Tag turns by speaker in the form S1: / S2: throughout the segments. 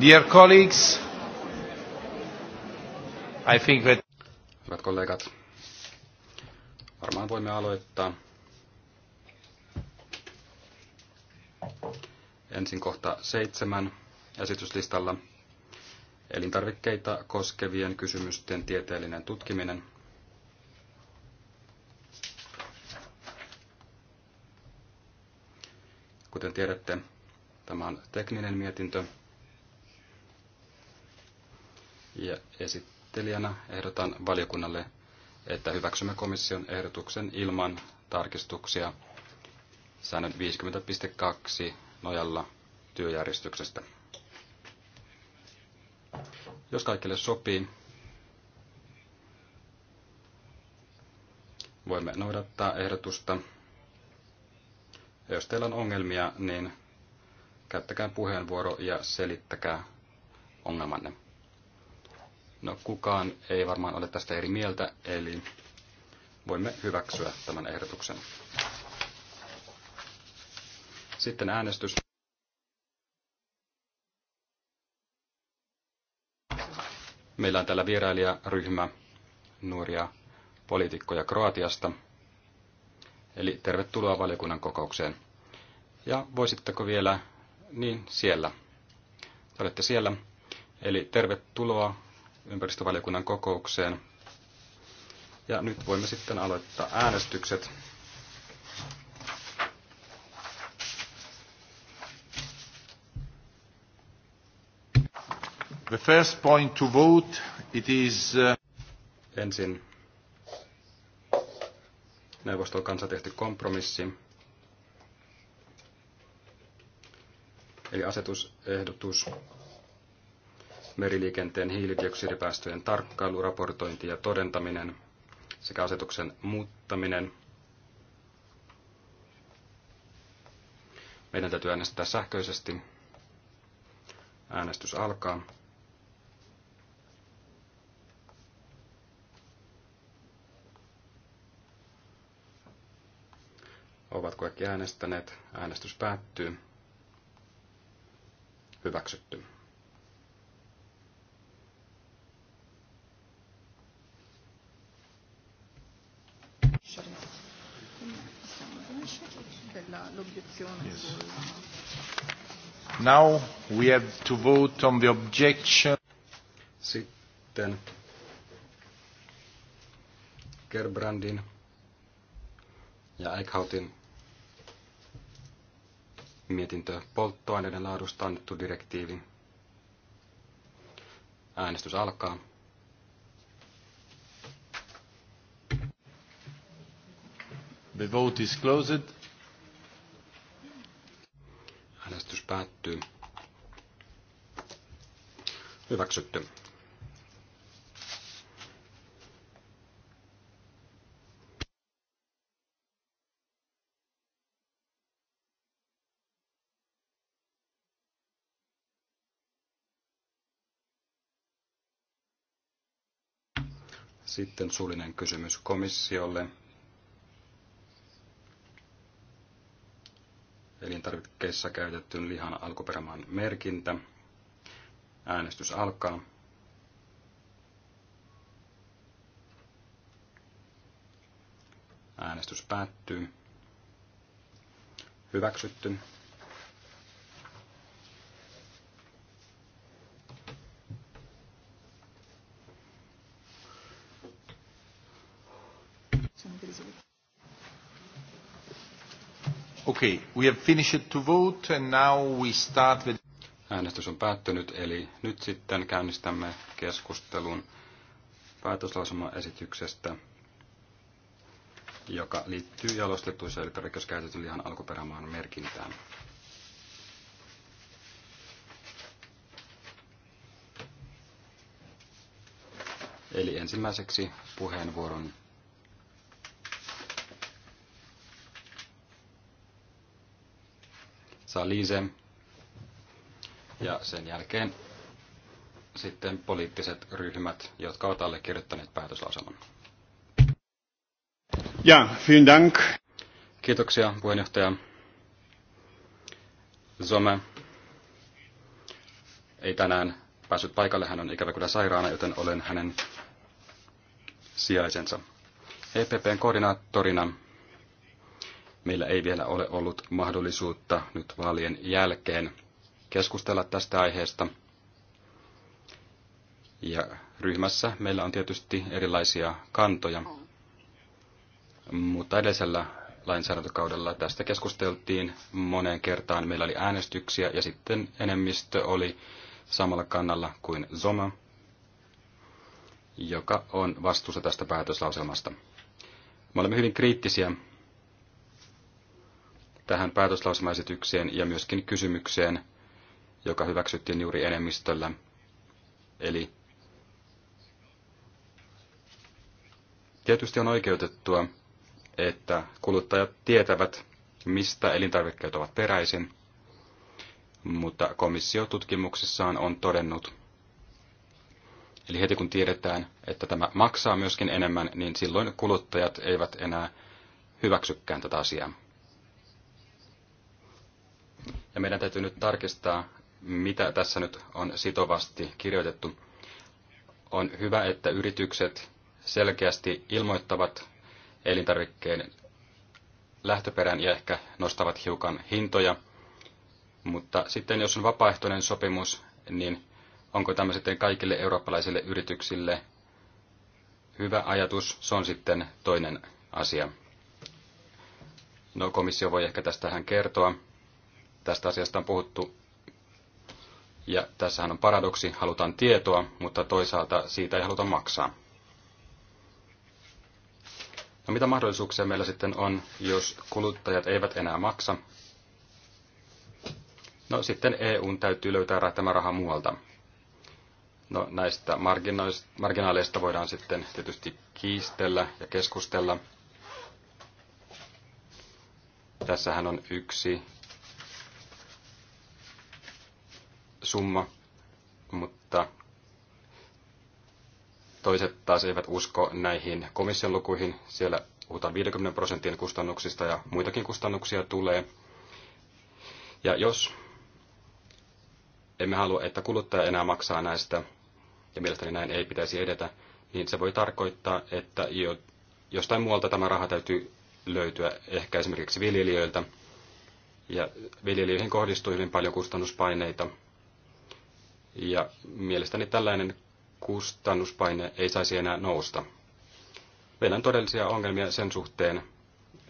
S1: Dear colleagues, I think that... Hyvät kollegat, varmaan voimme aloittaa. Ensin kohta seitsemän esityslistalla elintarvikkeita koskevien kysymysten tieteellinen tutkiminen – Kuten tiedätte, tämä on tekninen mietintö. Ja esittelijänä ehdotan valiokunnalle, että hyväksymme komission ehdotuksen ilman tarkistuksia säännön 50.2 nojalla työjärjestyksestä. Jos kaikille sopii, voimme noudattaa ehdotusta ja jos teillä on ongelmia, niin käyttäkää puheenvuoro ja selittäkää ongelmanne. No kukaan ei varmaan ole tästä eri mieltä, eli voimme hyväksyä tämän ehdotuksen. Sitten äänestys. Meillä on täällä vierailijaryhmä nuoria poliitikkoja Kroatiasta – Eli tervetuloa valiokunnan kokoukseen. Ja voisitteko vielä, niin siellä. Te olette siellä. Eli tervetuloa ympäristövaliokunnan kokoukseen. Ja nyt voimme sitten aloittaa äänestykset. The first point to vote, it is... Uh... Ensin neuvoston kanssa tehty kompromissi. Eli asetusehdotus meriliikenteen hiilidioksidipäästöjen tarkkailu, raportointi ja todentaminen sekä asetuksen muuttaminen. Meidän täytyy äänestää sähköisesti. Äänestys alkaa. Ovat kaikki äänestäneet. Äänestys päättyy. Hyväksytty. Yes. Now we have to vote on the objection. Sitten Gerbrandin ja Eichhautin mietintö polttoaineiden laadusta annettu direktiivi. Äänestys alkaa. The vote is closed. Äänestys päättyy. Hyväksytty. Sitten suullinen kysymys komissiolle. Elintarvikkeissa käytetyn lihan alkuperämaan merkintä. Äänestys alkaa. Äänestys päättyy. Hyväksytty. Okay, we have finished to vote and now we start with... Äänestys on päättynyt, eli nyt sitten käynnistämme keskustelun päätöslausumaesityksestä, joka liittyy jalostettuissa elintarvikkeissa käytetyn lihan alkuperämaan merkintään. Eli ensimmäiseksi puheenvuoron Salise. Ja sen jälkeen sitten poliittiset ryhmät, jotka ovat allekirjoittaneet päätöslauselman. Ja, vielen dank. Kiitoksia puheenjohtaja Zome. Ei tänään päässyt paikalle, hän on ikävä kyllä sairaana, joten olen hänen sijaisensa. EPPn koordinaattorina Meillä ei vielä ole ollut mahdollisuutta nyt vaalien jälkeen keskustella tästä aiheesta. Ja ryhmässä meillä on tietysti erilaisia kantoja, mutta edellisellä lainsäädäntökaudella tästä keskusteltiin moneen kertaan. Meillä oli äänestyksiä ja sitten enemmistö oli samalla kannalla kuin Zoma, joka on vastuussa tästä päätöslauselmasta. Me olemme hyvin kriittisiä tähän päätöslausumaesitykseen ja myöskin kysymykseen, joka hyväksyttiin juuri enemmistöllä. Eli tietysti on oikeutettua, että kuluttajat tietävät, mistä elintarvikkeet ovat peräisin, mutta komissio tutkimuksissaan on todennut, Eli heti kun tiedetään, että tämä maksaa myöskin enemmän, niin silloin kuluttajat eivät enää hyväksykään tätä asiaa. Ja meidän täytyy nyt tarkistaa, mitä tässä nyt on sitovasti kirjoitettu. On hyvä, että yritykset selkeästi ilmoittavat elintarvikkeen lähtöperän ja ehkä nostavat hiukan hintoja. Mutta sitten jos on vapaaehtoinen sopimus, niin onko tämä sitten kaikille eurooppalaisille yrityksille hyvä ajatus? Se on sitten toinen asia. No komissio voi ehkä tästähän kertoa. Tästä asiasta on puhuttu ja tässähän on paradoksi, halutaan tietoa, mutta toisaalta siitä ei haluta maksaa. No mitä mahdollisuuksia meillä sitten on, jos kuluttajat eivät enää maksa? No sitten EUn täytyy löytää tämä raha muualta. No näistä marginaaleista voidaan sitten tietysti kiistellä ja keskustella. Tässähän on yksi summa, mutta toiset taas eivät usko näihin komission lukuihin. Siellä puhutaan 50 prosentin kustannuksista ja muitakin kustannuksia tulee. Ja jos emme halua, että kuluttaja enää maksaa näistä, ja mielestäni näin ei pitäisi edetä, niin se voi tarkoittaa, että jostain muualta tämä raha täytyy löytyä, ehkä esimerkiksi viljelijöiltä. Ja viljelijöihin kohdistuu hyvin paljon kustannuspaineita, ja mielestäni tällainen kustannuspaine ei saisi enää nousta. Meillä on todellisia ongelmia sen suhteen,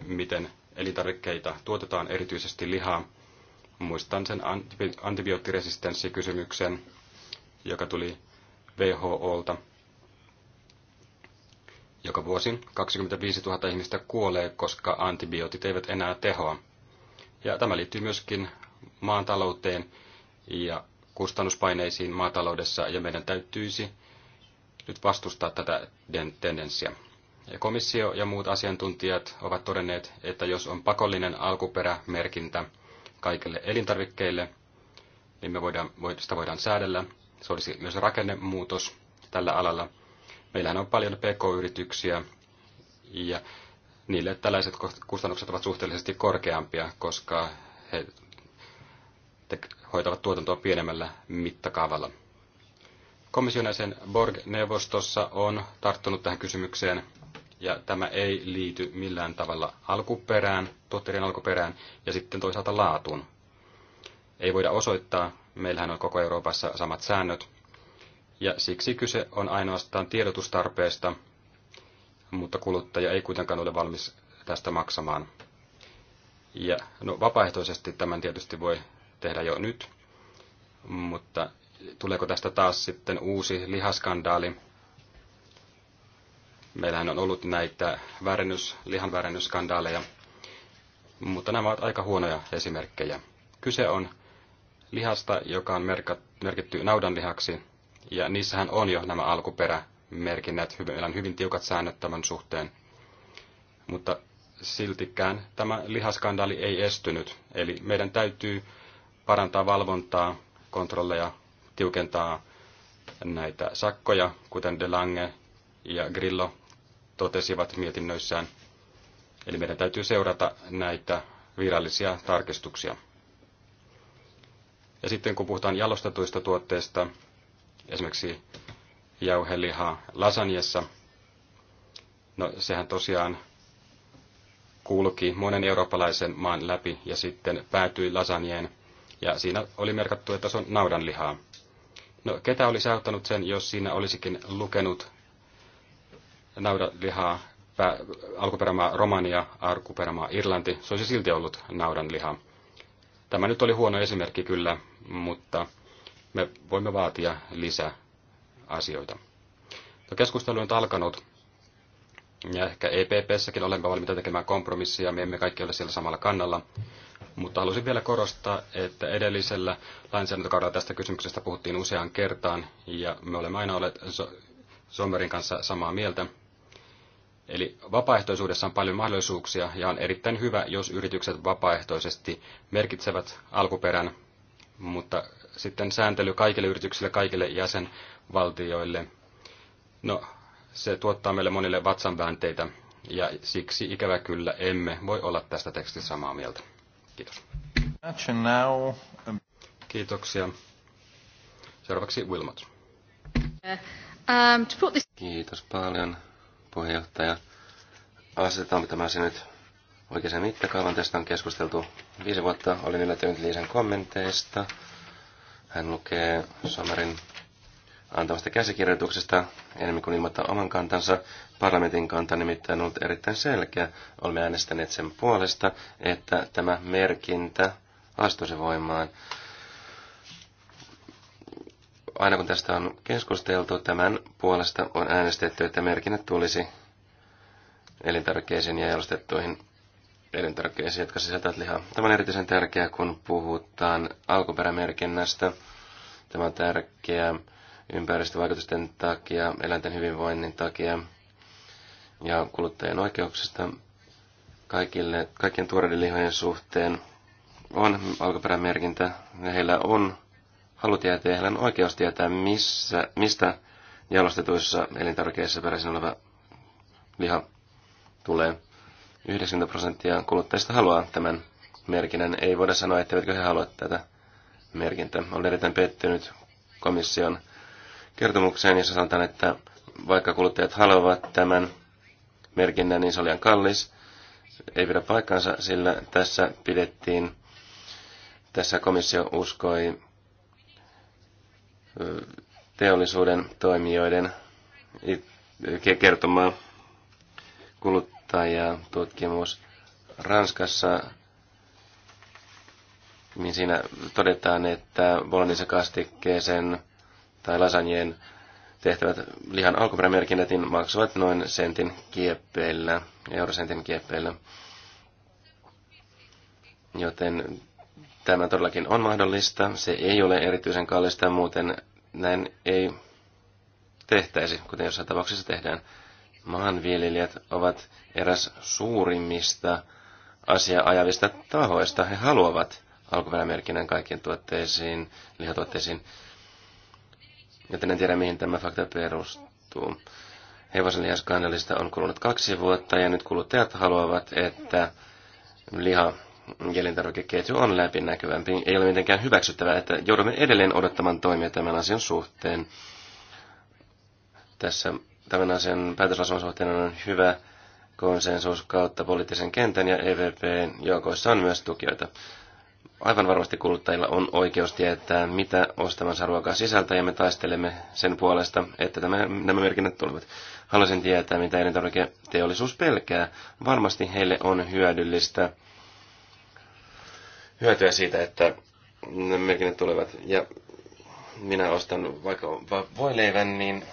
S1: miten elintarvikkeita tuotetaan, erityisesti lihaa. Muistan sen antibioottiresistenssikysymyksen, joka tuli WHOlta. Joka vuosi 25 000 ihmistä kuolee, koska antibiootit eivät enää tehoa. Ja tämä liittyy myöskin maan talouteen ja kustannuspaineisiin maataloudessa ja meidän täytyisi nyt vastustaa tätä tendenssiä. Komissio ja muut asiantuntijat ovat todenneet, että jos on pakollinen alkuperämerkintä kaikille elintarvikkeille, niin me voidaan, sitä voidaan säädellä. Se olisi myös rakennemuutos tällä alalla. Meillähän on paljon pk-yrityksiä ja niille tällaiset kustannukset ovat suhteellisesti korkeampia, koska he hoitavat tuotantoa pienemmällä mittakaavalla. Komission jäsen Borg-neuvostossa on tarttunut tähän kysymykseen, ja tämä ei liity millään tavalla alkuperään, tuotteiden alkuperään ja sitten toisaalta laatuun. Ei voida osoittaa, meillähän on koko Euroopassa samat säännöt, ja siksi kyse on ainoastaan tiedotustarpeesta, mutta kuluttaja ei kuitenkaan ole valmis tästä maksamaan. Ja no, vapaaehtoisesti tämän tietysti voi tehdä jo nyt, mutta tuleeko tästä taas sitten uusi lihaskandaali? Meillähän on ollut näitä väärennys, lihanväärennyskandaaleja, mutta nämä ovat aika huonoja esimerkkejä. Kyse on lihasta, joka on merkitty naudanlihaksi, ja niissähän on jo nämä alkuperämerkinnät. Meillä on hyvin tiukat säännöt tämän suhteen. Mutta siltikään tämä lihaskandaali ei estynyt, eli meidän täytyy parantaa valvontaa, kontrolleja, tiukentaa näitä sakkoja, kuten Delange ja Grillo totesivat mietinnöissään. Eli meidän täytyy seurata näitä virallisia tarkistuksia. Ja sitten kun puhutaan jalostetuista tuotteista, esimerkiksi jauhelihaa lasanjessa, no sehän tosiaan kulki monen eurooppalaisen maan läpi ja sitten päätyi lasanjeen ja siinä oli merkattu, että se on naudanlihaa. No, ketä olisi auttanut sen, jos siinä olisikin lukenut naudanlihaa, alkuperämaa Romania, alkuperämaa Irlanti, se olisi silti ollut naudanliha. Tämä nyt oli huono esimerkki kyllä, mutta me voimme vaatia lisää asioita. No, keskustelu on alkanut, ja ehkä EPPssäkin olemme valmiita tekemään kompromissia, me emme kaikki ole siellä samalla kannalla, mutta halusin vielä korostaa, että edellisellä lainsäädäntökaudella tästä kysymyksestä puhuttiin useaan kertaan, ja me olemme aina olleet Sommerin kanssa samaa mieltä. Eli vapaaehtoisuudessa on paljon mahdollisuuksia, ja on erittäin hyvä, jos yritykset vapaaehtoisesti merkitsevät alkuperän, mutta sitten sääntely kaikille yrityksille, kaikille jäsenvaltioille, no se tuottaa meille monille vatsanväänteitä, ja siksi ikävä kyllä emme voi olla tästä tekstistä samaa mieltä. Kiitos. Kiitoksia. Seuraavaksi Wilmot.
S2: Uh, um,
S1: Kiitos paljon, puheenjohtaja.
S3: Asetetaan tämä se nyt oikeaan mittakaavan. Tästä on keskusteltu viisi vuotta. Olin yllätynyt Liisan kommenteista. Hän lukee Somerin antamasta käsikirjoituksesta. Enemmän kuin ilmoittaa oman kantansa, parlamentin kanta nimittäin on ollut erittäin selkeä. Olemme äänestäneet sen puolesta, että tämä merkintä astuisi voimaan. Aina kun tästä on keskusteltu, tämän puolesta on äänestetty, että merkinnät tulisi elintarvikkeisiin ja jalostettuihin elintarvikkeisiin, jotka sisältävät lihaa. Tämä on erityisen tärkeää, kun puhutaan alkuperämerkinnästä. Tämä on tärkeää ympäristövaikutusten takia, eläinten hyvinvoinnin takia ja kuluttajien oikeuksista kaikille, kaikkien tuoreiden lihojen suhteen on alkuperämerkintä ja heillä on halutieto ja heillä on oikeus tietää, missä, mistä jalostetuissa elintarvikeissa peräisin oleva liha tulee. 90 prosenttia kuluttajista haluaa tämän merkinnän. Ei voida sanoa, etteivätkö he halua tätä merkintää. Olen erittäin pettynyt komission kertomukseen, jossa sanotaan, että vaikka kuluttajat haluavat tämän merkinnän, niin se oli kallis. Ei pidä paikkansa, sillä tässä pidettiin, tässä komissio uskoi teollisuuden toimijoiden kertomaa tutkimus Ranskassa, niin siinä todetaan, että bolognese kastikkeeseen tai lasanjeen tehtävät lihan alkuperämerkinnätin maksavat noin sentin kieppeillä, eurosentin kieppeillä. Joten tämä todellakin on mahdollista. Se ei ole erityisen kallista muuten näin ei tehtäisi, kuten jossain tapauksessa tehdään. Maanviljelijät ovat eräs suurimmista asiaa ajavista tahoista. He haluavat alkuperämerkinnän kaikkien tuotteisiin, lihatuotteisiin joten en tiedä mihin tämä fakta perustuu. Hevosenlihaskannalista on kulunut kaksi vuotta ja nyt kuluttajat haluavat, että liha elintarvikeketju on läpinäkyvämpi. Ei ole mitenkään hyväksyttävää, että joudumme edelleen odottamaan toimia tämän asian suhteen. Tässä tämän asian päätöslausuman suhteen on hyvä konsensus kautta poliittisen kentän ja EVPn joukoissa on myös tukijoita. Aivan varmasti kuluttajilla on oikeus tietää, mitä ostamansa ruokaa sisältää, ja me taistelemme sen puolesta, että tämä, nämä merkinnät tulevat. Haluaisin tietää, mitä teollisuus pelkää. Varmasti heille on hyödyllistä hyötyä siitä, että nämä merkinnät tulevat. Ja minä ostan vaikka leivän, niin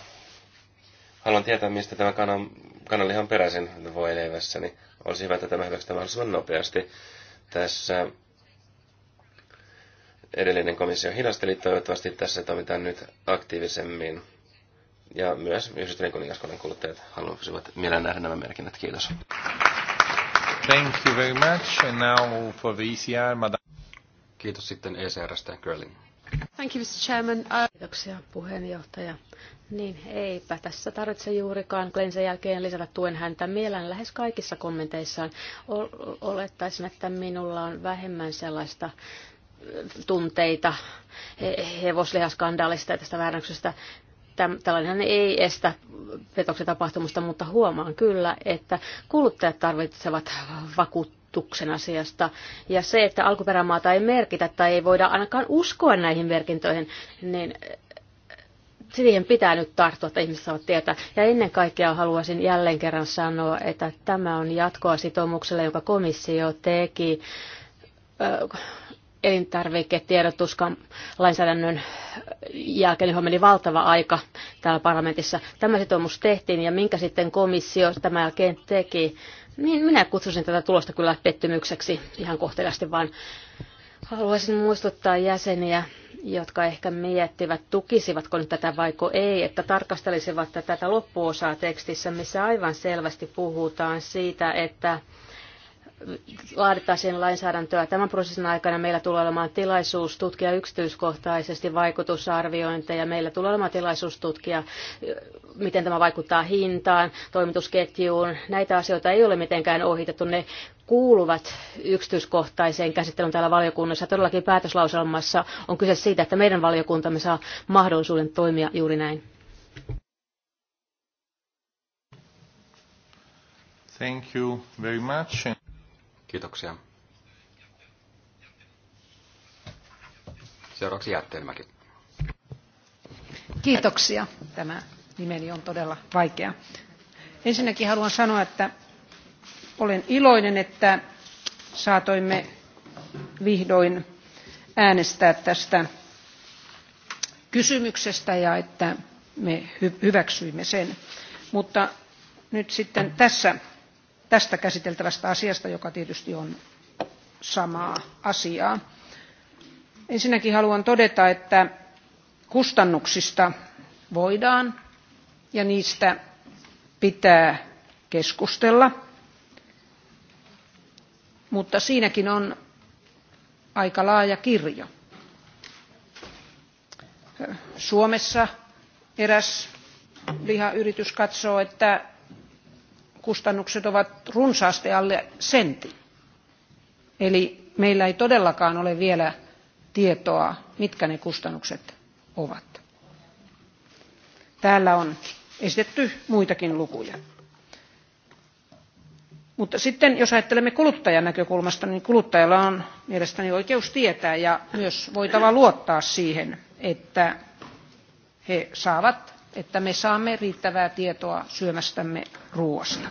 S3: haluan tietää, mistä tämä kanan, kananlihan peräisin niin Olisi hyvä, että tämä hyväksytään mahdollisimman nopeasti. Tässä edellinen komissio hidasteli. Toivottavasti tässä toimitaan nyt aktiivisemmin. Ja myös Yhdistyneen kuningaskunnan kuluttajat haluaisivat mielellään nähdä nämä
S1: merkinnät. Kiitos. Thank you very much. And now for the ECR, Kiitos sitten ECRstä, Girling.
S2: Thank you, Mr. Chairman. Uh, Kiitoksia puheenjohtaja. Niin, eipä tässä tarvitse juurikaan Glensen jälkeen lisätä tuen häntä mielen lähes kaikissa kommenteissaan. Olettaisin, että minulla on vähemmän sellaista tunteita hevoslihaskandaalista ja tästä väärännöksestä. Tällainen ei estä petoksen tapahtumusta, mutta huomaan kyllä, että kuluttajat tarvitsevat vakuutuksen asiasta. Ja se, että alkuperämaata ei merkitä tai ei voida ainakaan uskoa näihin merkintöihin, niin äh, siihen pitää nyt tarttua, että ihmiset saavat tietää. Ja ennen kaikkea haluaisin jälleen kerran sanoa, että tämä on jatkoa sitoumukselle, jonka komissio teki äh, elintarviketiedotuskan lainsäädännön jälkeen, johon meni valtava aika täällä parlamentissa. Tämä sitoumus tehtiin ja minkä sitten komissio tämän jälkeen teki, niin minä kutsusin tätä tulosta kyllä pettymykseksi ihan kohteliasti, vaan haluaisin muistuttaa jäseniä jotka ehkä miettivät, tukisivatko nyt tätä vaiko ei, että tarkastelisivat tätä loppuosaa tekstissä, missä aivan selvästi puhutaan siitä, että laadittaisiin lainsäädäntöä. Tämän prosessin aikana meillä tulee olemaan tilaisuus tutkia yksityiskohtaisesti vaikutusarviointeja. Meillä tulee olemaan tilaisuus tutkia, miten tämä vaikuttaa hintaan, toimitusketjuun. Näitä asioita ei ole mitenkään ohitettu. Ne kuuluvat yksityiskohtaiseen käsittelyyn täällä valiokunnassa. Todellakin päätöslauselmassa on kyse siitä, että meidän valiokuntamme saa mahdollisuuden toimia juuri näin.
S1: Thank you very much. Kiitoksia. Seuraavaksi Jätteenmäki.
S4: Kiitoksia. Tämä nimeni on todella vaikea. Ensinnäkin haluan sanoa, että olen iloinen, että saatoimme vihdoin äänestää tästä kysymyksestä ja että me hyväksyimme sen. Mutta nyt sitten tässä tästä käsiteltävästä asiasta joka tietysti on samaa asiaa. ensinnäkin haluan todeta että kustannuksista voidaan ja niistä pitää keskustella mutta siinäkin on aika laaja kirjo. suomessa eräs lihayritys katsoo että kustannukset ovat runsaasti alle sentin. Eli meillä ei todellakaan ole vielä tietoa, mitkä ne kustannukset ovat. Täällä on esitetty muitakin lukuja. Mutta sitten jos ajattelemme kuluttajan näkökulmasta, niin kuluttajalla on mielestäni oikeus tietää ja myös voitava luottaa siihen, että he saavat että me saamme riittävää tietoa syömästämme ruoasta.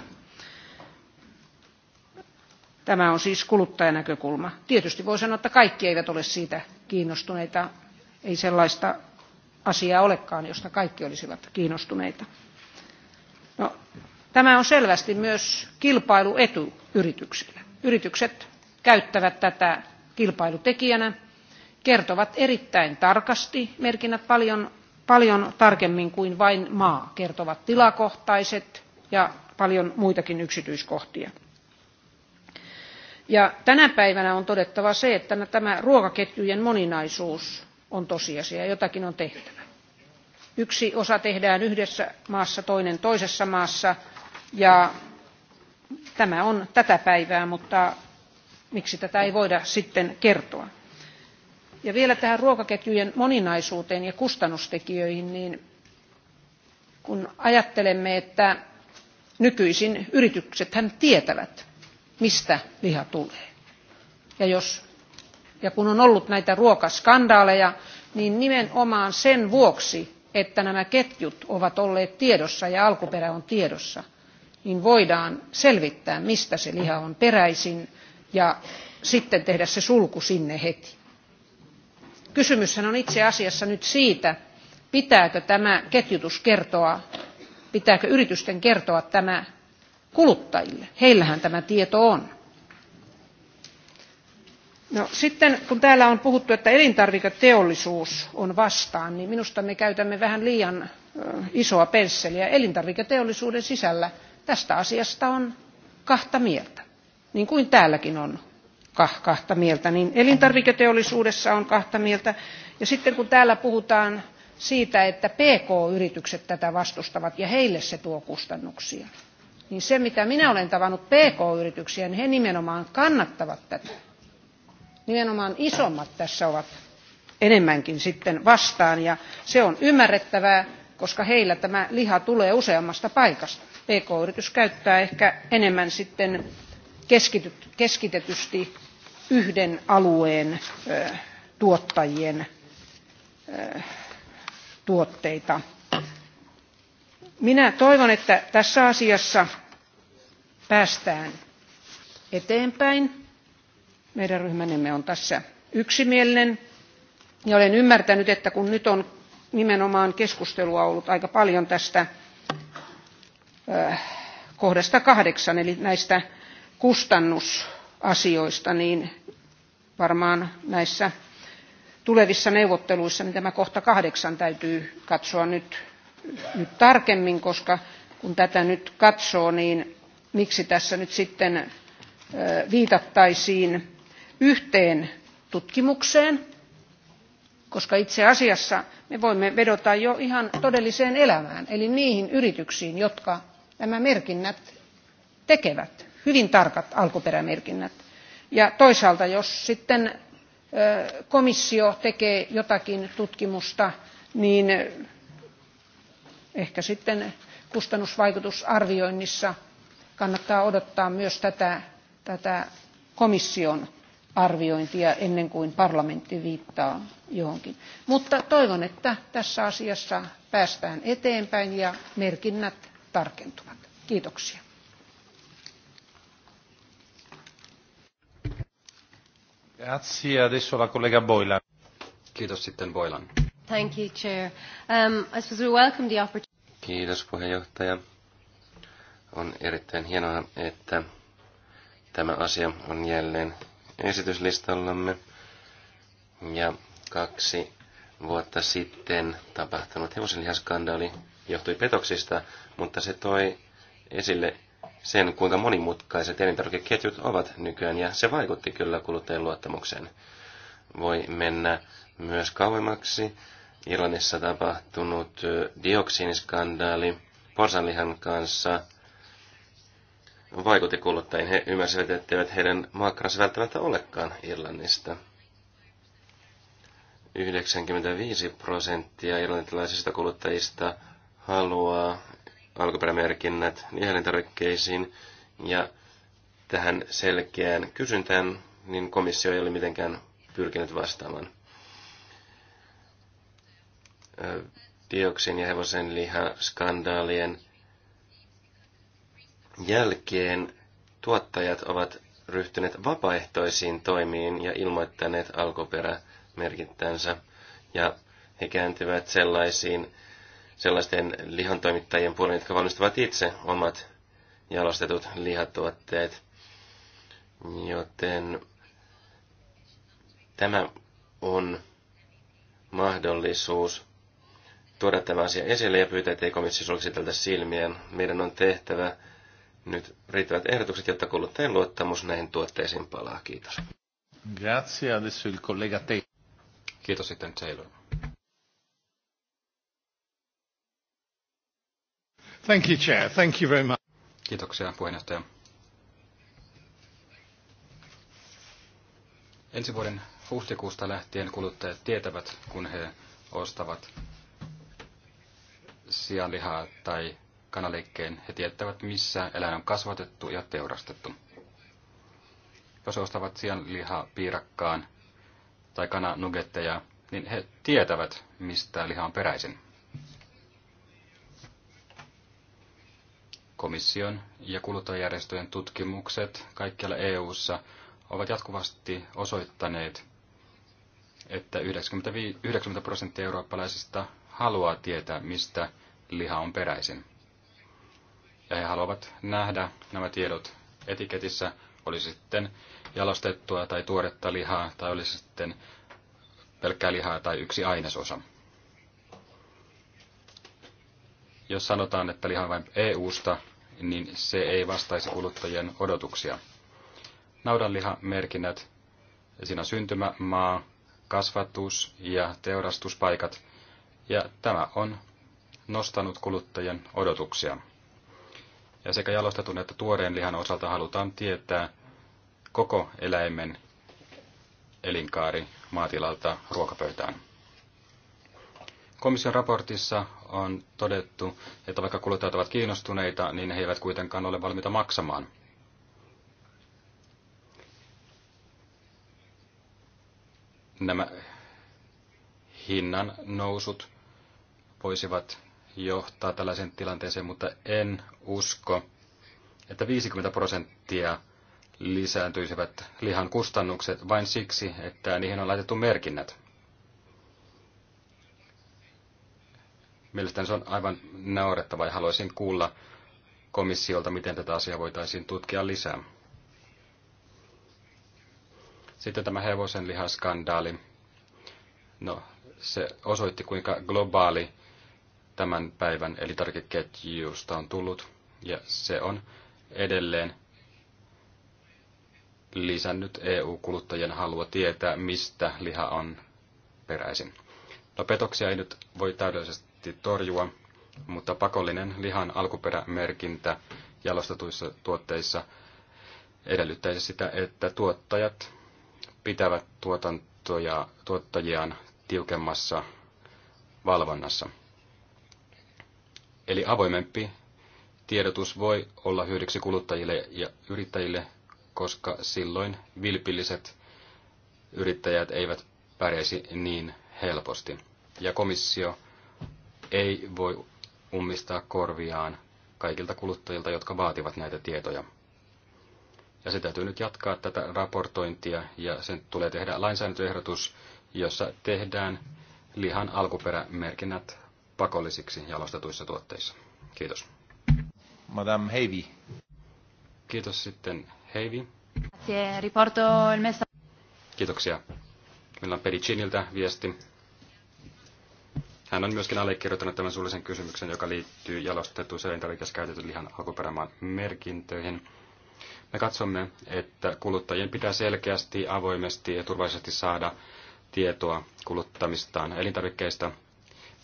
S4: Tämä on siis kuluttajanäkökulma. Tietysti voi sanoa, että kaikki eivät ole siitä kiinnostuneita. Ei sellaista asiaa olekaan, josta kaikki olisivat kiinnostuneita. No, tämä on selvästi myös kilpailuetu yrityksille. Yritykset käyttävät tätä kilpailutekijänä, kertovat erittäin tarkasti, merkinnät paljon paljon tarkemmin kuin vain maa kertovat tilakohtaiset ja paljon muitakin yksityiskohtia. Ja tänä päivänä on todettava se, että tämä ruokaketjujen moninaisuus on tosiasia ja jotakin on tehtävä. Yksi osa tehdään yhdessä maassa, toinen toisessa maassa ja tämä on tätä päivää, mutta miksi tätä ei voida sitten kertoa. Ja vielä tähän ruokaketjujen moninaisuuteen ja kustannustekijöihin, niin kun ajattelemme, että nykyisin yritykset tietävät, mistä liha tulee. Ja, jos, ja kun on ollut näitä ruokaskandaaleja, niin nimenomaan sen vuoksi, että nämä ketjut ovat olleet tiedossa ja alkuperä on tiedossa, niin voidaan selvittää, mistä se liha on peräisin ja sitten tehdä se sulku sinne heti kysymyshän on itse asiassa nyt siitä pitääkö tämä ketjutus kertoa pitääkö yritysten kertoa tämä kuluttajille heillähän tämä tieto on. No, sitten kun täällä on puhuttu että elintarviketeollisuus on vastaan niin minusta me käytämme vähän liian isoa pensseliä elintarviketeollisuuden sisällä tästä asiasta on kahta mieltä niin kuin täälläkin on kahta mieltä niin elintarviketeollisuudessa on kahta mieltä ja sitten kun täällä puhutaan siitä että pk yritykset tätä vastustavat ja heille se tuo kustannuksia niin se mitä minä olen tavannut pk yrityksiä niin he nimenomaan kannattavat tätä. Nimenomaan isommat tässä ovat enemmänkin sitten vastaan ja se on ymmärrettävää, koska heillä tämä liha tulee useammasta paikasta. PK-yritys käyttää ehkä enemmän sitten keskitetysti yhden alueen tuottajien tuotteita. minä toivon että tässä asiassa päästään eteenpäin. meidän ryhmämme on tässä yksimielinen ja olen ymmärtänyt että kun nyt on nimenomaan keskustelua ollut aika paljon tästä kohdasta kahdeksan eli näistä kustannus asioista, niin varmaan näissä tulevissa neuvotteluissa niin tämä kohta kahdeksan täytyy katsoa nyt, nyt tarkemmin, koska kun tätä nyt katsoo, niin miksi tässä nyt sitten viitattaisiin yhteen tutkimukseen, koska itse asiassa me voimme vedota jo ihan todelliseen elämään, eli niihin yrityksiin, jotka nämä merkinnät tekevät hyvin tarkat alkuperämerkinnät. Ja toisaalta jos sitten komissio tekee jotakin tutkimusta, niin ehkä sitten kustannusvaikutusarvioinnissa kannattaa odottaa myös tätä, tätä komission arviointia ennen kuin parlamentti viittaa johonkin. Mutta toivon, että tässä asiassa päästään eteenpäin ja merkinnät tarkentuvat. Kiitoksia. Grazie.
S1: Adesso la collega Boylan. Kiitos sitten Boylan.
S3: Thank you, Chair. Um,
S2: I suppose we welcome the opportunity.
S3: Kiitos puheenjohtaja. On erittäin hienoa, että tämä asia on jälleen esityslistallamme. Ja kaksi vuotta sitten tapahtunut hevosenlihaskandaali johtui petoksista, mutta se toi esille sen, kuinka monimutkaiset elintarvikeketjut ovat nykyään, ja se vaikutti kyllä kuluttajien luottamukseen. Voi mennä myös kauemmaksi. Irlannissa tapahtunut dioksiiniskandaali porsanlihan kanssa vaikutti kuluttajien. He ymmärsivät, etteivät heidän makkaransa välttämättä olekaan Irlannista. 95 prosenttia irlantilaisista kuluttajista haluaa alkuperämerkinnät niin elintarvikkeisiin ja tähän selkeään kysyntään, niin komissio ei ole mitenkään pyrkinyt vastaamaan. Dioksin ja hevosen lihaskandaalien jälkeen tuottajat ovat ryhtyneet vapaaehtoisiin toimiin ja ilmoittaneet alkuperämerkintänsä. Ja he kääntyvät sellaisiin sellaisten lihantoimittajien puolen, jotka valmistavat itse omat jalostetut lihatuotteet. Joten tämä on mahdollisuus tuoda tämä asia esille ja pyytää, ettei komissio sulkisi tältä silmiään. Meidän on tehtävä nyt riittävät ehdotukset, jotta kuluttajien luottamus näihin tuotteisiin palaa. Kiitos.
S1: Grazie, adesso il collega te. Kiitos sitten Taylor. Thank you, Chair. Thank you very much. Kiitoksia puheenjohtaja. Ensi vuoden huhtikuusta lähtien kuluttajat tietävät, kun he ostavat sianlihaa tai kanaliikkeen, he tietävät, missä eläin on kasvatettu ja teurastettu. Jos ostavat sianlihaa piirakkaan tai kananugetteja, niin he tietävät, mistä liha on peräisin. komission ja kuluttajajärjestöjen tutkimukset kaikkialla EU:ssa ovat jatkuvasti osoittaneet, että 90 prosenttia eurooppalaisista haluaa tietää, mistä liha on peräisin. Ja he haluavat nähdä nämä tiedot etiketissä, oli sitten jalostettua tai tuoretta lihaa, tai olisi sitten pelkkää lihaa tai yksi ainesosa. Jos sanotaan, että liha on vain EU-sta, niin se ei vastaisi kuluttajien odotuksia. Naudanlihamerkinnät, siinä on syntymämaa, kasvatus- ja teurastuspaikat, ja tämä on nostanut kuluttajien odotuksia. Ja sekä jalostetun että tuoreen lihan osalta halutaan tietää koko eläimen elinkaari maatilalta ruokapöytään. Komission raportissa on todettu, että vaikka kuluttajat ovat kiinnostuneita, niin he eivät kuitenkaan ole valmiita maksamaan. Nämä hinnan nousut voisivat johtaa tällaisen tilanteeseen, mutta en usko, että 50 prosenttia lisääntyisivät lihan kustannukset vain siksi, että niihin on laitettu merkinnät. Mielestäni se on aivan naurettava ja haluaisin kuulla komissiolta, miten tätä asiaa voitaisiin tutkia lisää. Sitten tämä hevosen lihaskandaali. No, se osoitti, kuinka globaali tämän päivän elintarvikeketjusta on tullut, ja se on edelleen lisännyt EU-kuluttajien halua tietää, mistä liha on peräisin. No petoksia ei nyt voi täydellisesti yritti torjua, mutta pakollinen lihan alkuperämerkintä jalostetuissa tuotteissa edellyttäisi sitä, että tuottajat pitävät tuotantoja, tuottajiaan tiukemmassa valvonnassa. Eli avoimempi tiedotus voi olla hyödyksi kuluttajille ja yrittäjille, koska silloin vilpilliset yrittäjät eivät pärjäisi niin helposti. Ja komissio ei voi ummistaa korviaan kaikilta kuluttajilta, jotka vaativat näitä tietoja. Ja se täytyy nyt jatkaa tätä raportointia ja sen tulee tehdä lainsäädäntöehdotus, jossa tehdään lihan alkuperämerkinnät pakollisiksi jalostetuissa tuotteissa. Kiitos. Madame Heivi. Kiitos sitten Heivi. Kiitoksia. Meillä on Pediciniltä viesti. Hän on myöskin allekirjoittanut tämän suullisen kysymyksen, joka liittyy jalostettuun ja käytetyn lihan alkuperämaan merkintöihin. Me katsomme, että kuluttajien pitää selkeästi, avoimesti ja turvallisesti saada tietoa kuluttamistaan elintarvikkeista.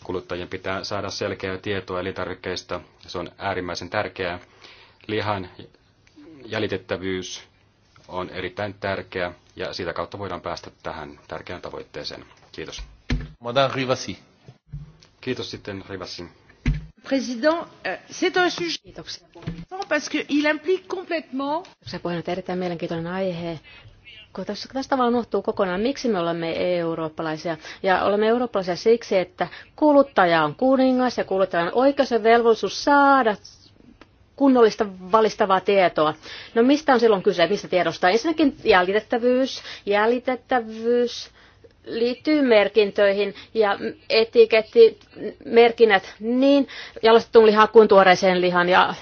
S1: Kuluttajien pitää saada selkeää tietoa elintarvikkeista. Se on äärimmäisen tärkeää. Lihan jäljitettävyys on erittäin tärkeä ja sitä kautta voidaan päästä tähän tärkeään tavoitteeseen. Kiitos. Madame Rivasi. Euh,
S4: arvoisa
S2: puhemies erittäin mielenkiintoinen aihe. Kun tässä, tavallaan unohtuu kokonaan, miksi me olemme eurooppalaisia. Ja olemme eurooppalaisia siksi, että kuluttaja on kuningas ja kuluttajan on oikeus ja velvollisuus saada kunnollista valistavaa tietoa. No mistä on silloin kyse, mistä tiedosta? Ensinnäkin jäljitettävyys, jäljitettävyys liittyy merkintöihin ja etiketti, merkinnät niin jalostetun lihan kuin tuoreeseen lihan ja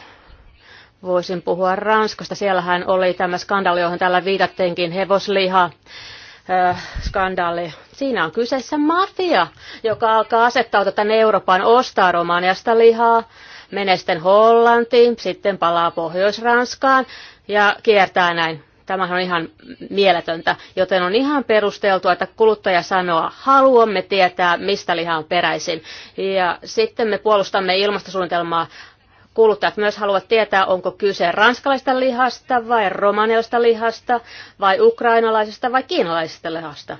S2: voisin puhua Ranskasta. Siellähän oli tämä skandaali, johon täällä viitattiinkin, hevosliha skandaali. Siinä on kyseessä mafia, joka alkaa asettaa tätä Euroopan, ostaa Romaniasta lihaa, menee sitten Hollantiin, sitten palaa Pohjois-Ranskaan ja kiertää näin. Tämähän on ihan mieletöntä, joten on ihan perusteltua, että kuluttaja sanoo, haluamme tietää, mistä liha on peräisin. Ja sitten me puolustamme ilmastosuunnitelmaa kuluttajat myös haluavat tietää, onko kyse ranskalaista lihasta vai romanialaista lihasta vai ukrainalaisesta vai kiinalaisesta lihasta.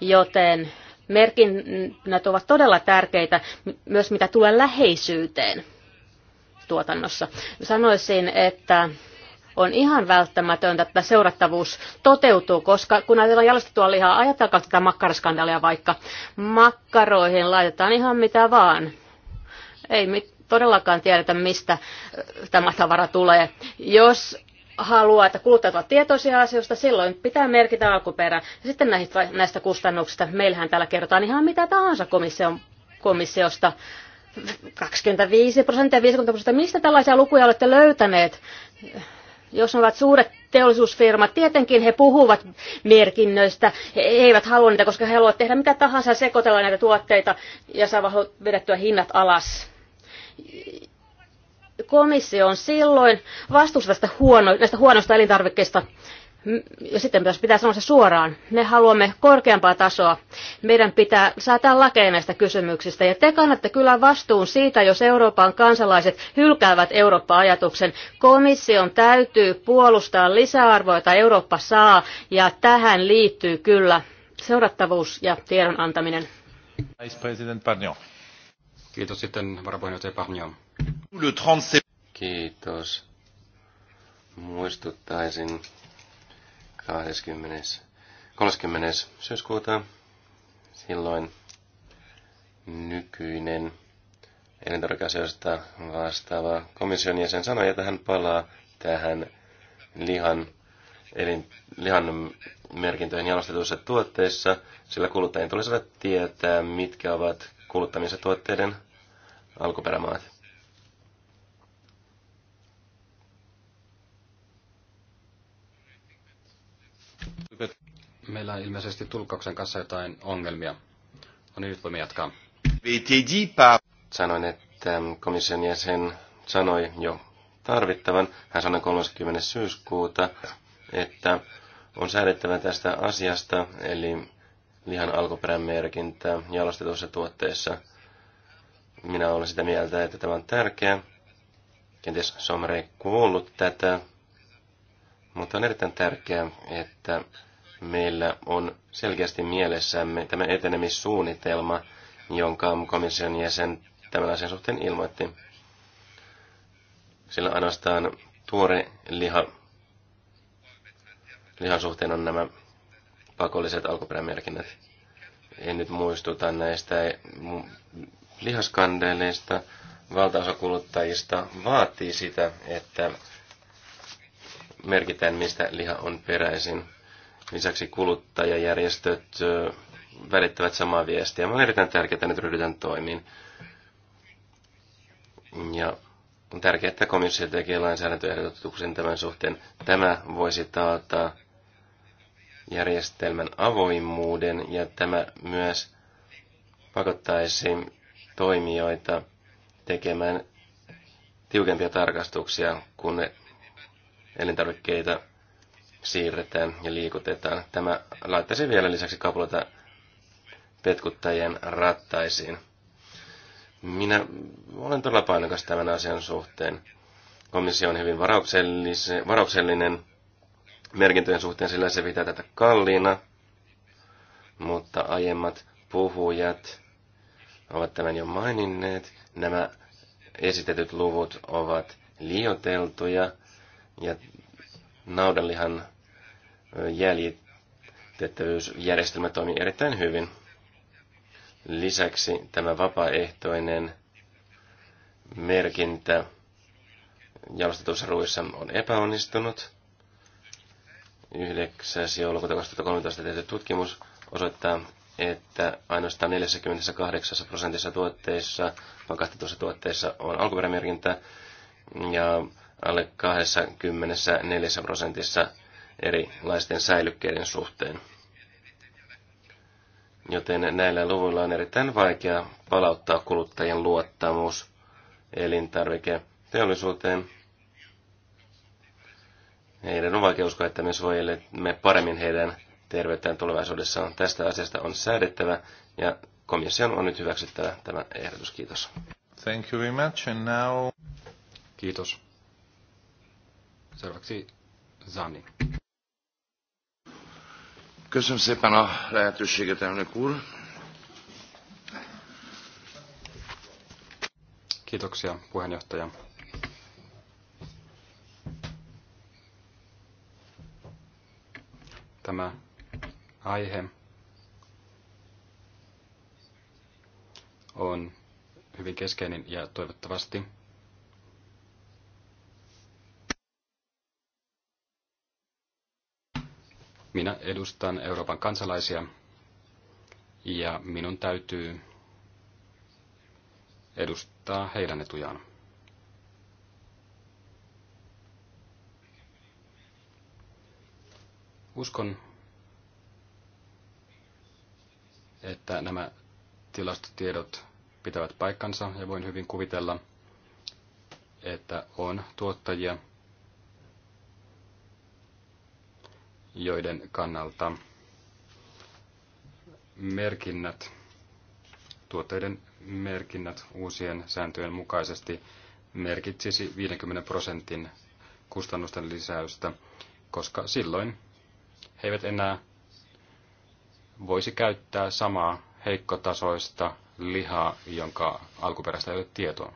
S2: Joten merkinnät ovat todella tärkeitä myös mitä tulee läheisyyteen tuotannossa. Sanoisin, että on ihan välttämätöntä, että seurattavuus toteutuu, koska kun ajatellaan jalostettua lihaa, ajatelkaa tätä makkaraskandaalia vaikka, makkaroihin laitetaan ihan mitä vaan. Ei mit, todellakaan tiedetä, mistä tämä tavara tulee. Jos haluaa, että kuluttajat ovat tietoisia asioista, silloin pitää merkitä alkuperä. Ja sitten näistä, näistä kustannuksista, meillähän täällä kerrotaan ihan mitä tahansa komission, komissiosta, 25 prosenttia, 50 prosenttia, mistä tällaisia lukuja olette löytäneet? Jos ne ovat suuret teollisuusfirmat, tietenkin he puhuvat merkinnöistä. He eivät halua niitä, koska he haluavat tehdä mitä tahansa, sekoitella näitä tuotteita ja saa vedettyä hinnat alas komissio on silloin vastuussa tästä huono, näistä huonoista elintarvikkeista ja sitten myös pitää sanoa se suoraan. Me haluamme korkeampaa tasoa. Meidän pitää saada lakeja näistä kysymyksistä. Ja te kannatte kyllä vastuun siitä, jos Euroopan kansalaiset hylkäävät Eurooppa-ajatuksen. Komission täytyy puolustaa lisäarvoa, jota Eurooppa saa, ja tähän liittyy kyllä seurattavuus ja tiedon antaminen.
S1: Kiitos sitten varapuheenjohtaja Pahnion. Kiitos.
S3: Muistuttaisin 20. 30. syyskuuta. Silloin nykyinen elintarvikeasioista vastaava komission jäsen sanoi, että hän palaa tähän lihan, eli lihan merkintöihin jalostetuissa tuotteissa, sillä kuluttajien tulisi saada tietää, mitkä ovat kuluttamisen tuotteiden alkuperämaat.
S1: Meillä on ilmeisesti tulkauksen kanssa jotain ongelmia. No niin, nyt voimme jatkaa. Sanoin,
S3: että komission jäsen sanoi jo tarvittavan. Hän sanoi 30. syyskuuta, että on säädettävä tästä asiasta, eli lihan alkuperämerkintä jalostetussa tuotteessa. Minä olen sitä mieltä, että tämä on tärkeä. Kenties Somre ei kuullut tätä, mutta on erittäin tärkeää, että meillä on selkeästi mielessämme tämä etenemissuunnitelma, jonka komission jäsen tämän asian suhteen ilmoitti. Sillä ainoastaan tuore liha, lihan suhteen on nämä pakolliset alkuperämerkinnät. En nyt muistuta näistä lihaskandeleista. Valtaosa kuluttajista vaatii sitä, että merkitään, mistä liha on peräisin Lisäksi kuluttajajärjestöt välittävät samaa viestiä. olen erittäin tärkeää, että nyt ryhdytään toimiin. Ja on tärkeää, että komissio tekee lainsäädäntöehdotuksen tämän suhteen. Tämä voisi taata järjestelmän avoimuuden ja tämä myös pakottaisi toimijoita tekemään tiukempia tarkastuksia, kun ne elintarvikkeita siirretään ja liikutetaan. Tämä laittaisi vielä lisäksi kapuloita petkuttajien rattaisiin. Minä olen todella painokas tämän asian suhteen. Komissio on hyvin varauksellinen merkintöjen suhteen, sillä se pitää tätä kalliina, mutta aiemmat puhujat ovat tämän jo maininneet. Nämä esitetyt luvut ovat lioteltuja ja naudanlihan jäljitettävyysjärjestelmä toimii erittäin hyvin. Lisäksi tämä vapaaehtoinen merkintä jalostetuissa ruuissa on epäonnistunut. 9. joulukuuta 2013 tehty tutkimus osoittaa, että ainoastaan 48 prosentissa tuotteissa, pakastetuissa tuotteissa on alkuperämerkintä ja alle 24 prosentissa erilaisten säilykkeiden suhteen. Joten näillä luvuilla on erittäin vaikea palauttaa kuluttajien luottamus elintarvike teollisuuteen. Heidän on vaikea uskoa, että me suojelemme paremmin heidän terveyttään tulevaisuudessa. Tästä asiasta on säädettävä ja komission on nyt hyväksyttävä tämä ehdotus. Kiitos.
S1: Thank you very much and now... Kiitos. Seuraavaksi Zani. Köszönöm szépen a lehetőséget, elnök úr. Kiitoksia, puheenjohtaja. Tämä aihe on hyvin keskeinen ja toivottavasti Minä edustan Euroopan kansalaisia ja minun täytyy edustaa heidän etujaan. Uskon, että nämä tilastotiedot pitävät paikkansa ja voin hyvin kuvitella, että on tuottajia, joiden kannalta merkinnät, tuotteiden merkinnät uusien sääntöjen mukaisesti merkitsisi 50 prosentin kustannusten lisäystä, koska silloin he eivät enää voisi käyttää samaa heikkotasoista lihaa, jonka alkuperäistä ei ole tietoa.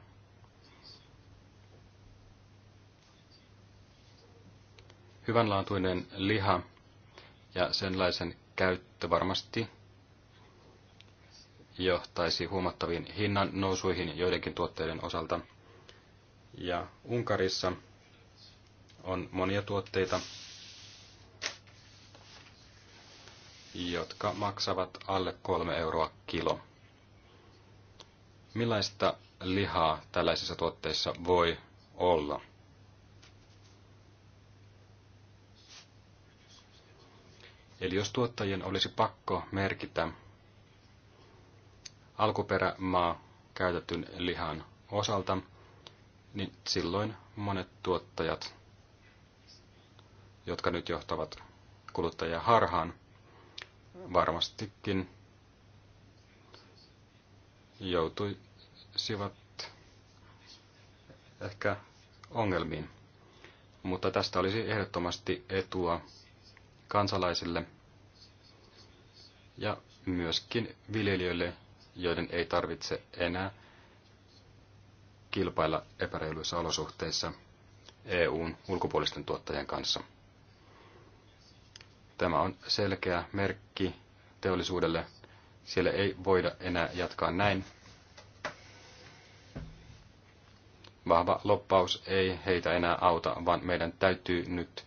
S1: hyvänlaatuinen liha ja senlaisen käyttö varmasti johtaisi huomattaviin hinnan nousuihin joidenkin tuotteiden osalta. Ja Unkarissa on monia tuotteita, jotka maksavat alle kolme euroa kilo. Millaista lihaa tällaisissa tuotteissa voi olla? Eli jos tuottajien olisi pakko merkitä alkuperämaa käytetyn lihan osalta, niin silloin monet tuottajat, jotka nyt johtavat kuluttajia harhaan, varmastikin joutuisivat ehkä ongelmiin. Mutta tästä olisi ehdottomasti etua kansalaisille ja myöskin viljelijöille, joiden ei tarvitse enää kilpailla epäreiluissa olosuhteissa EUn ulkopuolisten tuottajien kanssa. Tämä on selkeä merkki teollisuudelle. Siellä ei voida enää jatkaa näin. Vahva loppaus ei heitä enää auta, vaan meidän täytyy nyt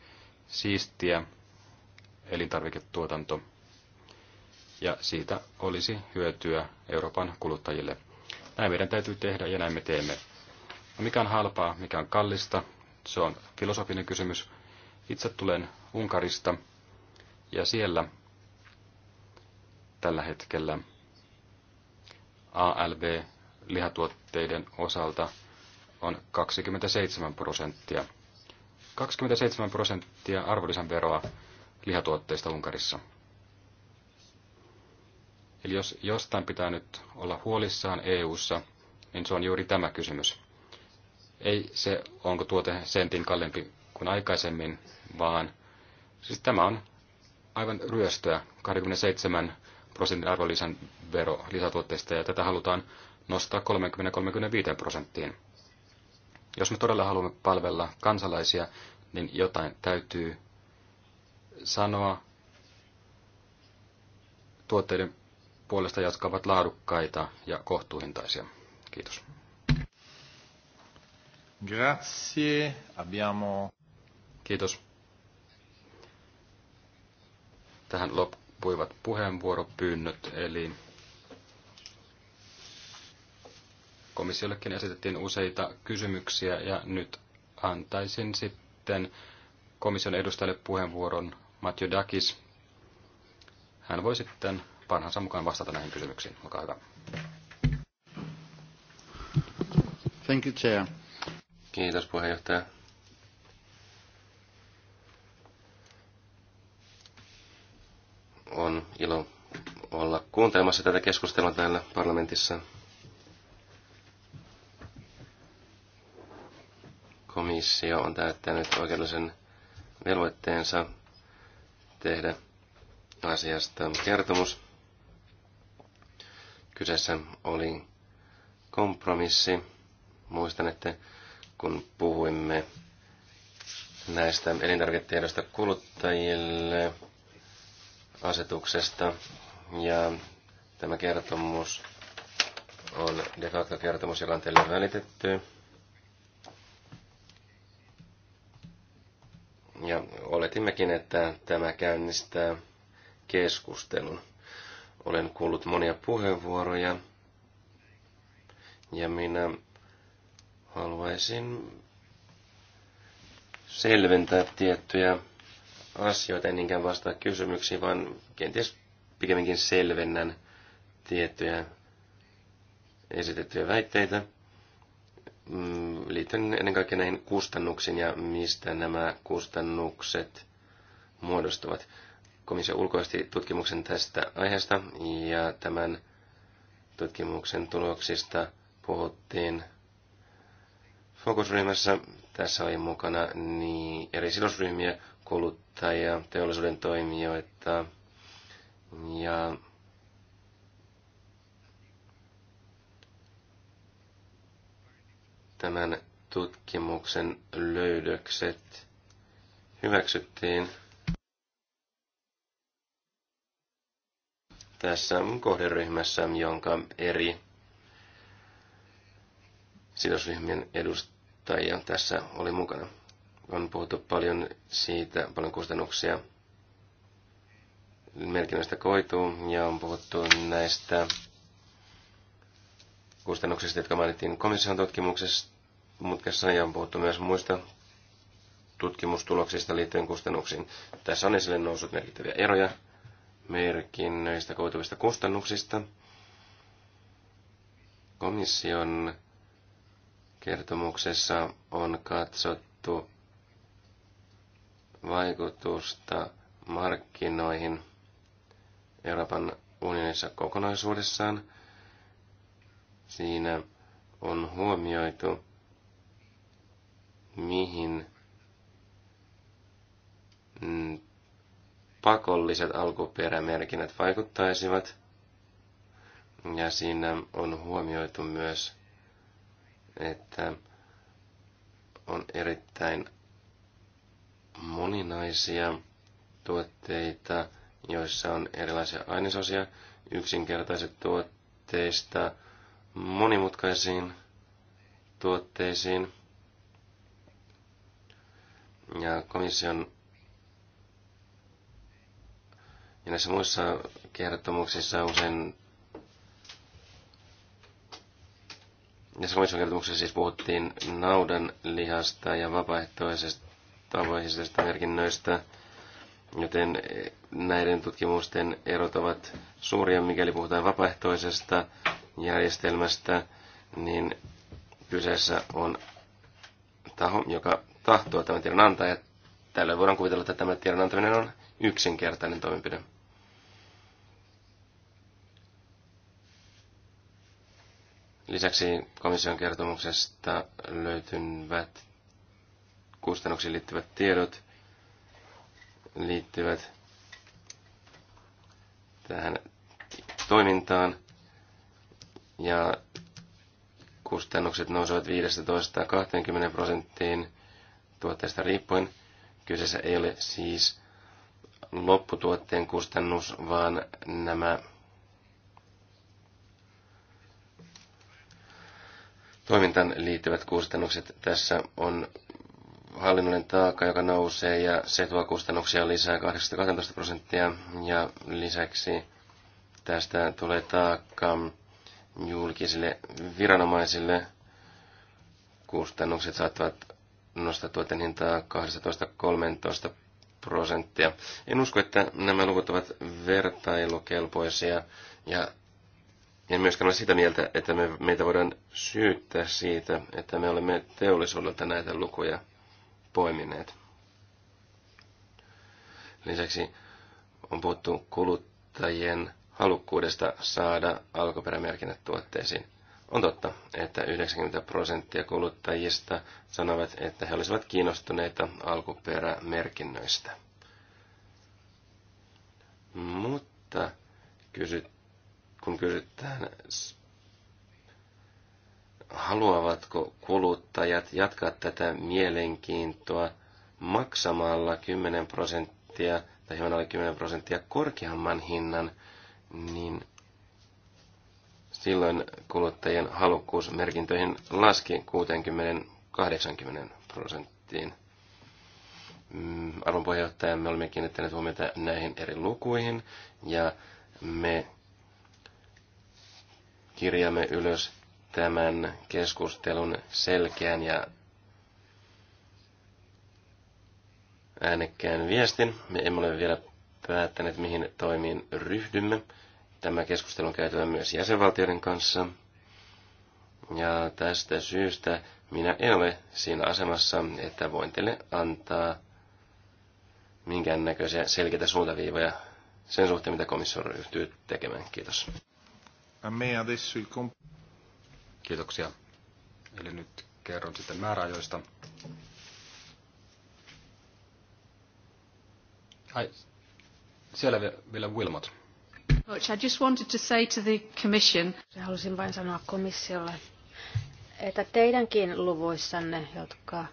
S1: siistiä elintarviketuotanto, ja siitä olisi hyötyä Euroopan kuluttajille. Näin meidän täytyy tehdä ja näin me teemme. No, mikä on halpaa, mikä on kallista, se on filosofinen kysymys. Itse tulen Unkarista ja siellä tällä hetkellä ALV-lihatuotteiden osalta on 27 prosenttia. 27 prosenttia arvonlisäveroa veroa lihatuotteista Unkarissa. Eli jos jostain pitää nyt olla huolissaan EU:ssa, niin se on juuri tämä kysymys. Ei se, onko tuote sentin kalliimpi kuin aikaisemmin, vaan siis tämä on aivan ryöstöä 27 prosentin arvonlisän vero lisätuotteista, ja tätä halutaan nostaa 30-35 prosenttiin. Jos me todella haluamme palvella kansalaisia, niin jotain täytyy sanoa tuotteiden puolesta, jotka ovat laadukkaita ja kohtuuhintaisia. Kiitos. Grazie. Abbiamo... Kiitos. Tähän loppuivat puheenvuoropyynnöt, eli komissiollekin esitettiin useita kysymyksiä ja nyt antaisin sitten komission edustajalle puheenvuoron Dakis. Hän voi sitten parhaansa mukaan vastata näihin kysymyksiin. Olkaa hyvä. Thank you, Chair. Kiitos puheenjohtaja.
S3: On ilo olla kuuntelemassa tätä keskustelua täällä parlamentissa. Komissio on täyttänyt oikeudellisen velvoitteensa tehdä asiasta kertomus. Kyseessä oli kompromissi. Muistan, että kun puhuimme näistä elintarviketiedosta kuluttajille asetuksesta ja tämä kertomus on de facto kertomus, joka on teille välitetty. Ja oletimmekin, että tämä käynnistää keskustelun. Olen kuullut monia puheenvuoroja ja minä haluaisin selventää tiettyjä asioita, en niinkään vastaa kysymyksiin, vaan kenties pikemminkin selvennän tiettyjä esitettyjä väitteitä. Mm, liittyen ennen kaikkea näihin kustannuksiin ja mistä nämä kustannukset muodostuvat. Komissio ulkoisti tutkimuksen tästä aiheesta ja tämän tutkimuksen tuloksista puhuttiin fokusryhmässä. Tässä oli mukana niin eri sidosryhmiä, kuluttajia, teollisuuden toimijoita ja tämän tutkimuksen löydökset hyväksyttiin tässä kohderyhmässä, jonka eri sidosryhmien edustajia tässä oli mukana. On puhuttu paljon siitä, paljon kustannuksia merkinnöistä koituu ja on puhuttu näistä kustannuksista, jotka mainittiin komission tutkimuksessa, ja on puhuttu myös muista tutkimustuloksista liittyen kustannuksiin. Tässä on esille noussut merkittäviä eroja merkinnöistä koituvista kustannuksista. Komission kertomuksessa on katsottu vaikutusta markkinoihin Euroopan unionissa kokonaisuudessaan – Siinä on huomioitu, mihin mm, pakolliset alkuperämerkinnät vaikuttaisivat. Ja siinä on huomioitu myös, että on erittäin moninaisia tuotteita, joissa on erilaisia ainesosia, yksinkertaiset tuotteista monimutkaisiin tuotteisiin. Ja komission ja näissä muissa kertomuksissa usein näissä komission kertomuksissa siis puhuttiin naudan lihasta ja vapaaehtoisesta tavoisista siis merkinnöistä – Joten eh, näiden tutkimusten erot ovat suuria, mikäli puhutaan vapaaehtoisesta järjestelmästä, niin kyseessä on taho, joka tahtoo tämän tiedon antaa, ja tällöin voidaan kuvitella, että tämä tiedon antaminen on yksinkertainen toimenpide. Lisäksi komission kertomuksesta löytyvät kustannuksiin liittyvät tiedot – liittyvät tähän toimintaan. Ja kustannukset nousevat 15-20 prosenttiin tuotteesta riippuen. Kyseessä ei ole siis lopputuotteen kustannus, vaan nämä toimintaan liittyvät kustannukset. Tässä on hallinnollinen taakka, joka nousee ja se tuo kustannuksia lisää 18 prosenttia ja lisäksi tästä tulee taakka julkisille viranomaisille. Kustannukset saattavat nostaa tuotteen hintaa 12-13 prosenttia. En usko, että nämä luvut ovat vertailukelpoisia ja en myöskään ole sitä mieltä, että me, meitä voidaan syyttää siitä, että me olemme teollisuudelta näitä lukuja poimineet. Lisäksi on puhuttu kuluttajien halukkuudesta saada alkuperämerkinnät tuotteisiin. On totta, että 90 prosenttia kuluttajista sanovat, että he olisivat kiinnostuneita alkuperämerkinnöistä. Mutta kysyt, kun kysytään haluavatko kuluttajat jatkaa tätä mielenkiintoa maksamalla 10 prosenttia tai hieman alle 10 prosenttia korkeamman hinnan, niin silloin kuluttajien halukkuus merkintöihin laski 60-80 prosenttiin. Mm, arvon puheenjohtaja, me olemme kiinnittäneet huomiota näihin eri lukuihin ja me kirjaamme ylös tämän keskustelun selkeän ja äänekkään viestin. Me emme ole vielä päättäneet, mihin toimiin ryhdymme. Tämä keskustelu on käytävä myös jäsenvaltioiden kanssa. Ja tästä syystä minä en ole siinä asemassa, että voin teille antaa minkäännäköisiä selkeitä suuntaviivoja sen suhteen, mitä komissio ryhtyy tekemään.
S1: Kiitos. Kiitoksia. Eli nyt kerron sitten määräajoista. Ai, siellä vielä Wilmot.
S4: I just wanted
S2: to say to the commission. Halusin vain sanoa komissiolle, että teidänkin luvuissanne, jotka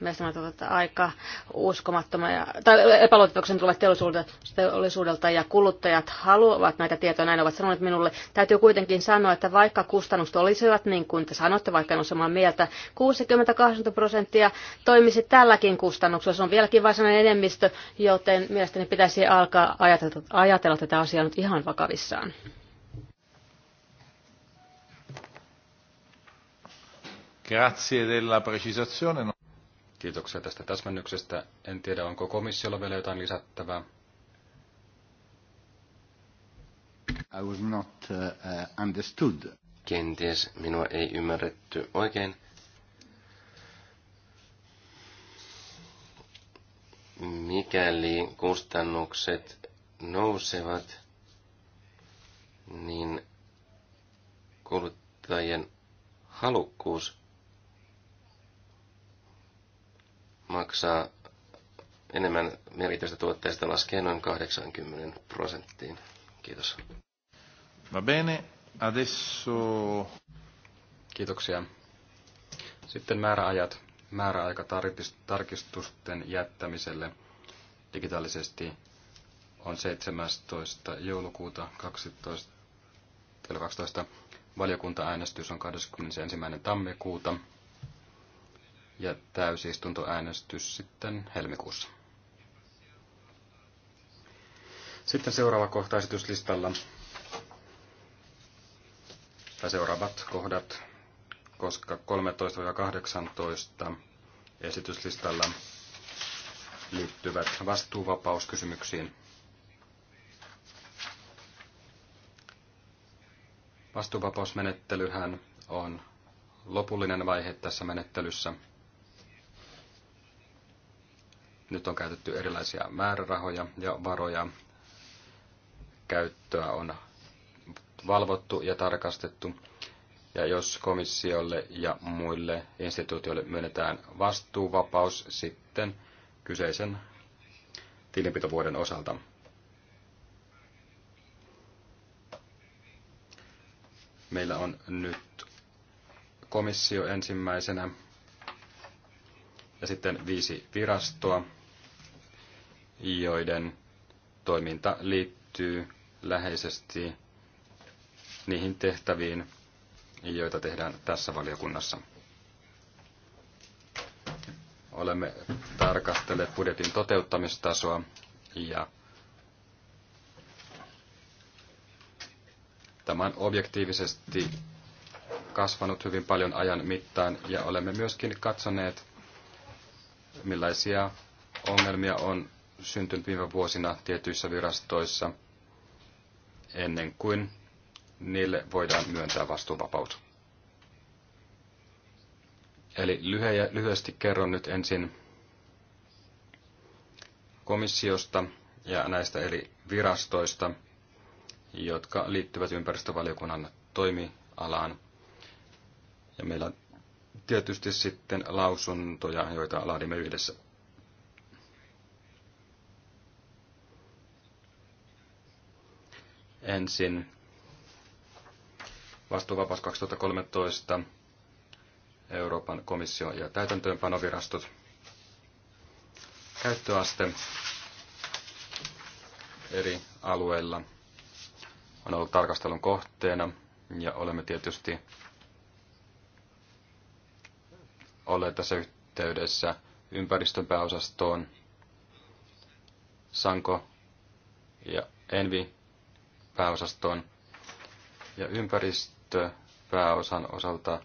S2: Mielestäni ovat aika ja, tai epäluottamuksen tulevat teollisuudelta, teollisuudelta ja kuluttajat haluavat näitä tietoja, näin ovat sanoneet minulle. Täytyy kuitenkin sanoa, että vaikka kustannukset olisivat, niin kuin te sanotte, vaikka en ole samaa mieltä, 68 prosenttia toimisi tälläkin kustannuksella. Se on vieläkin vain sellainen enemmistö, joten mielestäni pitäisi alkaa ajatella, ajatella tätä asiaa nyt ihan vakavissaan.
S1: Grazie della precisazione. Kiitoksia tästä täsmennyksestä. En tiedä, onko komissiolla vielä jotain lisättävää. I was
S3: not uh, understood. Kenties minua ei ymmärretty oikein. Mikäli kustannukset nousevat, niin kuluttajien halukkuus maksaa enemmän merkittävistä tuotteista laskee noin 80 prosenttiin. Kiitos.
S1: Va bene, adesso... Kiitoksia. Sitten määräajat. Määräaika tarkistusten jättämiselle digitaalisesti on 17. joulukuuta 12. 12. Valiokunta-äänestys on 21. tammikuuta ja täysistuntoäänestys sitten helmikuussa. Sitten seuraava kohta esityslistalla, tai seuraavat kohdat, koska 13-18 esityslistalla liittyvät vastuuvapauskysymyksiin. Vastuuvapausmenettelyhän on lopullinen vaihe tässä menettelyssä – nyt on käytetty erilaisia määrärahoja ja varoja. Käyttöä on valvottu ja tarkastettu. Ja jos komissiolle ja muille instituutioille myönnetään vastuuvapaus sitten kyseisen tilinpitovuoden osalta. Meillä on nyt komissio ensimmäisenä ja sitten viisi virastoa, joiden toiminta liittyy läheisesti niihin tehtäviin, joita tehdään tässä valiokunnassa. Olemme tarkastelleet budjetin toteuttamistasoa ja tämä on objektiivisesti kasvanut hyvin paljon ajan mittaan ja olemme myöskin katsoneet, millaisia ongelmia on syntynyt viime vuosina tietyissä virastoissa ennen kuin niille voidaan myöntää vastuuvapaus. Eli lyhyesti kerron nyt ensin komissiosta ja näistä eri virastoista, jotka liittyvät ympäristövaliokunnan toimialaan. Ja meillä on tietysti sitten lausuntoja, joita laadimme yhdessä. Ensin vastuuvapaus 2013, Euroopan komissio ja täytäntöönpanovirastot, käyttöaste eri alueilla on ollut tarkastelun kohteena ja olemme tietysti olleet tässä yhteydessä ympäristön pääosastoon, Sanko ja Envi pääosastoon ja ympäristöpääosan osalta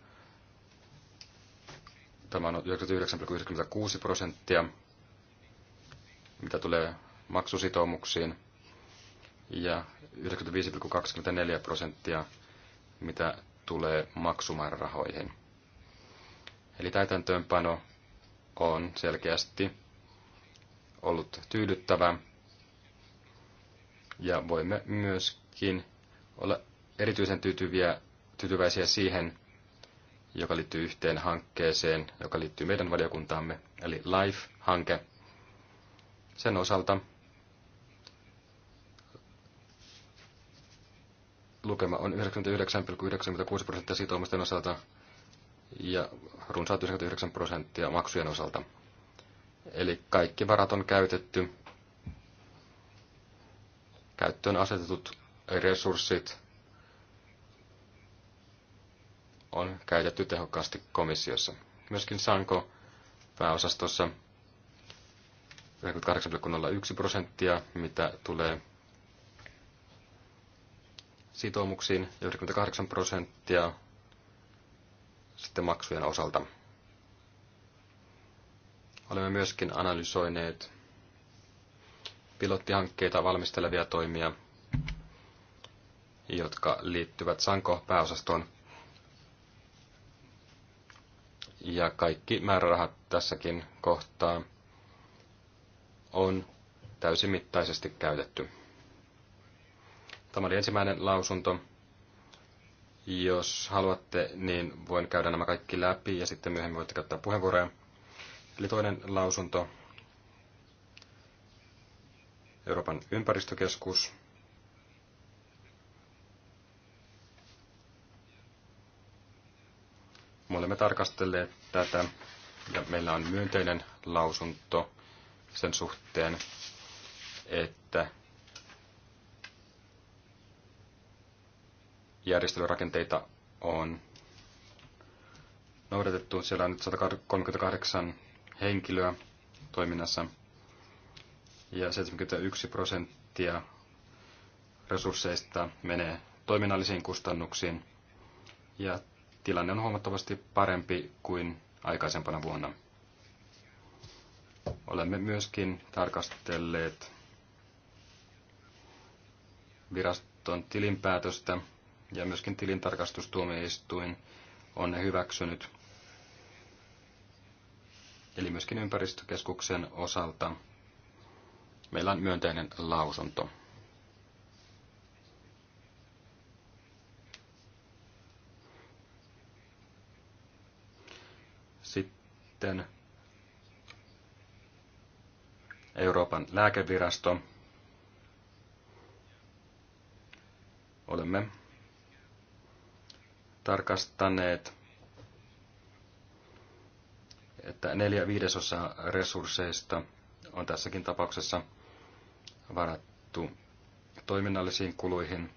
S1: tämä on 99,96 prosenttia, mitä tulee maksusitoumuksiin, ja 95,24 prosenttia, mitä tulee maksumäärärahoihin. Eli täytäntöönpano on selkeästi ollut tyydyttävä ja voimme myöskin olla erityisen tyytyviä, tyytyväisiä siihen, joka liittyy yhteen hankkeeseen, joka liittyy meidän valiokuntaamme, eli LIFE-hanke. Sen osalta lukema on 99,96 prosenttia sitoumusten osalta ja runsaat 99 prosenttia maksujen osalta. Eli kaikki varat on käytetty. Käyttöön asetetut resurssit on käytetty tehokkaasti komissiossa. Myöskin Sanko pääosastossa 98,01 prosenttia, mitä tulee sitoumuksiin, 98 prosenttia sitten maksujen osalta. Olemme myöskin analysoineet pilottihankkeita valmistelevia toimia, jotka liittyvät Sanko-pääosastoon. Ja kaikki määrärahat tässäkin kohtaa on täysimittaisesti käytetty. Tämä oli ensimmäinen lausunto. Jos haluatte, niin voin käydä nämä kaikki läpi ja sitten myöhemmin voitte käyttää puheenvuoroja. Eli toinen lausunto. Euroopan ympäristökeskus. Me olemme tarkastelleet tätä ja meillä on myönteinen lausunto sen suhteen, että järjestelyrakenteita on noudatettu. Siellä on nyt 138 henkilöä toiminnassa ja 71 prosenttia resursseista menee toiminnallisiin kustannuksiin ja tilanne on huomattavasti parempi kuin aikaisempana vuonna. Olemme myöskin tarkastelleet viraston tilinpäätöstä ja myöskin tilintarkastustuomioistuin on ne hyväksynyt. Eli myöskin ympäristökeskuksen osalta meillä on myönteinen lausunto. Sitten Euroopan lääkevirasto. Olemme tarkastaneet, että neljä viidesosaa resursseista on tässäkin tapauksessa varattu toiminnallisiin kuluihin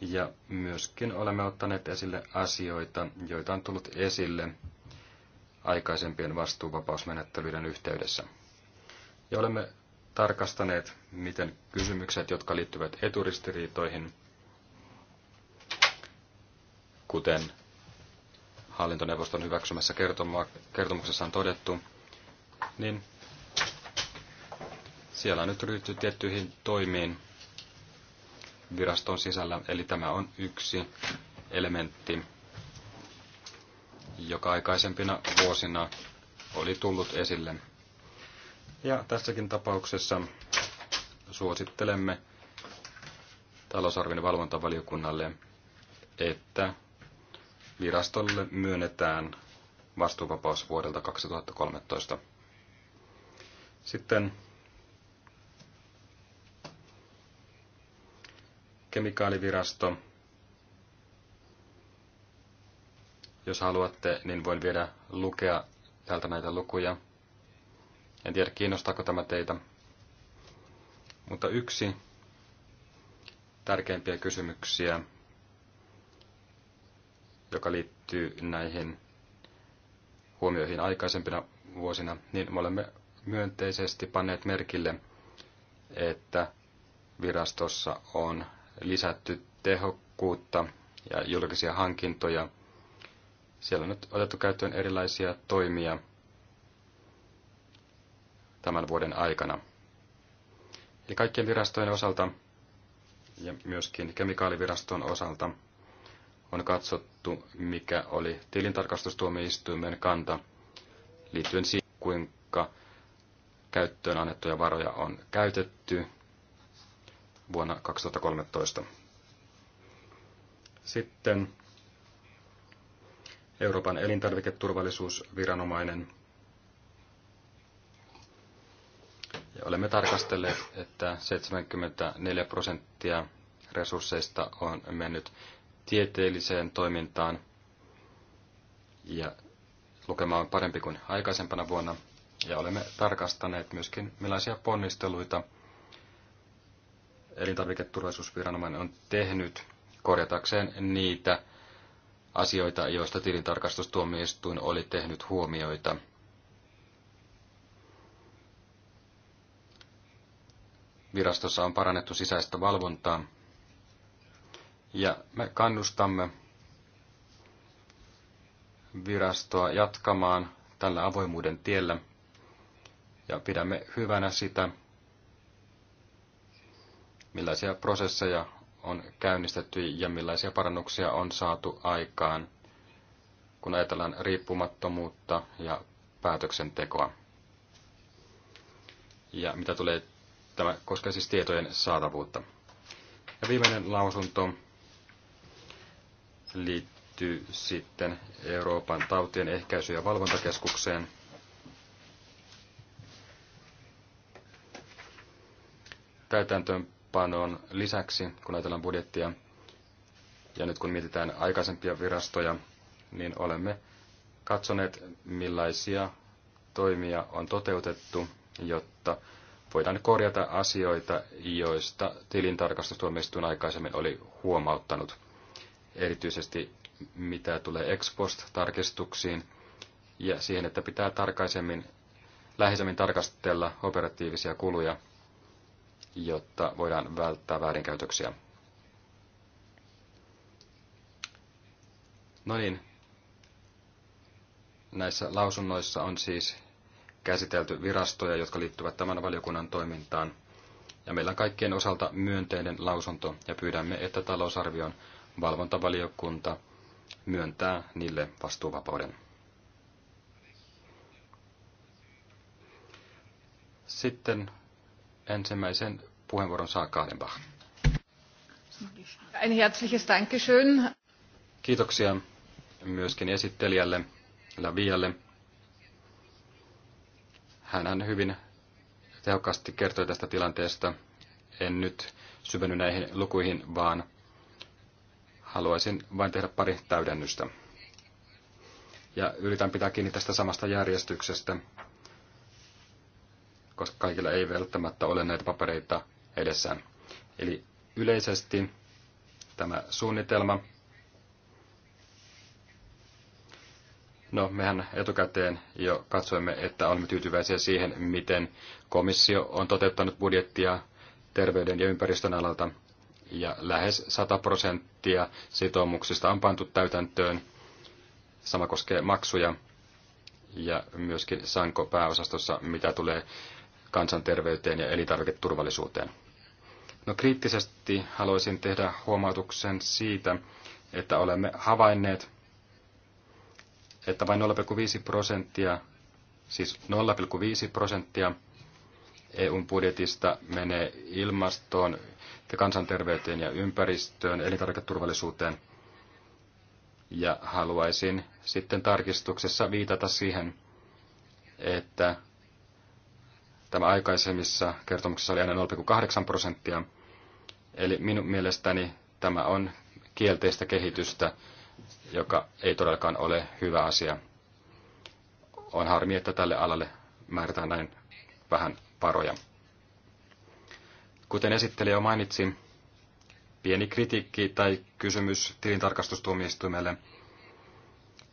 S1: ja myöskin olemme ottaneet esille asioita, joita on tullut esille aikaisempien vastuuvapausmenettelyiden yhteydessä. Ja olemme tarkastaneet, miten kysymykset, jotka liittyvät eturistiriitoihin, kuten hallintoneuvoston hyväksymässä kertomuksessa on todettu, niin siellä on nyt ryhtyy tiettyihin toimiin viraston sisällä. Eli tämä on yksi elementti, joka aikaisempina vuosina oli tullut esille ja tässäkin tapauksessa suosittelemme talousarvion valvontavaliokunnalle, että virastolle myönnetään vastuuvapaus vuodelta 2013. Sitten kemikaalivirasto. Jos haluatte, niin voin vielä lukea täältä näitä lukuja. En tiedä, kiinnostaako tämä teitä. Mutta yksi tärkeimpiä kysymyksiä, joka liittyy näihin huomioihin aikaisempina vuosina, niin me olemme myönteisesti panneet merkille, että virastossa on lisätty tehokkuutta ja julkisia hankintoja. Siellä on nyt otettu käyttöön erilaisia toimia – tämän vuoden aikana. Eli kaikkien virastojen osalta ja myöskin kemikaaliviraston osalta on katsottu, mikä oli tilintarkastustuomioistuimen kanta liittyen siihen, kuinka käyttöön annettuja varoja on käytetty vuonna 2013. Sitten Euroopan elintarviketurvallisuusviranomainen olemme tarkastelleet, että 74 prosenttia resursseista on mennyt tieteelliseen toimintaan ja lukema on parempi kuin aikaisempana vuonna. Ja olemme tarkastaneet myöskin, millaisia ponnisteluita elintarviketurvallisuusviranomainen on tehnyt korjatakseen niitä asioita, joista tilintarkastustuomioistuin oli tehnyt huomioita – virastossa on parannettu sisäistä valvontaa. Ja me kannustamme virastoa jatkamaan tällä avoimuuden tiellä. Ja pidämme hyvänä sitä, millaisia prosesseja on käynnistetty ja millaisia parannuksia on saatu aikaan, kun ajatellaan riippumattomuutta ja päätöksentekoa. Ja mitä tulee Tämä koskee siis tietojen saatavuutta. Ja viimeinen lausunto liittyy sitten Euroopan tautien ehkäisy- ja valvontakeskukseen. Täytäntöönpanon lisäksi, kun ajatellaan budjettia, ja nyt kun mietitään aikaisempia virastoja, niin olemme katsoneet, millaisia toimia on toteutettu, jotta voidaan korjata asioita, joista tilintarkastustuomioistuin aikaisemmin oli huomauttanut. Erityisesti mitä tulee ex tarkistuksiin ja siihen, että pitää tarkaisemmin, läheisemmin tarkastella operatiivisia kuluja, jotta voidaan välttää väärinkäytöksiä. No niin, näissä lausunnoissa on siis käsitelty virastoja, jotka liittyvät tämän valiokunnan toimintaan. Ja meillä on kaikkien osalta myönteinen lausunto ja pyydämme, että talousarvion valvontavaliokunta myöntää niille vastuuvapauden. Sitten ensimmäisen puheenvuoron saa Kaadenbach.
S4: Ein herzliches Dankeschön.
S1: Kiitoksia myöskin esittelijälle Lavialle hän hyvin tehokkaasti kertoi tästä tilanteesta. En nyt syvenny näihin lukuihin, vaan haluaisin vain tehdä pari täydennystä. Ja yritän pitää kiinni tästä samasta järjestyksestä, koska kaikilla ei välttämättä ole näitä papereita edessään. Eli yleisesti tämä suunnitelma No, mehän etukäteen jo katsoimme, että olemme tyytyväisiä siihen, miten komissio on toteuttanut budjettia terveyden ja ympäristön alalta, ja lähes 100 prosenttia sitoumuksista on pantu täytäntöön. Sama koskee maksuja ja myöskin Sanko pääosastossa, mitä tulee kansanterveyteen ja elintarviketurvallisuuteen. No kriittisesti haluaisin tehdä huomautuksen siitä, että olemme havainneet, että vain 0,5 prosenttia, siis 0,5 prosenttia EUn budjetista menee ilmastoon, kansanterveyteen ja ympäristöön, elintarviketurvallisuuteen. Ja haluaisin sitten tarkistuksessa viitata siihen, että tämä aikaisemmissa kertomuksissa oli aina 0,8 prosenttia. Eli minun mielestäni tämä on kielteistä kehitystä joka ei todellakaan ole hyvä asia. On harmi, että tälle alalle määrätään näin vähän varoja. Kuten esittelijä jo mainitsi, pieni kritiikki tai kysymys tilintarkastustuomioistuimelle.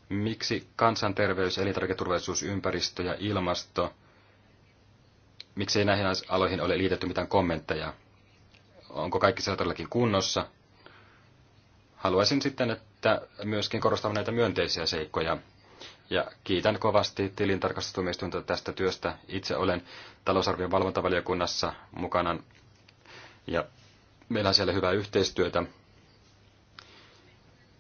S1: Miksi kansanterveys, elintarviketurvallisuus, ympäristö ja ilmasto, miksi ei näihin aloihin ole liitetty mitään kommentteja? Onko kaikki siellä todellakin kunnossa haluaisin sitten, että myöskin korostamme näitä myönteisiä seikkoja. Ja kiitän kovasti tilintarkastustuomioistuinta tästä työstä. Itse olen talousarvion valvontavaliokunnassa mukana ja meillä on siellä hyvää yhteistyötä.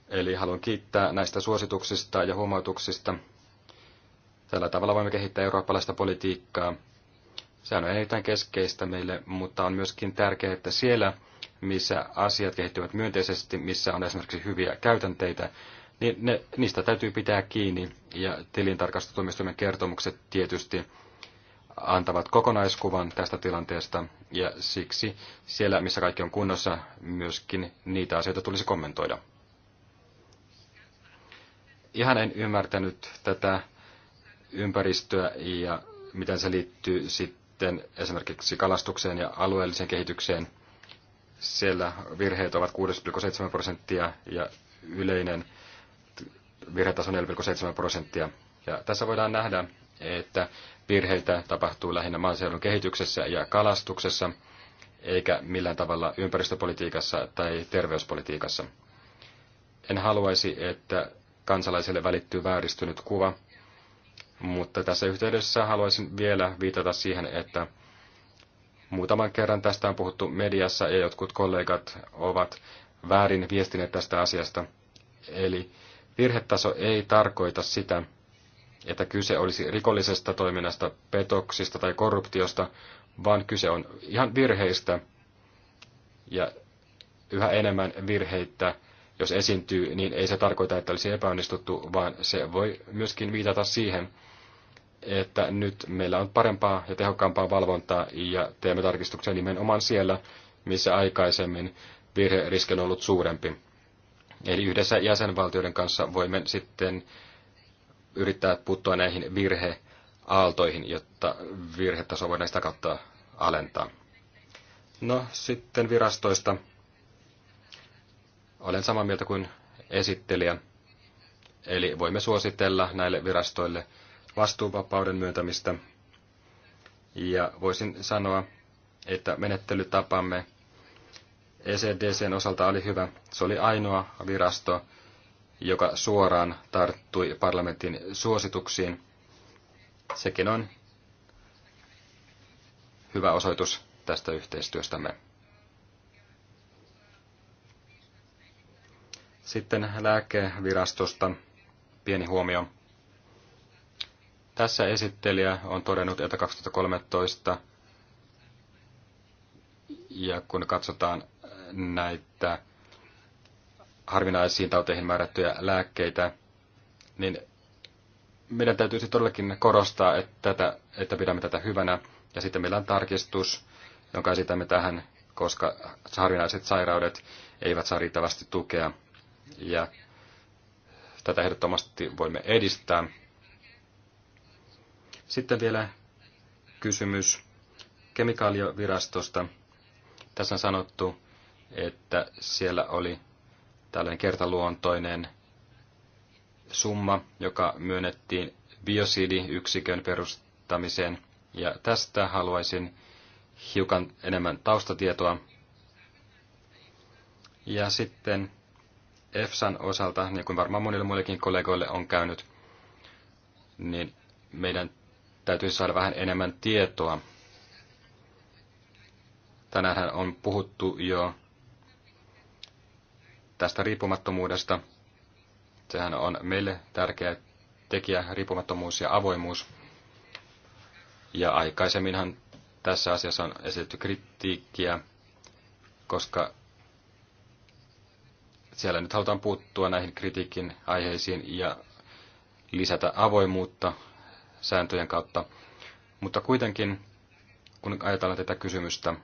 S1: Eli haluan kiittää näistä suosituksista ja huomautuksista. Tällä tavalla voimme kehittää eurooppalaista politiikkaa. Sehän on erittäin keskeistä meille, mutta on myöskin tärkeää, että siellä missä asiat kehittyvät myönteisesti, missä on esimerkiksi hyviä käytänteitä, niin ne, niistä täytyy pitää kiinni. Ja tilintarkastustuomioistuimen kertomukset tietysti antavat kokonaiskuvan tästä tilanteesta, ja siksi siellä, missä kaikki on kunnossa, myöskin niitä asioita tulisi kommentoida. Ihan en ymmärtänyt tätä ympäristöä ja miten se liittyy sitten esimerkiksi kalastukseen ja alueelliseen kehitykseen – siellä virheet ovat 6,7 prosenttia ja yleinen virhetaso 4,7 prosenttia. Ja tässä voidaan nähdä, että virheitä tapahtuu lähinnä maaseudun kehityksessä ja kalastuksessa, eikä millään tavalla ympäristöpolitiikassa tai terveyspolitiikassa. En haluaisi, että kansalaisille välittyy vääristynyt kuva, mutta tässä yhteydessä haluaisin vielä viitata siihen, että Muutaman kerran tästä on puhuttu mediassa ja jotkut kollegat ovat väärin viestineet tästä asiasta. Eli virhetaso ei tarkoita sitä, että kyse olisi rikollisesta toiminnasta, petoksista tai korruptiosta, vaan kyse on ihan virheistä ja yhä enemmän virheitä, jos esiintyy, niin ei se tarkoita, että olisi epäonnistuttu, vaan se voi myöskin viitata siihen, että nyt meillä on parempaa ja tehokkaampaa valvontaa ja teemme tarkistuksia nimenomaan siellä, missä aikaisemmin virheriski on ollut suurempi. Eli yhdessä jäsenvaltioiden kanssa voimme sitten yrittää puuttua näihin virheaaltoihin, jotta virhetaso voidaan sitä kautta alentaa. No sitten virastoista. Olen samaa mieltä kuin esittelijä. Eli voimme suositella näille virastoille vastuuvapauden myöntämistä. Ja voisin sanoa, että menettelytapamme ECDCn osalta oli hyvä. Se oli ainoa virasto, joka suoraan tarttui parlamentin suosituksiin. Sekin on hyvä osoitus tästä yhteistyöstämme. Sitten lääkevirastosta pieni huomio. Tässä esittelijä on todennut, että 2013, ja kun katsotaan näitä harvinaisiin tauteihin määrättyjä lääkkeitä, niin meidän täytyisi todellakin korostaa, että, tätä, että pidämme tätä hyvänä. Ja sitten meillä on tarkistus, jonka esitämme tähän, koska harvinaiset sairaudet eivät saa riittävästi tukea. Ja tätä ehdottomasti voimme edistää. Sitten vielä kysymys kemikaaliovirastosta. Tässä on sanottu, että siellä oli tällainen kertaluontoinen summa, joka myönnettiin biosidiyksikön perustamiseen. Ja tästä haluaisin hiukan enemmän taustatietoa. Ja sitten EFSAn osalta, niin kuin varmaan monille muillekin kollegoille on käynyt, niin meidän Täytyy saada vähän enemmän tietoa. Tänään on puhuttu jo tästä riippumattomuudesta. Sehän on meille tärkeä tekijä, riippumattomuus ja avoimuus. Ja aikaisemminhan tässä asiassa on esitetty kritiikkiä, koska siellä nyt halutaan puuttua näihin kritiikin aiheisiin ja lisätä avoimuutta sääntöjen kautta. Mutta kuitenkin, kun ajatellaan tätä kysymystä,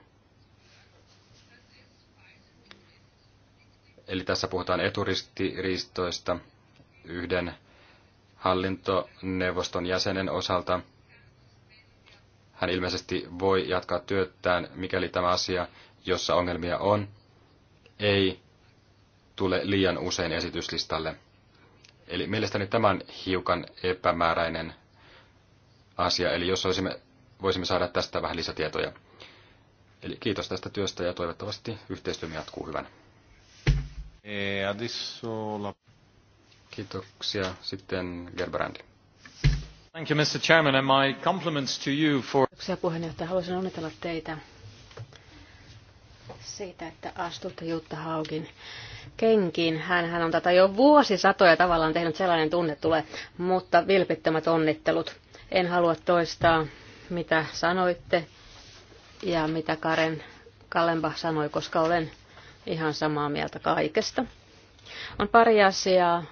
S1: eli tässä puhutaan eturistiriistoista yhden hallintoneuvoston jäsenen osalta, hän ilmeisesti voi jatkaa työtään, mikäli tämä asia, jossa ongelmia on, ei tule liian usein esityslistalle. Eli mielestäni tämä on hiukan epämääräinen asia, eli jos olisimme, voisimme saada tästä vähän lisätietoja. Eli kiitos tästä työstä ja toivottavasti yhteistyö jatkuu hyvän. E, Kiitoksia. Sitten Gerberandi. Thank you, Mr. Chairman, and my compliments to you for... Kiitoksia
S2: puheenjohtaja. Haluaisin onnitella teitä siitä, että astutte Jutta Haugin kenkiin. hän on tätä jo vuosisatoja tavallaan tehnyt, sellainen tunne tulee, mutta vilpittömät onnittelut. En halua toistaa, mitä sanoitte ja mitä Karen Kalemba sanoi, koska olen ihan samaa mieltä kaikesta. On pari asiaa,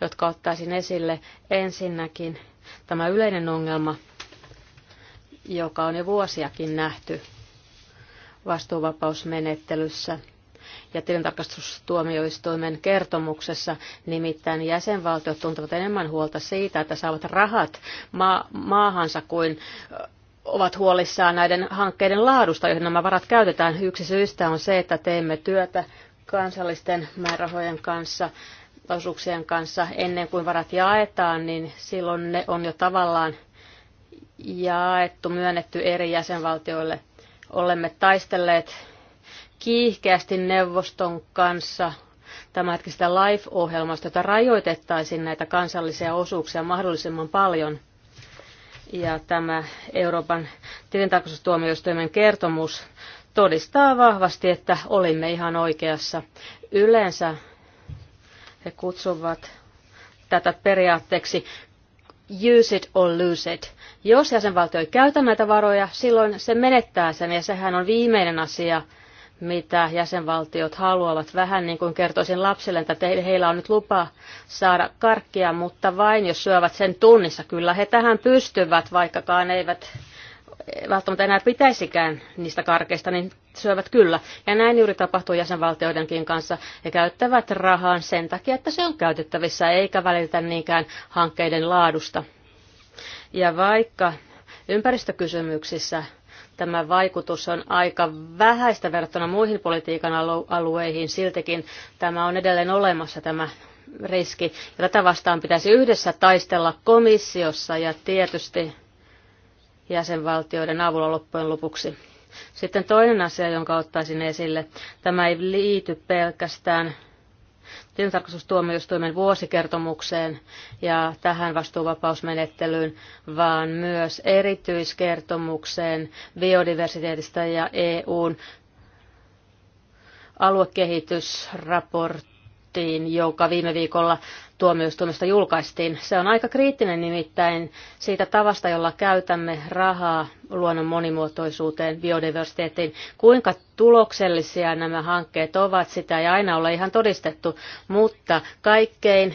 S2: jotka ottaisin esille. Ensinnäkin tämä yleinen ongelma, joka on jo vuosiakin nähty vastuuvapausmenettelyssä – ja tilintarkastustuomioistuimen kertomuksessa. Nimittäin jäsenvaltiot tuntuvat enemmän huolta siitä, että saavat rahat ma- maahansa kuin ovat huolissaan näiden hankkeiden laadusta, joihin nämä varat käytetään. Yksi syystä on se, että teemme työtä kansallisten määrärahojen kanssa osuuksien kanssa ennen kuin varat jaetaan, niin silloin ne on jo tavallaan jaettu, myönnetty eri jäsenvaltioille. Olemme taistelleet kiihkeästi neuvoston kanssa tämänhetkistä LIFE-ohjelmasta, jota rajoitettaisiin näitä kansallisia osuuksia mahdollisimman paljon. Ja tämä Euroopan tilintarkastustuomioistuimen kertomus todistaa vahvasti, että olimme ihan oikeassa. Yleensä he kutsuvat tätä periaatteeksi use it or lose it. Jos jäsenvaltio ei käytä näitä varoja, silloin se menettää sen ja sehän on viimeinen asia, mitä jäsenvaltiot haluavat. Vähän niin kuin kertoisin lapsille, että heillä on nyt lupa saada karkkia, mutta vain jos syövät sen tunnissa. Kyllä he tähän pystyvät, vaikkakaan eivät välttämättä enää pitäisikään niistä karkeista, niin syövät kyllä. Ja näin juuri tapahtuu jäsenvaltioidenkin kanssa. He käyttävät rahaa sen takia, että se on käytettävissä, eikä välitä niinkään hankkeiden laadusta. Ja vaikka ympäristökysymyksissä tämä vaikutus on aika vähäistä verrattuna muihin politiikan alueihin. Siltikin tämä on edelleen olemassa tämä riski. Ja tätä vastaan pitäisi yhdessä taistella komissiossa ja tietysti jäsenvaltioiden avulla loppujen lopuksi. Sitten toinen asia, jonka ottaisin esille, tämä ei liity pelkästään tilintarkastustuomioistuimen vuosikertomukseen ja tähän vastuuvapausmenettelyyn, vaan myös erityiskertomukseen biodiversiteetistä ja EUn aluekehitysraportti raporttiin, joka viime viikolla tuomioistuimesta julkaistiin. Se on aika kriittinen nimittäin siitä tavasta, jolla käytämme rahaa luonnon monimuotoisuuteen, biodiversiteettiin. Kuinka tuloksellisia nämä hankkeet ovat, sitä ei aina ole ihan todistettu, mutta kaikkein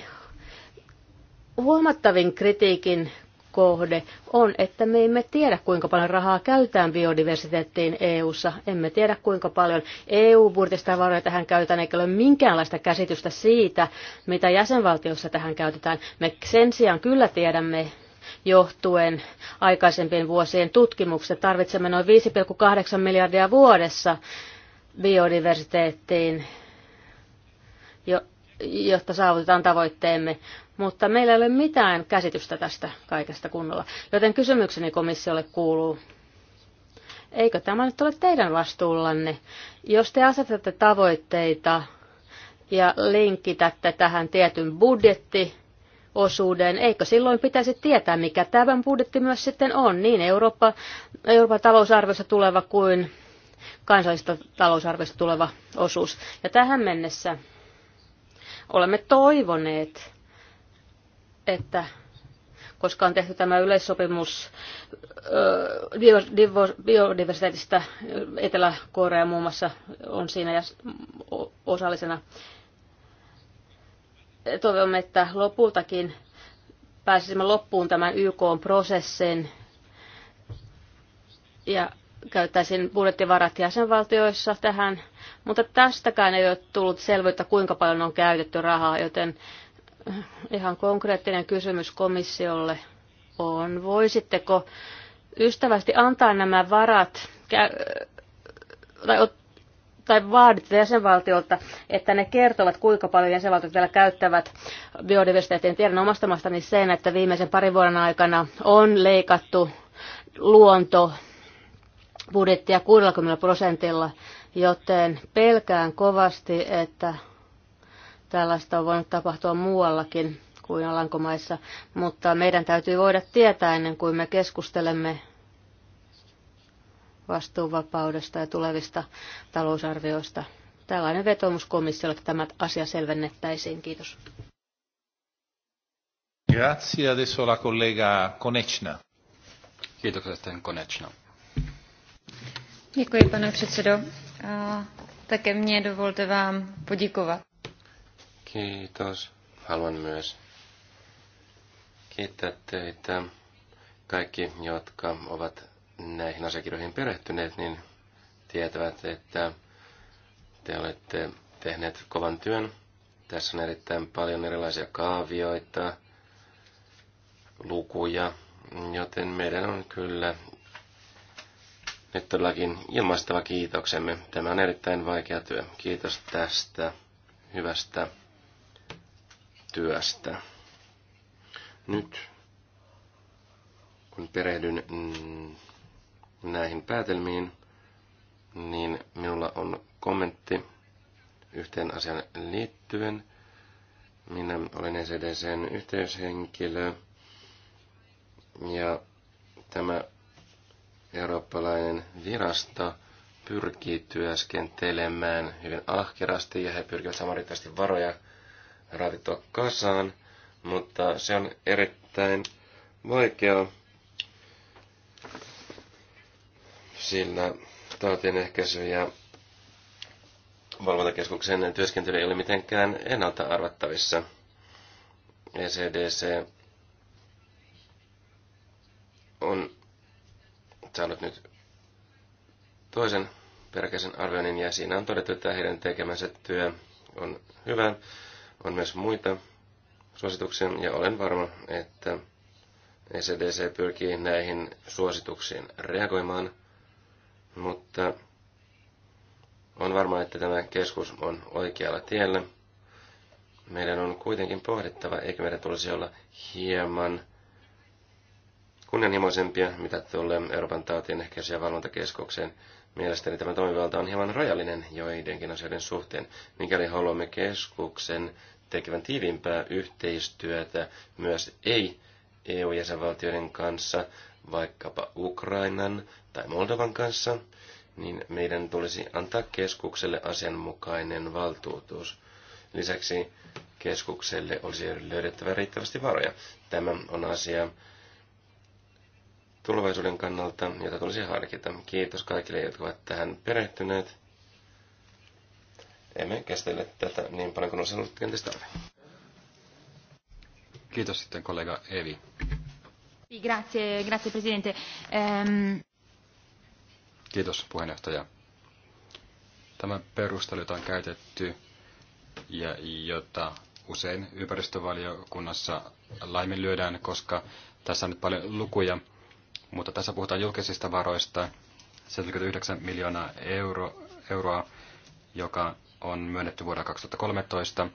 S2: huomattavin kritiikin kohde on, että me emme tiedä, kuinka paljon rahaa käytetään biodiversiteettiin EU-ssa. Emme tiedä, kuinka paljon EU-budjetista varoja tähän käytetään, eikä ole minkäänlaista käsitystä siitä, mitä jäsenvaltiossa tähän käytetään. Me sen sijaan kyllä tiedämme, johtuen aikaisempien vuosien tutkimuksista. Tarvitsemme noin 5,8 miljardia vuodessa biodiversiteettiin, jotta saavutetaan tavoitteemme mutta meillä ei ole mitään käsitystä tästä kaikesta kunnolla. Joten kysymykseni komissiolle kuuluu, eikö tämä nyt ole teidän vastuullanne? Jos te asetatte tavoitteita ja linkitätte tähän tietyn budjetti, osuuden, eikö silloin pitäisi tietää, mikä tämän budjetti myös sitten on, niin Eurooppa, Euroopan talousarviossa tuleva kuin kansallista talousarviosta tuleva osuus. Ja tähän mennessä olemme toivoneet, että koska on tehty tämä yleissopimus biodiversiteetistä, Etelä-Korea muun muassa on siinä osallisena. Toivomme, että lopultakin pääsisimme loppuun tämän YK-prosessin ja käyttäisin budjettivarat jäsenvaltioissa tähän, mutta tästäkään ei ole tullut selvyyttä, kuinka paljon on käytetty rahaa, joten ihan konkreettinen kysymys komissiolle on, voisitteko ystävästi antaa nämä varat tai, tai vaadit jäsenvaltiolta, että ne kertovat, kuinka paljon jäsenvaltiot vielä käyttävät biodiversiteettiin. Tiedän omasta maastani sen, että viimeisen parin vuoden aikana on leikattu luonto budjettia 60 prosentilla, joten pelkään kovasti, että Tällaista on voinut tapahtua muuallakin kuin Alankomaissa, mutta meidän täytyy voida tietää ennen kuin me keskustelemme vastuuvapaudesta ja tulevista talousarvioista. Tällainen vetomus komissiolle, että tämä asia selvennettäisiin. Kiitos.
S1: Grazie, adesso la collega Konechna. Kiitoksia sitten Konechna.
S2: Děkuji, pane předsedo. Také mě dovolte vám poděkovat.
S1: Kiitos. Haluan myös
S3: kiittää teitä kaikki, jotka ovat näihin asiakirjoihin perehtyneet, niin tietävät, että te olette tehneet kovan työn. Tässä on erittäin paljon erilaisia kaavioita, lukuja, joten meidän on kyllä nyt todellakin ilmaistava kiitoksemme. Tämä on erittäin vaikea työ. Kiitos tästä hyvästä työstä. Nyt kun perehdyn mm, näihin päätelmiin, niin minulla on kommentti yhteen asian liittyen. Minä olen ECDCn yhteyshenkilö ja tämä eurooppalainen virasto pyrkii työskentelemään hyvin ahkerasti ja he pyrkivät samarittaisesti varoja raavittua kasaan, mutta se on erittäin vaikeaa, sillä tautien ehkäisy ja valvontakeskuksen työskentely ei ole mitenkään ennalta arvattavissa. ECDC on saanut nyt toisen peräkäisen arvioinnin ja siinä on todettu, että heidän tekemänsä työ on hyvä. On myös muita suosituksia ja olen varma, että ECDC pyrkii näihin suosituksiin reagoimaan, mutta on varma, että tämä keskus on oikealla tiellä. Meidän on kuitenkin pohdittava, eikö meidän tulisi olla hieman kunnianhimoisempia, mitä tulee Euroopan tautien ehkäisy- valvontakeskukseen. Mielestäni tämä toimivalta on hieman rajallinen joidenkin asioiden suhteen, mikäli haluamme keskuksen tekevän tiiviimpää yhteistyötä myös ei-EU-jäsenvaltioiden kanssa, vaikkapa Ukrainan tai Moldovan kanssa, niin meidän tulisi antaa keskukselle asianmukainen valtuutus. Lisäksi keskukselle olisi löydettävä riittävästi varoja. Tämä on asia, tulevaisuuden kannalta, jota tulisi harkita. Kiitos kaikille, jotka ovat tähän perehtyneet. Emme käsitelle tätä niin paljon kuin olisi ollut kenties tarve.
S1: Kiitos sitten kollega Evi.
S2: Grazie, grazie presidente. Ähm...
S1: Kiitos puheenjohtaja. Tämä perustelu, jota on käytetty ja jota usein ympäristövaliokunnassa laiminlyödään, koska tässä on nyt paljon lukuja, mutta tässä puhutaan julkisista varoista, 79 miljoonaa euro, euroa, joka on myönnetty vuonna 2013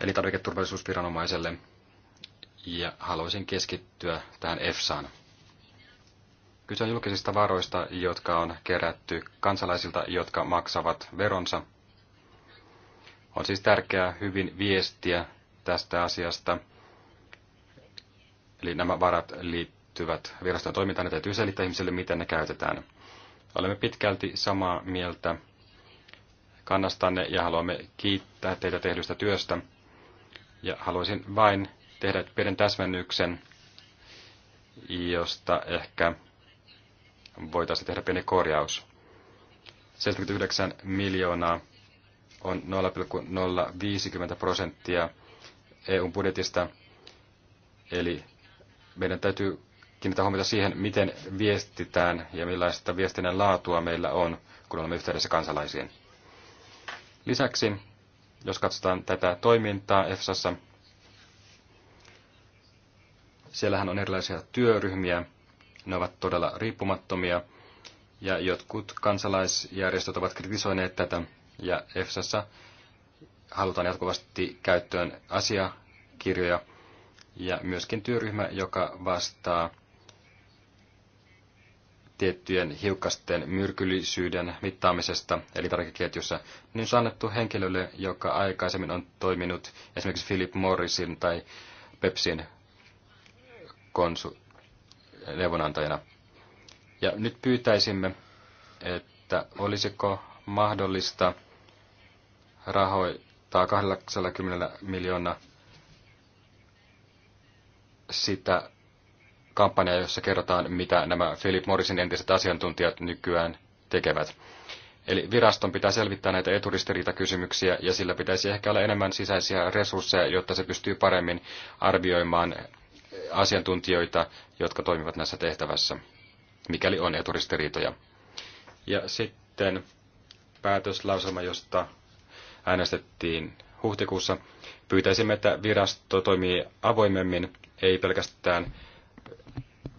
S1: elintarviketurvallisuusviranomaiselle ja haluaisin keskittyä tähän EFSAan. Kyse on julkisista varoista, jotka on kerätty kansalaisilta, jotka maksavat veronsa. On siis tärkeää hyvin viestiä tästä asiasta. Eli nämä varat liittyvät liittyvät viraston toimintaan, ne täytyy selittää ihmisille, miten ne käytetään. Olemme pitkälti samaa mieltä kannastanne ja haluamme kiittää teitä tehdystä työstä. Ja haluaisin vain tehdä pienen täsmennyksen, josta ehkä voitaisiin tehdä pieni korjaus. 79 miljoonaa on 0,050 prosenttia EUn budjetista, eli meidän täytyy kiinnitän huomiota siihen, miten viestitään ja millaista viestinnän laatua meillä on, kun olemme yhteydessä kansalaisiin. Lisäksi, jos katsotaan tätä toimintaa EFSassa, siellähän on erilaisia työryhmiä, ne ovat todella riippumattomia, ja jotkut kansalaisjärjestöt ovat kritisoineet tätä, ja EFSassa halutaan jatkuvasti käyttöön asiakirjoja, ja myöskin työryhmä, joka vastaa tiettyjen hiukkasten myrkyllisyyden mittaamisesta elintarvikeketjussa, niin se on annettu henkilölle, joka aikaisemmin on toiminut esimerkiksi Philip Morrisin tai Pepsin konsu- neuvonantajana. Ja nyt pyytäisimme, että olisiko mahdollista rahoittaa 80 miljoonaa sitä kampanja, jossa kerrotaan, mitä nämä Philip Morrisin entiset asiantuntijat nykyään tekevät. Eli viraston pitää selvittää näitä eturistiriitakysymyksiä ja sillä pitäisi ehkä olla enemmän sisäisiä resursseja, jotta se pystyy paremmin arvioimaan asiantuntijoita, jotka toimivat näissä tehtävässä, mikäli on eturistiriitoja. Ja sitten päätöslauselma, josta äänestettiin huhtikuussa. Pyytäisimme, että virasto toimii avoimemmin, ei pelkästään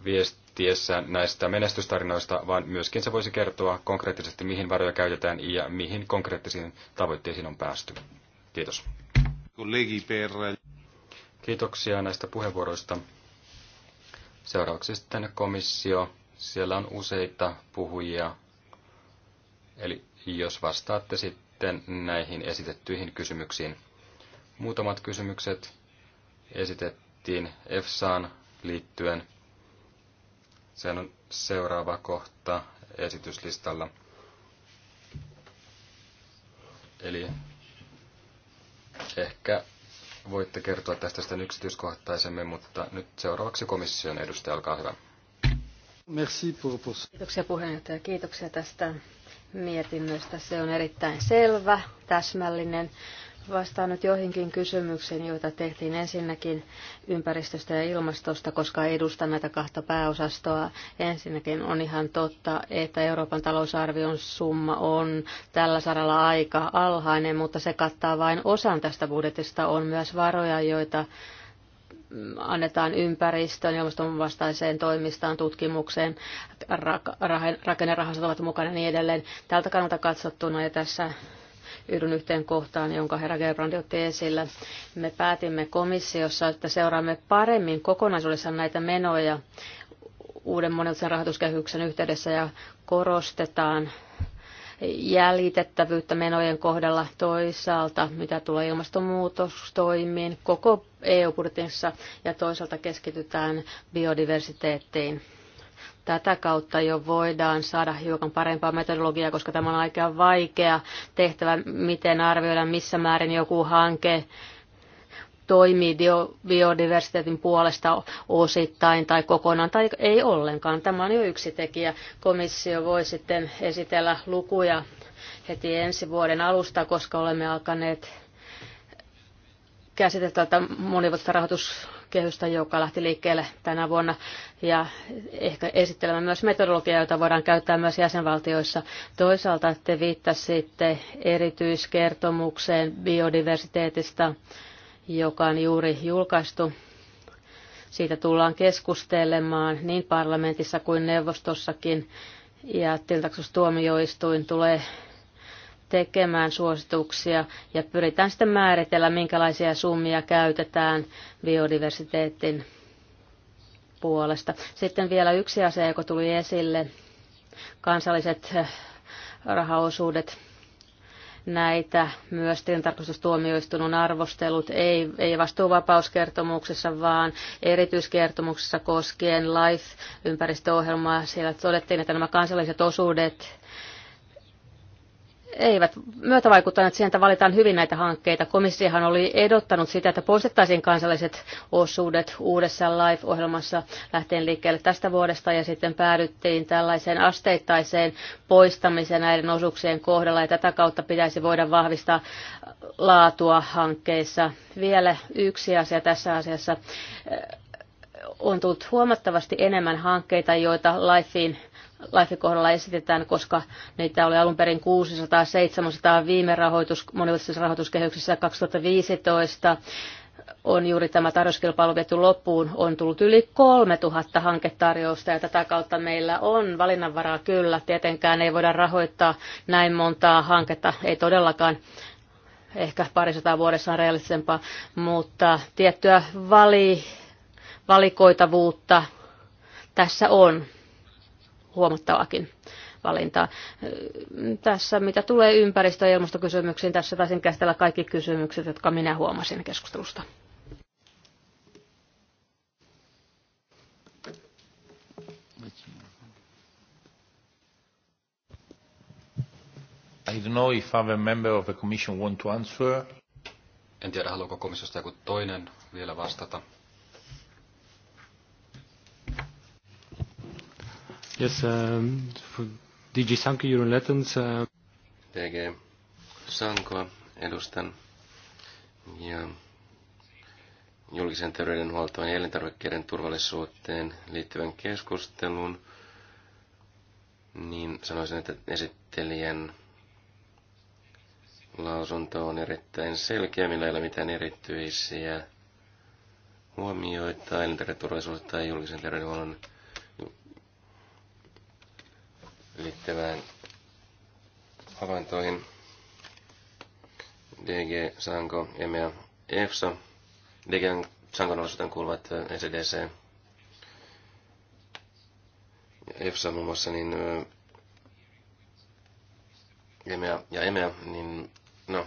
S1: viestiessään näistä menestystarinoista, vaan myöskin se voisi kertoa konkreettisesti, mihin varoja käytetään ja mihin konkreettisiin tavoitteisiin on päästy. Kiitos. Kiitoksia näistä puheenvuoroista. Seuraavaksi sitten komissio. Siellä on useita puhujia. Eli jos vastaatte sitten näihin esitettyihin kysymyksiin. Muutamat kysymykset esitettiin EFSAan liittyen. Sehän on seuraava kohta esityslistalla. Eli ehkä voitte kertoa tästä sitten yksityiskohtaisemmin, mutta nyt seuraavaksi komission edustaja, olkaa hyvä. Merci pour, vous.
S2: Kiitoksia puheenjohtaja, kiitoksia tästä mietinnöstä. Se on erittäin selvä, täsmällinen Vastaan nyt joihinkin kysymyksiin, joita tehtiin ensinnäkin ympäristöstä ja ilmastosta, koska edustan näitä kahta pääosastoa. Ensinnäkin on ihan totta, että Euroopan talousarvion summa on tällä saralla aika alhainen, mutta se kattaa vain osan tästä budjetista. On myös varoja, joita annetaan ympäristöön, ilmaston vastaiseen toimistaan, tutkimukseen, rakennerahastot ovat mukana ja niin edelleen. Tältä kannalta katsottuna ja tässä yhdyn yhteen kohtaan, jonka herra Gerbrandi otti esillä. Me päätimme komissiossa, että seuraamme paremmin kokonaisuudessaan näitä menoja uuden monilta rahoituskehyksen yhteydessä ja korostetaan jäljitettävyyttä menojen kohdalla toisaalta, mitä tulee ilmastonmuutostoimiin koko EU-budjetissa ja toisaalta keskitytään biodiversiteettiin. Tätä kautta jo voidaan saada hiukan parempaa metodologiaa, koska tämä on aika vaikea tehtävä, miten arvioida, missä määrin joku hanke toimii biodiversiteetin puolesta osittain tai kokonaan tai ei ollenkaan. Tämä on jo yksi tekijä. Komissio voi sitten esitellä lukuja heti ensi vuoden alusta, koska olemme alkaneet käsitellä tätä monivuotista rahoitus kehystä, joka lähti liikkeelle tänä vuonna, ja ehkä esittelemään myös metodologiaa, jota voidaan käyttää myös jäsenvaltioissa. Toisaalta te viittasitte erityiskertomukseen biodiversiteetistä, joka on juuri julkaistu. Siitä tullaan keskustelemaan niin parlamentissa kuin neuvostossakin, ja tiltaksustuomioistuin tulee tekemään suosituksia ja pyritään sitten määritellä, minkälaisia summia käytetään biodiversiteetin puolesta. Sitten vielä yksi asia, joka tuli esille, kansalliset eh, rahaosuudet. Näitä myös tilintarkastustuomioistuin arvostelut arvostellut, ei, ei vastuuvapauskertomuksessa, vaan erityiskertomuksessa koskien LIFE-ympäristöohjelmaa. Siellä todettiin, että nämä kansalliset osuudet eivät myötävaikuttaneet siihen, että valitaan hyvin näitä hankkeita. Komissiohan oli edottanut sitä, että poistettaisiin kansalliset osuudet uudessa LIFE-ohjelmassa lähteen liikkeelle tästä vuodesta ja sitten päädyttiin tällaiseen asteittaiseen poistamiseen näiden osuuksien kohdalla ja tätä kautta pitäisi voida vahvistaa laatua hankkeissa. Vielä yksi asia tässä asiassa on tullut huomattavasti enemmän hankkeita, joita LIFEin Life kohdalla esitetään, koska niitä oli alun perin 600-700 viime rahoitus, monivuotisessa rahoituskehyksessä 2015 on juuri tämä tarjouskilpailu viety loppuun, on tullut yli 3000 hanketarjousta ja tätä kautta meillä on valinnanvaraa kyllä. Tietenkään ei voida rahoittaa näin montaa hanketta, ei todellakaan ehkä parisataa vuodessa on realistisempaa, mutta tiettyä vali, valikoitavuutta tässä on huomattavakin valintaa. Tässä, mitä tulee ympäristö- ja ilmastokysymyksiin, tässä taisin käsitellä kaikki kysymykset, jotka minä huomasin keskustelusta.
S1: I don't know if other member of the commission want to answer. En tiedä, haluaako komissiosta joku toinen vielä vastata. Yes, um, uh, DG Sanko, you're in Lettons. Uh... DG
S3: Sanko, edustan. Ja julkisen terveydenhuoltoon ja elintarvikkeiden turvallisuuteen liittyvän keskustelun, niin sanoisin, että esittelijän lausunto on erittäin selkeä, millä ei ole mitään erityisiä huomioita elintarviketurvallisuudesta tai julkisen terveydenhuollon liittyvään havaintoihin. DG Sanko, EMEA, EFSO. DG Sankon osuuteen kuuluvat NCDC. Äh, ja EFSA muun muassa, niin äh, EMEA ja EMEA, niin no,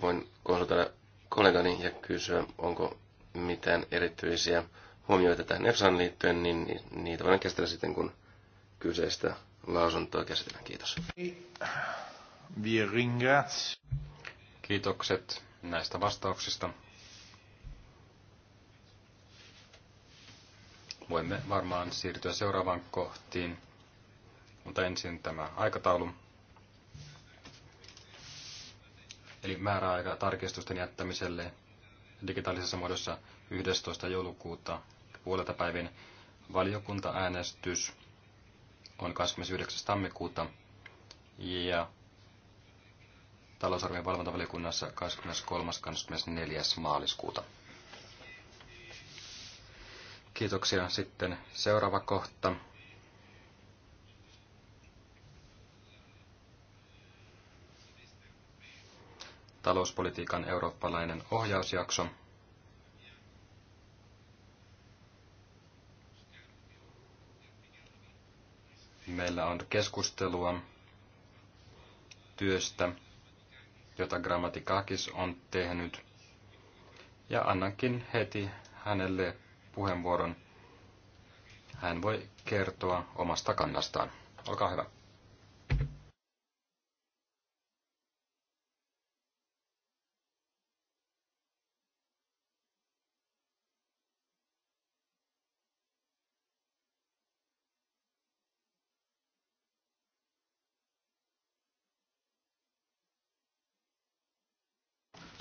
S3: voin konsultoida kollegani ja kysyä, onko mitään erityisiä huomioita tähän EFSAan liittyen, niin niitä voidaan käsitellä sitten, kun
S1: kyseistä lausuntoa käsitellään. Kiitos. Kiitokset näistä vastauksista. Voimme varmaan siirtyä seuraavaan kohtiin, mutta ensin tämä aikataulu. Eli määräaika tarkistusten jättämiselle digitaalisessa muodossa 11. joulukuuta puolelta päivin valiokuntaäänestys on 29. tammikuuta ja talousarvion valvontavaliokunnassa 23.–24. maaliskuuta. Kiitoksia. Sitten seuraava kohta. Talouspolitiikan eurooppalainen ohjausjakso. meillä on keskustelua työstä, jota Grammatikakis on tehnyt. Ja annankin heti hänelle puheenvuoron. Hän voi kertoa omasta kannastaan. Olkaa hyvä.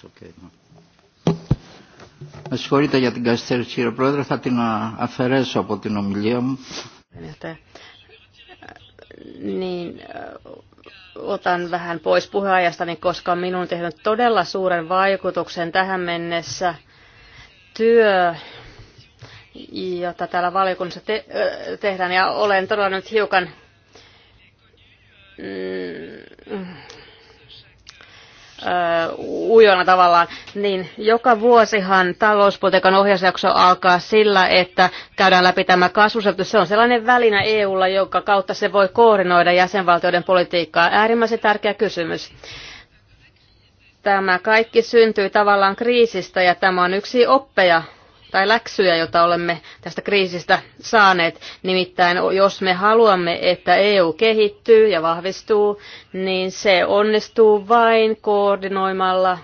S2: Okay. No.
S4: Με συγχωρείτε για την καθυστέρηση κύριε Πρόεδρε, θα την αφαιρέσω από την ομιλία μου.
S2: Niin, otan vähän pois puheajastani, niin koska minun on tehnyt todella suuren vaikutuksen tähän mennessä työ, jota täällä valiokunnassa te- tehdään. Ja olen todella nyt hiukan mm, ujona tavallaan, niin joka vuosihan talouspolitiikan ohjausjakso alkaa sillä, että käydään läpi tämä kasvusopimus. Se on sellainen välinä EUlla, jonka kautta se voi koordinoida jäsenvaltioiden politiikkaa. Äärimmäisen tärkeä kysymys. Tämä kaikki syntyy tavallaan kriisistä ja tämä on yksi oppeja tai läksyjä, joita olemme tästä kriisistä saaneet. Nimittäin jos me haluamme, että EU kehittyy ja vahvistuu, niin se onnistuu vain koordinoimalla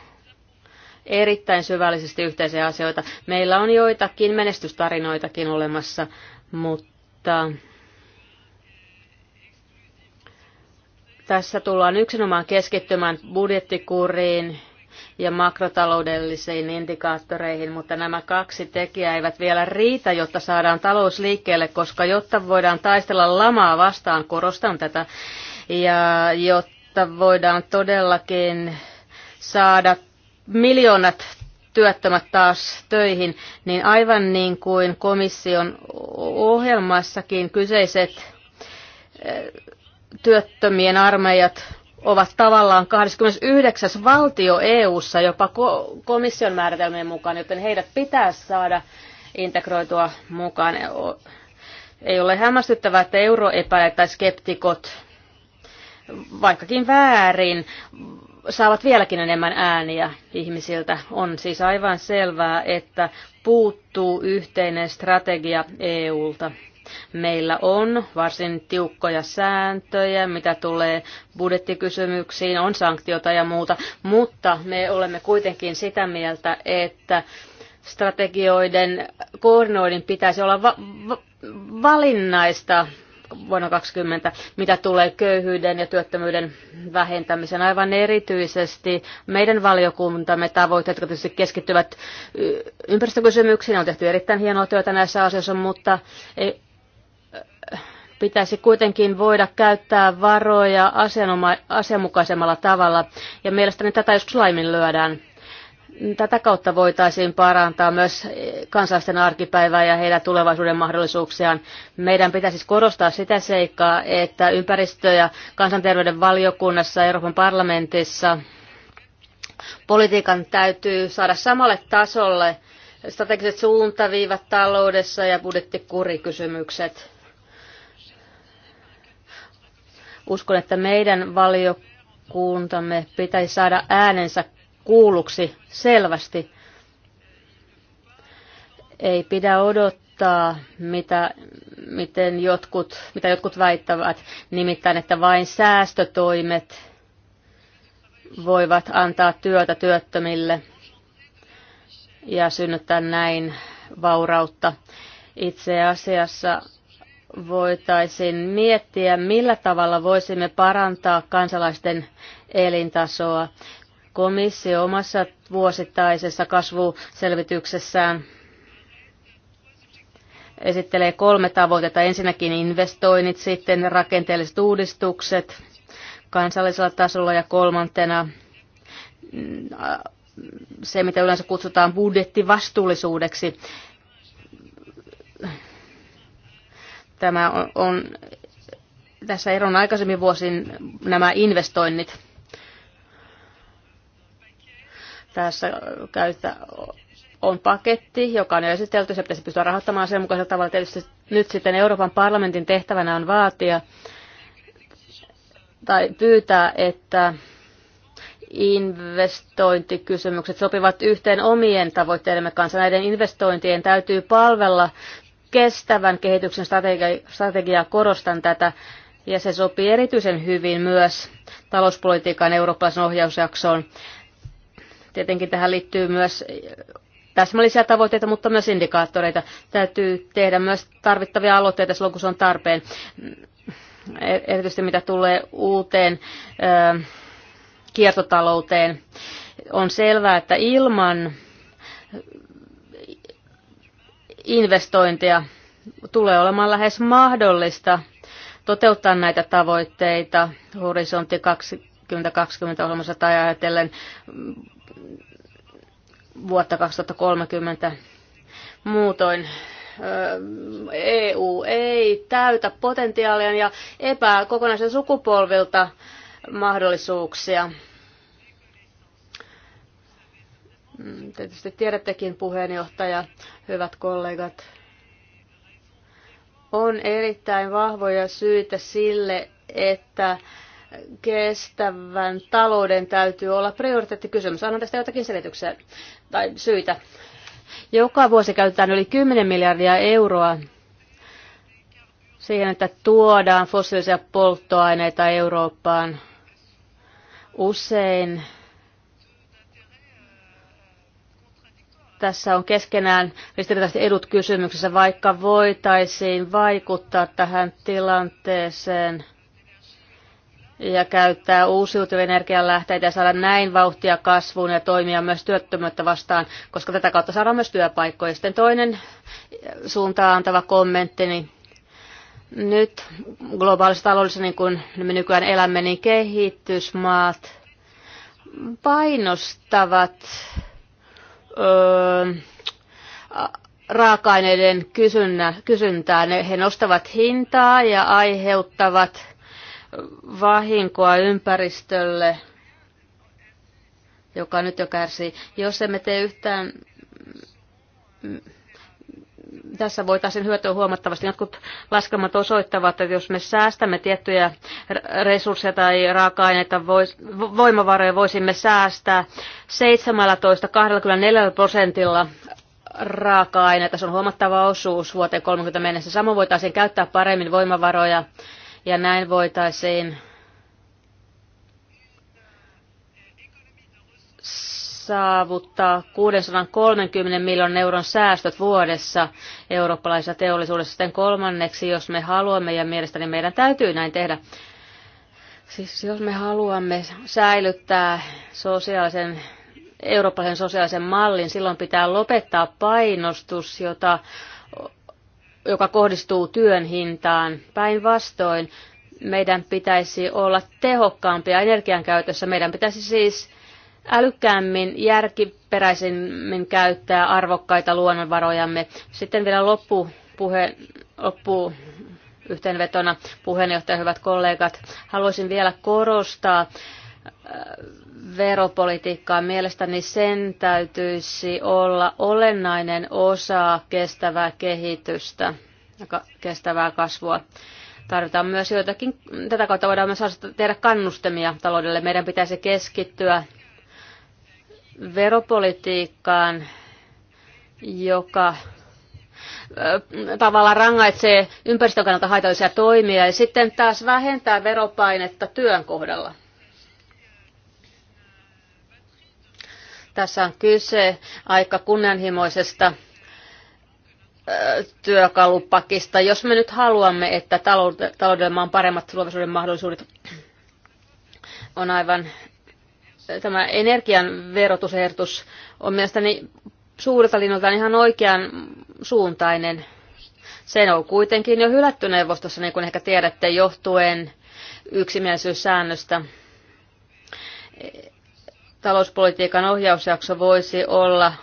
S2: erittäin syvällisesti yhteisiä asioita. Meillä on joitakin menestystarinoitakin olemassa, mutta tässä tullaan yksinomaan keskittymään budjettikuriin ja makrotaloudellisiin indikaattoreihin, mutta nämä kaksi tekijää eivät vielä riitä, jotta saadaan talous liikkeelle, koska jotta voidaan taistella lamaa vastaan, korostan tätä, ja jotta voidaan todellakin saada miljoonat työttömät taas töihin, niin aivan niin kuin komission ohjelmassakin kyseiset eh, työttömien armeijat ovat tavallaan 29. valtio EU-ssa jopa komission määritelmien mukaan, joten heidät pitää saada integroitua mukaan. Ei ole hämmästyttävää, että euroepäilijät tai skeptikot, vaikkakin väärin, saavat vieläkin enemmän ääniä ihmisiltä. On siis aivan selvää, että puuttuu yhteinen strategia EUlta. Meillä on varsin tiukkoja sääntöjä, mitä tulee budjettikysymyksiin, on sanktiota ja muuta, mutta me olemme kuitenkin sitä mieltä, että strategioiden koordinoidin pitäisi olla va- va- valinnaista vuonna 2020, mitä tulee köyhyyden ja työttömyyden vähentämiseen Aivan erityisesti meidän valiokuntamme tavoitteet, jotka tietysti keskittyvät ympäristökysymyksiin, on tehty erittäin hienoa työtä näissä asioissa, mutta ei, pitäisi kuitenkin voida käyttää varoja asianmukaisemmalla tavalla, ja mielestäni tätä joskus laiminlyödään. Tätä kautta voitaisiin parantaa myös kansalaisten arkipäivää ja heidän tulevaisuuden mahdollisuuksiaan. Meidän pitäisi siis korostaa sitä seikkaa, että ympäristö- ja kansanterveyden valiokunnassa Euroopan parlamentissa politiikan täytyy saada samalle tasolle strategiset suuntaviivat taloudessa ja budjettikurikysymykset Uskon, että meidän valiokuntamme pitäisi saada äänensä kuulluksi selvästi. Ei pidä odottaa, mitä, miten jotkut, mitä jotkut väittävät, nimittäin, että vain säästötoimet voivat antaa työtä työttömille ja synnyttää näin vaurautta. Itse asiassa voitaisiin miettiä, millä tavalla voisimme parantaa kansalaisten elintasoa. Komissio omassa vuosittaisessa kasvuselvityksessään esittelee kolme tavoitetta. Ensinnäkin investoinnit, sitten rakenteelliset uudistukset kansallisella tasolla ja kolmantena mm, se, mitä yleensä kutsutaan budjettivastuullisuudeksi. Tämä on, on tässä eron aikaisemmin vuosin nämä investoinnit. Tässä käyttä on paketti, joka on jo esitelty, se pitäisi pystyä rahoittamaan sen mukaisella tavalla. Tietysti nyt sitten Euroopan parlamentin tehtävänä on vaatia tai pyytää, että investointikysymykset sopivat yhteen omien tavoitteidemme kanssa. Näiden investointien täytyy palvella kestävän kehityksen strategia, strategia korostan tätä, ja se sopii erityisen hyvin myös talouspolitiikan eurooppalaisen ohjausjaksoon. Tietenkin tähän liittyy myös täsmällisiä tavoitteita, mutta myös indikaattoreita. Täytyy tehdä myös tarvittavia aloitteita silloin, kun se on tarpeen. Erityisesti mitä tulee uuteen ö, kiertotalouteen. On selvää, että ilman investointeja. Tulee olemaan lähes mahdollista toteuttaa näitä tavoitteita horisontti 2020 ohjelmassa tai ajatellen mm, vuotta 2030. Muutoin EU ei täytä potentiaalia ja epää kokonaisen sukupolvilta mahdollisuuksia Mm, tietysti tiedättekin puheenjohtaja, hyvät kollegat, on erittäin vahvoja syitä sille, että kestävän talouden täytyy olla prioriteettikysymys. Annan tästä jotakin selityksiä tai syitä. Joka vuosi käytetään yli 10 miljardia euroa siihen, että tuodaan fossiilisia polttoaineita Eurooppaan. Usein tässä on keskenään ristiriitaiset edut kysymyksessä, vaikka voitaisiin vaikuttaa tähän tilanteeseen ja käyttää uusiutuvia energianlähteitä ja saada näin vauhtia kasvuun ja toimia myös työttömyyttä vastaan, koska tätä kautta saadaan myös työpaikkoja. Sitten toinen suuntaan antava kommentti, niin nyt globaalissa taloudessa, niin kuin me nykyään elämme, niin kehitysmaat painostavat öö, raaka-aineiden kysynnä, kysyntää. Ne, he nostavat hintaa ja aiheuttavat vahinkoa ympäristölle, joka nyt jo kärsii. Jos emme tee yhtään tässä voitaisiin hyötyä huomattavasti. Jotkut laskelmat osoittavat, että jos me säästämme tiettyjä resursseja tai raaka-aineita, vois, voimavaroja voisimme säästää 17-24 prosentilla raaka-aineita. Se on huomattava osuus vuoteen 30 mennessä. Samoin voitaisiin käyttää paremmin voimavaroja ja näin voitaisiin saavuttaa 630 miljoonan euron säästöt vuodessa eurooppalaisessa teollisuudessa. Sitten kolmanneksi, jos me haluamme, ja mielestäni meidän täytyy näin tehdä, siis jos me haluamme säilyttää sosiaalisen eurooppalaisen sosiaalisen mallin, silloin pitää lopettaa painostus, jota, joka kohdistuu työn hintaan. Päinvastoin meidän pitäisi olla tehokkaampia energian käytössä. Meidän pitäisi siis älykkäämmin, järkiperäisemmin käyttää arvokkaita luonnonvarojamme. Sitten vielä loppu, puhe, loppu yhteenvetona puheenjohtaja, hyvät kollegat. Haluaisin vielä korostaa äh, veropolitiikkaa. Mielestäni sen täytyisi olla olennainen osa kestävää kehitystä ja kestävää kasvua tarvitaan myös joitakin, tätä kautta voidaan myös tehdä kannustamia taloudelle. Meidän pitäisi keskittyä veropolitiikkaan, joka äh, tavallaan rangaitsee ympäristön kannalta haitallisia toimia ja sitten taas vähentää veropainetta työn kohdalla. Tässä on kyse aika kunnianhimoisesta äh, työkalupakista, jos me nyt haluamme, että taloudella on paremmat tulevaisuuden mahdollisuudet. On aivan tämä energian verotusehdotus on mielestäni suurta linjaltaan ihan oikean suuntainen. Se on kuitenkin jo hylätty neuvostossa, niin kuin ehkä tiedätte, johtuen yksimielisyyssäännöstä. Talouspolitiikan ohjausjakso voisi olla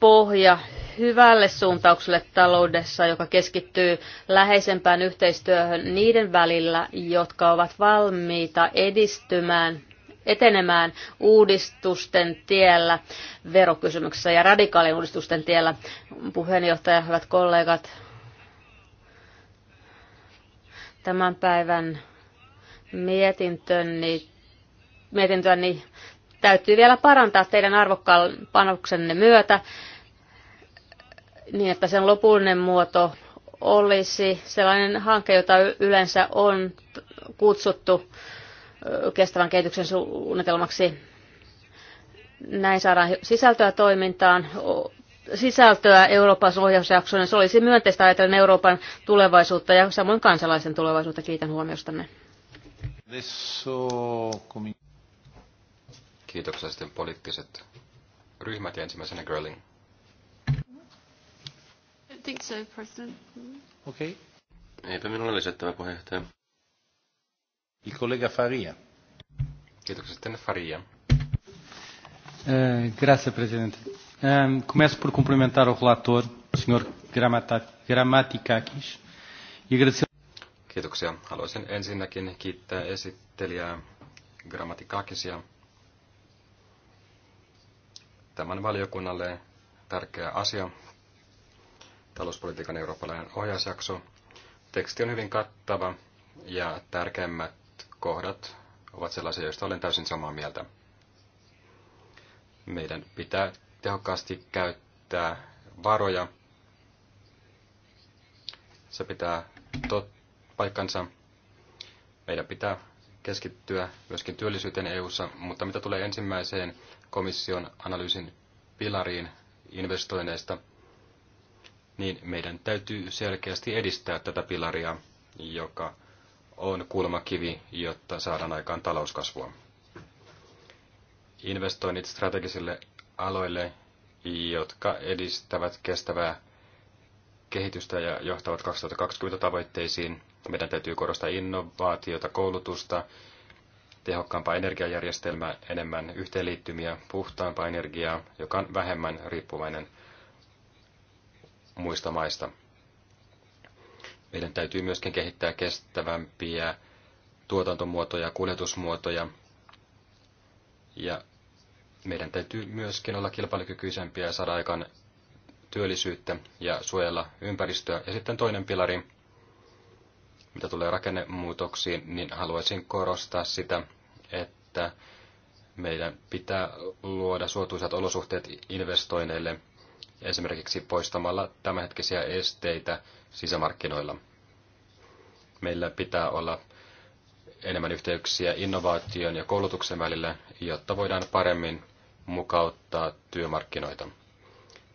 S2: pohja hyvälle suuntaukselle taloudessa, joka keskittyy läheisempään yhteistyöhön niiden välillä, jotka ovat valmiita edistymään etenemään uudistusten tiellä verokysymyksessä ja radikaalien uudistusten tiellä. Puheenjohtaja, hyvät kollegat, tämän päivän mietintöni, mietintöni täytyy vielä parantaa teidän arvokkaan panoksenne myötä niin, että sen lopullinen muoto olisi sellainen hanke, jota yleensä on kutsuttu kestävän kehityksen suunnitelmaksi. Näin saadaan sisältöä toimintaan, sisältöä Euroopan ohjausjaksoon. Se olisi myönteistä ajatellen Euroopan tulevaisuutta ja samoin kansalaisen tulevaisuutta. Kiitän huomiostanne.
S1: Kiitoksia sitten poliittiset ryhmät ja ensimmäisenä Girling.
S2: I
S3: Okay. Eipä minulla lisättävä puheenjohtaja. Il collega Faria. Kiitoksia sitten Faria.
S1: Eh, grazie, Presidente. Eh, começo por cumprimentar o relator, o Sr. Grammatikakis, e agradecer... Kiitoksia. Haluaisin ensinnäkin kiittää esittelijää Grammatikakisia tämän valiokunnalle tärkeä asia. Talouspolitiikan eurooppalainen ohjausjakso. Teksti on hyvin kattava ja tärkeimmät kohdat ovat sellaisia, joista olen täysin samaa mieltä. Meidän pitää tehokkaasti käyttää varoja. Se pitää tot- paikkansa. Meidän pitää keskittyä myöskin työllisyyteen EU:ssa, mutta mitä tulee ensimmäiseen komission analyysin pilariin investoinneista, niin meidän täytyy selkeästi edistää tätä pilaria, joka on kulmakivi, jotta saadaan aikaan talouskasvua. Investoinnit strategisille aloille, jotka edistävät kestävää kehitystä ja johtavat 2020 tavoitteisiin. Meidän täytyy korostaa innovaatiota, koulutusta, tehokkaampaa energiajärjestelmää, enemmän yhteenliittymiä, puhtaampaa energiaa, joka on vähemmän riippuvainen muista maista. Meidän täytyy myöskin kehittää kestävämpiä tuotantomuotoja, kuljetusmuotoja. Ja meidän täytyy myöskin olla kilpailukykyisempiä ja saada aikaan työllisyyttä ja suojella ympäristöä. Ja sitten toinen pilari, mitä tulee rakennemuutoksiin, niin haluaisin korostaa sitä, että meidän pitää luoda suotuisat olosuhteet investoinneille – esimerkiksi poistamalla tämänhetkisiä esteitä sisämarkkinoilla. Meillä pitää olla enemmän yhteyksiä innovaation ja koulutuksen välillä, jotta voidaan paremmin mukauttaa työmarkkinoita.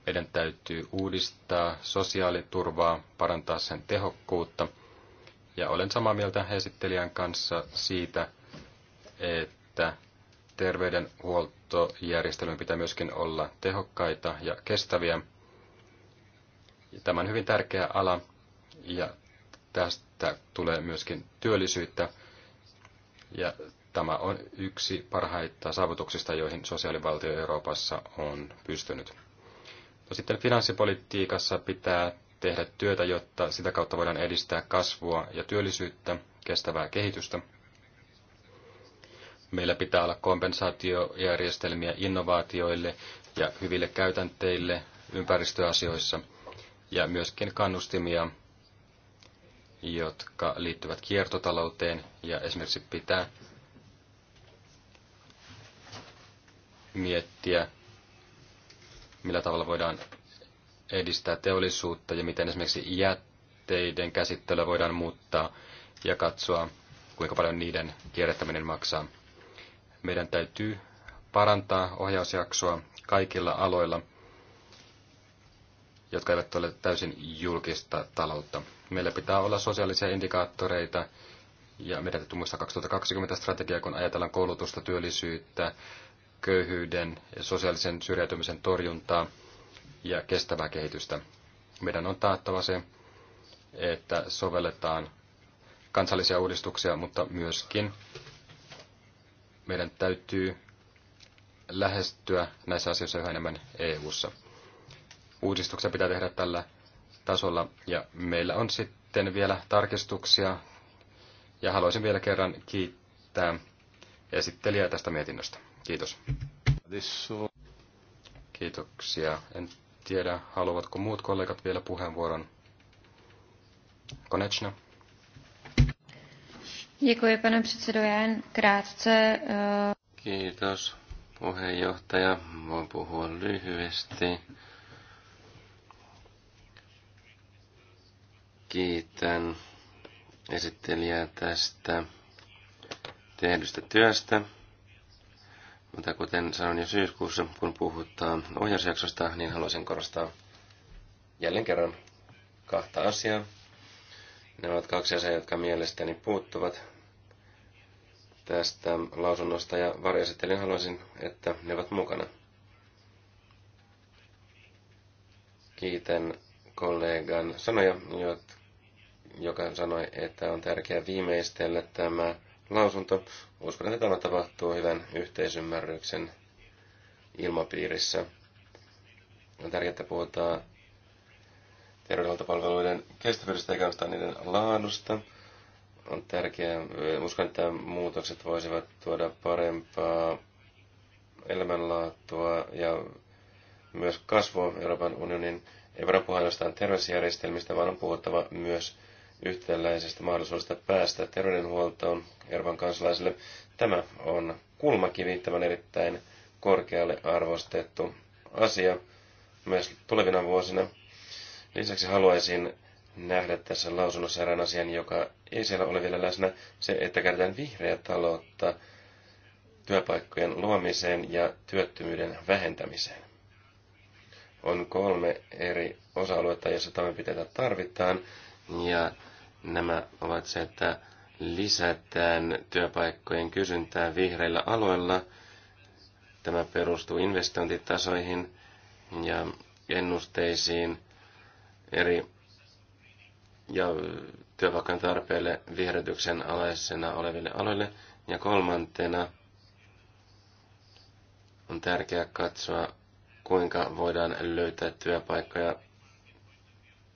S1: Meidän täytyy uudistaa sosiaaliturvaa, parantaa sen tehokkuutta. Ja olen samaa mieltä esittelijän kanssa siitä, että terveydenhuolto vastaanottojärjestelmien pitää myöskin olla tehokkaita ja kestäviä. Tämä on hyvin tärkeä ala ja tästä tulee myöskin työllisyyttä. Ja tämä on yksi parhaita saavutuksista, joihin sosiaalivaltio Euroopassa on pystynyt. No sitten finanssipolitiikassa pitää tehdä työtä, jotta sitä kautta voidaan edistää kasvua ja työllisyyttä, kestävää kehitystä – Meillä pitää olla kompensaatiojärjestelmiä innovaatioille ja hyville käytänteille ympäristöasioissa ja myöskin kannustimia, jotka liittyvät kiertotalouteen ja esimerkiksi pitää miettiä, millä tavalla voidaan edistää teollisuutta ja miten esimerkiksi jätteiden käsittelyä voidaan muuttaa ja katsoa, kuinka paljon niiden kierrättäminen maksaa. Meidän täytyy parantaa ohjausjaksoa kaikilla aloilla, jotka eivät ole täysin julkista taloutta. Meillä pitää olla sosiaalisia indikaattoreita ja meidän täytyy muistaa 2020 strategiaa, kun ajatellaan koulutusta, työllisyyttä, köyhyyden ja sosiaalisen syrjäytymisen torjuntaa ja kestävää kehitystä. Meidän on taattava se, että sovelletaan kansallisia uudistuksia, mutta myöskin meidän täytyy lähestyä näissä asioissa yhä enemmän EU-ssa. Uudistuksia pitää tehdä tällä tasolla ja meillä on sitten vielä tarkistuksia ja haluaisin vielä kerran kiittää esittelijää tästä mietinnöstä. Kiitos. Kiitoksia. En tiedä, haluavatko muut kollegat vielä puheenvuoron. Konechna.
S2: Děkuji, pane předsedo, já jen krátce. Eh,
S1: Kiitos,
S3: puheenjohtaja. Voin puhua lyhyesti. Kiitän esittelijää tästä tehdystä työstä. Mutta kuten sanoin jo syyskuussa, kun puhutaan ohjausjaksosta, niin haluaisin korostaa jälleen kerran kahta asiaa. Ne ovat kaksi asiaa, jotka mielestäni puuttuvat tästä lausunnosta ja varjoesittelijän haluaisin, että ne ovat mukana. Kiitän kollegan sanoja, joka sanoi, että on tärkeää viimeistellä tämä lausunto. Uskon, että tämä tapahtuu hyvän yhteisymmärryksen ilmapiirissä. On tärkeää, että puhutaan terveydenhuoltopalveluiden kestävyydestä eikä ainoastaan niiden laadusta. On tärkeää, eh, uskon, että muutokset voisivat tuoda parempaa elämänlaatua ja myös kasvua Euroopan unionin. Ei voida puhua ainoastaan terveysjärjestelmistä, vaan on puhuttava myös yhtäläisestä mahdollisuudesta päästä terveydenhuoltoon Euroopan kansalaisille. Tämä on kulmakivi, tämän erittäin korkealle arvostettu asia myös tulevina vuosina Lisäksi haluaisin nähdä tässä lausunnossa erään asian, joka ei siellä ole vielä läsnä, se, että käytetään vihreä taloutta työpaikkojen luomiseen ja työttömyyden vähentämiseen. On kolme eri osa-aluetta, joissa toimenpiteitä tarvitaan, ja nämä ovat se, että lisätään työpaikkojen kysyntää vihreillä aloilla. Tämä perustuu investointitasoihin ja ennusteisiin – eri ja työpaikan tarpeelle viherrytyksen alaisena oleville aloille. Ja kolmantena on tärkeää katsoa, kuinka voidaan löytää työpaikkoja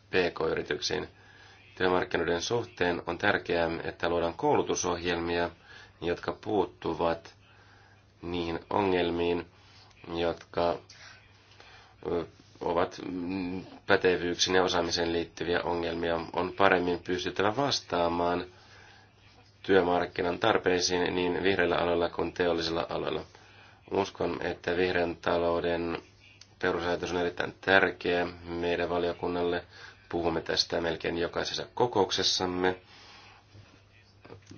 S3: PK-yrityksiin. Työmarkkinoiden suhteen on tärkeää, että luodaan koulutusohjelmia, jotka puuttuvat niihin ongelmiin, jotka ovat mm, pätevyyksiin ja osaamiseen liittyviä ongelmia, on paremmin pystyttävä vastaamaan työmarkkinan tarpeisiin niin vihreillä aloilla kuin teollisilla aloilla. Uskon, että vihreän talouden perusajatus on erittäin tärkeä meidän valiokunnalle. Puhumme tästä melkein jokaisessa kokouksessamme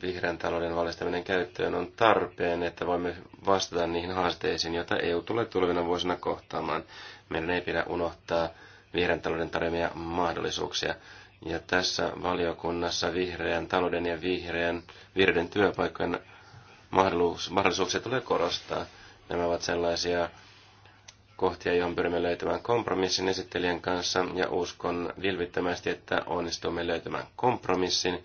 S3: vihreän talouden valistaminen käyttöön on tarpeen, että voimme vastata niihin haasteisiin, joita EU tulee tulevina vuosina kohtaamaan. Meidän ei pidä unohtaa vihreän talouden tarjoamia mahdollisuuksia. Ja tässä valiokunnassa vihreän talouden ja vihreän, vihreän työpaikkojen mahdollisuuksia tulee korostaa. Nämä ovat sellaisia kohtia, johon pyrimme löytämään kompromissin esittelijän kanssa, ja uskon vilvittömästi, että onnistumme löytämään kompromissin,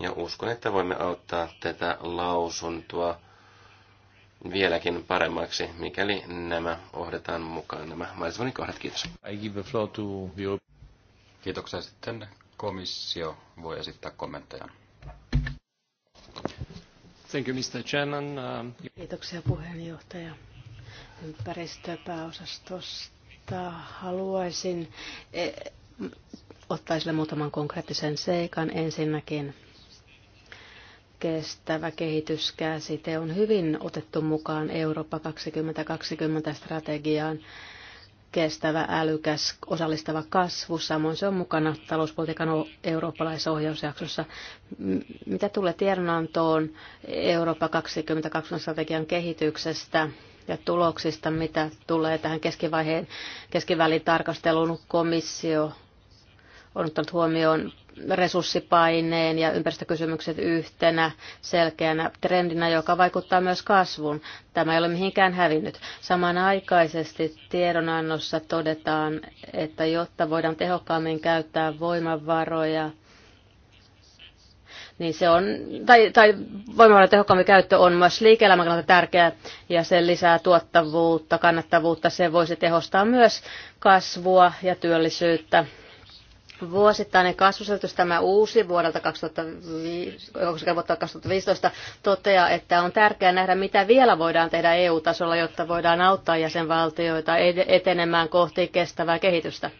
S3: ja uskon, että voimme auttaa tätä lausuntoa vieläkin paremmaksi, mikäli nämä ohdetaan mukaan, nämä maailmanin kohdat. Kiitos. I give the floor to
S1: Europe. Kiitoksia. Sitten komissio voi esittää kommentteja. Thank you, Mr. Chairman. Um,
S2: Kiitoksia puheenjohtaja ympäristöpääosastosta. Haluaisin eh, ottaa sille muutaman konkreettisen seikan. Ensinnäkin kestävä kehityskäsite on hyvin otettu mukaan Eurooppa 2020 strategiaan. Kestävä, älykäs, osallistava kasvu, samoin se on mukana talouspolitiikan eurooppalaisessa ohjausjaksossa. Mitä tulee tiedonantoon Eurooppa 2020 strategian kehityksestä, ja tuloksista, mitä tulee tähän keskivaiheen, keskivälin tarkasteluun. Komissio on ottanut huomioon resurssipaineen ja ympäristökysymykset yhtenä selkeänä trendinä, joka vaikuttaa myös kasvuun. Tämä ei ole mihinkään hävinnyt. Samanaikaisesti tiedonannossa todetaan, että jotta voidaan tehokkaammin käyttää voimavaroja, niin se on, tai, tai voimavarojen tehokkaampi käyttö on myös liike-elämän kannalta tärkeää, ja se lisää tuottavuutta, kannattavuutta, se voisi tehostaa myös kasvua ja työllisyyttä Vuosittainen kasvuselitys tämä uusi vuodelta 2015, vuotta 2015 toteaa, että on tärkeää nähdä, mitä vielä voidaan tehdä EU-tasolla, jotta voidaan auttaa jäsenvaltioita etenemään kohti kestävää kehitystä.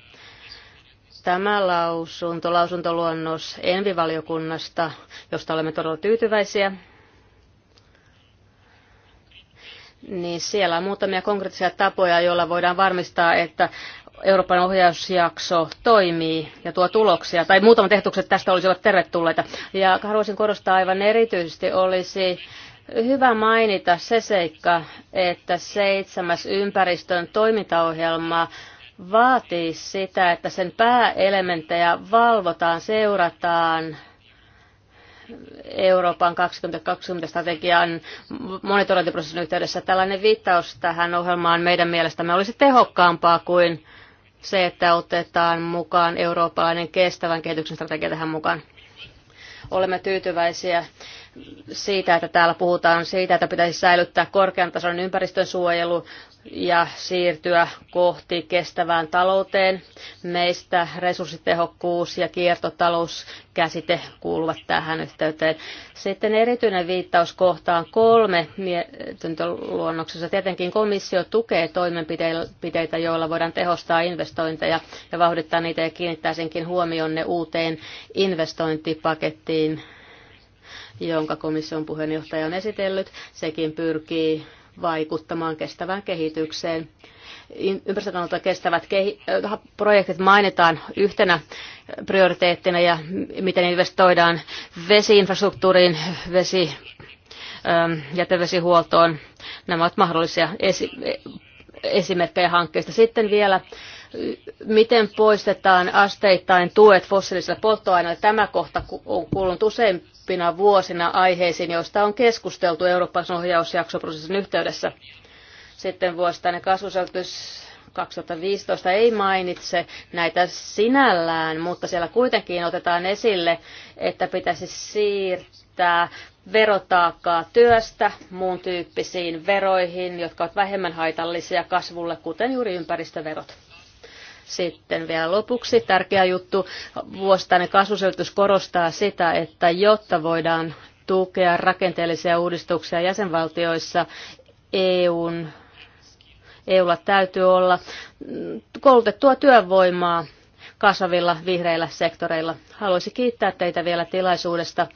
S2: Tämä lausunto, lausuntoluonnos Envivaliokunnasta, josta olemme todella tyytyväisiä, niin siellä on muutamia konkreettisia tapoja, joilla voidaan varmistaa, että Euroopan ohjausjakso toimii ja tuo tuloksia, tai muutamat ehdotukset tästä olisivat tervetulleita. Ja haluaisin korostaa aivan erityisesti olisi hyvä mainita se seikka, että seitsemäs ympäristön toimintaohjelma vaatii sitä, että sen pääelementtejä valvotaan, seurataan Euroopan 2020-strategian monitorointiprosessin yhteydessä. Tällainen viittaus tähän ohjelmaan meidän mielestämme olisi tehokkaampaa kuin se, että otetaan mukaan eurooppalainen kestävän kehityksen strategia tähän mukaan. Olemme tyytyväisiä siitä, että täällä puhutaan siitä, että pitäisi säilyttää korkean tason ympäristönsuojelu, ja siirtyä kohti kestävään talouteen. Meistä resurssitehokkuus ja kiertotalous käsite kuuluvat tähän yhteyteen. Sitten erityinen viittaus kohtaan kolme mietintöluonnoksessa. Tietenkin komissio tukee toimenpiteitä, joilla voidaan tehostaa investointeja ja vauhdittaa niitä ja kiinnittäisinkin huomionne uuteen investointipakettiin jonka komission puheenjohtaja on esitellyt. Sekin pyrkii vaikuttamaan kestävään kehitykseen. Ympäristön kannalta kestävät äh, projektit mainitaan yhtenä prioriteettina ja miten investoidaan vesiinfrastruktuuriin, vesi, ähm, jätevesihuoltoon. Nämä ovat mahdollisia esi- e- esimerkkejä hankkeista. Sitten vielä miten poistetaan asteittain tuet fossiilisille polttoaineille. Tämä kohta on kuulunut usein tulevina vuosina aiheisiin, joista on keskusteltu Euroopan ohjausjaksoprosessin yhteydessä. Sitten vuosittainen kasvuselvitys 2015 ei mainitse näitä sinällään, mutta siellä kuitenkin otetaan esille, että pitäisi siirtää verotaakkaa työstä muun tyyppisiin veroihin, jotka ovat vähemmän haitallisia kasvulle, kuten juuri ympäristöverot. Sitten vielä lopuksi tärkeä juttu, vuosittainen kasvuselvitys korostaa sitä, että jotta voidaan tukea rakenteellisia uudistuksia jäsenvaltioissa, EUn, EUlla täytyy olla koulutettua työvoimaa kasvavilla vihreillä sektoreilla. Haluaisin kiittää teitä vielä tilaisuudesta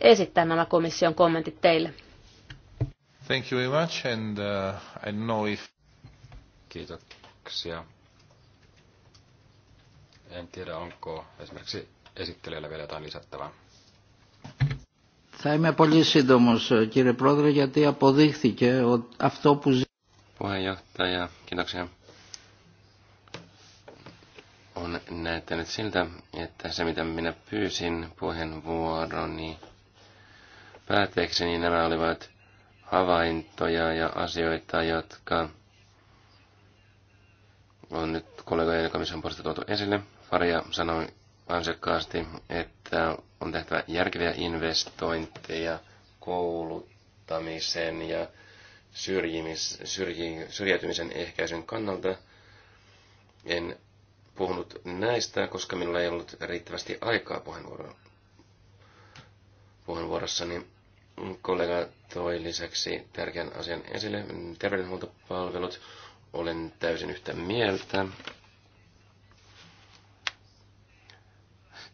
S2: esittää nämä komission kommentit teille.
S1: Thank you very much and uh, I know if... Kiitoksia. En tiedä, onko esimerkiksi esittelijällä vielä jotain lisättävää.
S4: Θα είμαι πολύ σύντομος, κύριε Πρόεδρε, γιατί αποδείχθηκε αυτό που
S3: Puheenjohtaja, kiitoksia. On näyttänyt siltä, että se mitä minä pyysin puheenvuoroni päätteeksi, niin nämä olivat havaintoja ja asioita, jotka on nyt kollegojen on puolesta tuotu esille – Faria sanoi ansiokkaasti, että on tehtävä järkeviä investointeja kouluttamisen ja syrjimis, syrji, syrjäytymisen ehkäisyn kannalta. En puhunut näistä, koska minulla ei ollut riittävästi aikaa puheenvuoro, puheenvuorossani. Kollega toi lisäksi tärkeän asian esille, terveydenhuoltopalvelut. Olen täysin yhtä mieltä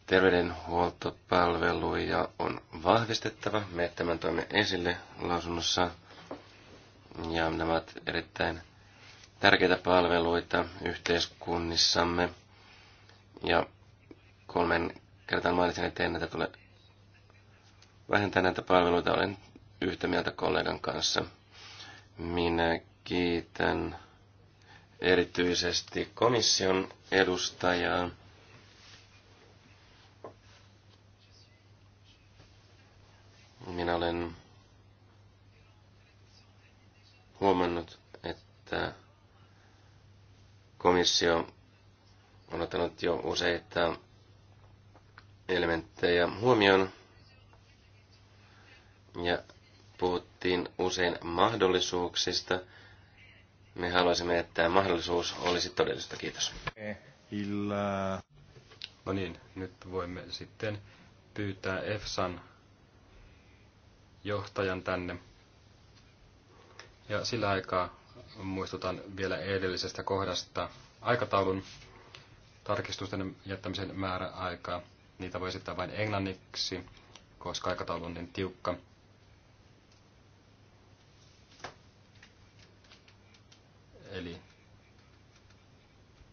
S3: terveydenhuoltopalveluja on vahvistettava. Me tämän toimme esille lausunnossa. Ja nämä ovat erittäin tärkeitä palveluita yhteiskunnissamme. Ja kolmen kertaan mainitsin, että en näitä tule vähentää näitä palveluita. Olen yhtä mieltä kollegan kanssa. Minä kiitän erityisesti komission edustajaa Minä olen huomannut, että komissio on ottanut jo useita elementtejä huomioon ja puhuttiin usein mahdollisuuksista. Me haluaisimme, että mahdollisuus olisi todellista. Kiitos.
S1: No niin, nyt voimme sitten pyytää EFSAn johtajan tänne. Ja sillä aikaa muistutan vielä edellisestä kohdasta aikataulun tarkistusten jättämisen määräaikaa. Niitä voi esittää vain englanniksi, koska aikataulu on niin tiukka. Eli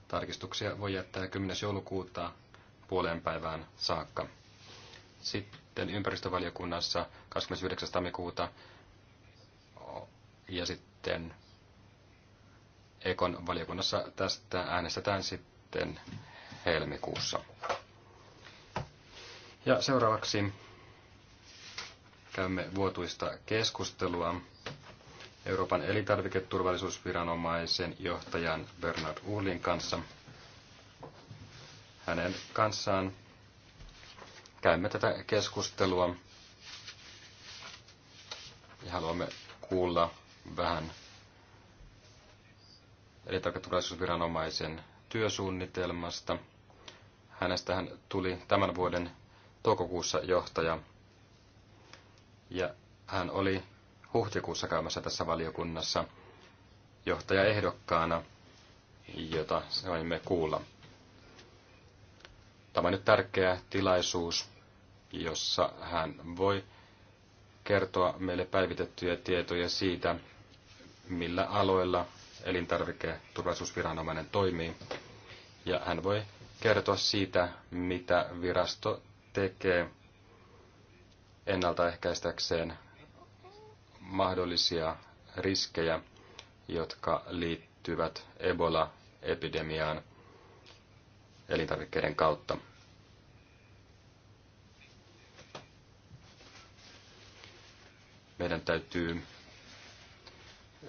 S1: tarkistuksia voi jättää 10. joulukuuta puoleen päivään saakka. Sitten ympäristövaliokunnassa 29. tammikuuta ja sitten Ekon valiokunnassa tästä äänestetään sitten helmikuussa. Ja seuraavaksi käymme vuotuista keskustelua Euroopan elintarviketurvallisuusviranomaisen johtajan Bernard Uhlin kanssa. Hänen kanssaan käymme tätä keskustelua ja haluamme kuulla vähän elintarviketurvallisuusviranomaisen työsuunnitelmasta. Hänestä hän tuli tämän vuoden toukokuussa johtaja ja hän oli huhtikuussa käymässä tässä valiokunnassa johtajaehdokkaana, jota saimme kuulla. Tämä on nyt tärkeä tilaisuus, jossa hän voi kertoa meille päivitettyjä tietoja siitä, millä aloilla elintarviketurvallisuusviranomainen toimii. Ja hän voi kertoa siitä, mitä virasto tekee ennaltaehkäistäkseen mahdollisia riskejä, jotka liittyvät Ebola-epidemiaan – elintarvikkeiden kautta. Meidän täytyy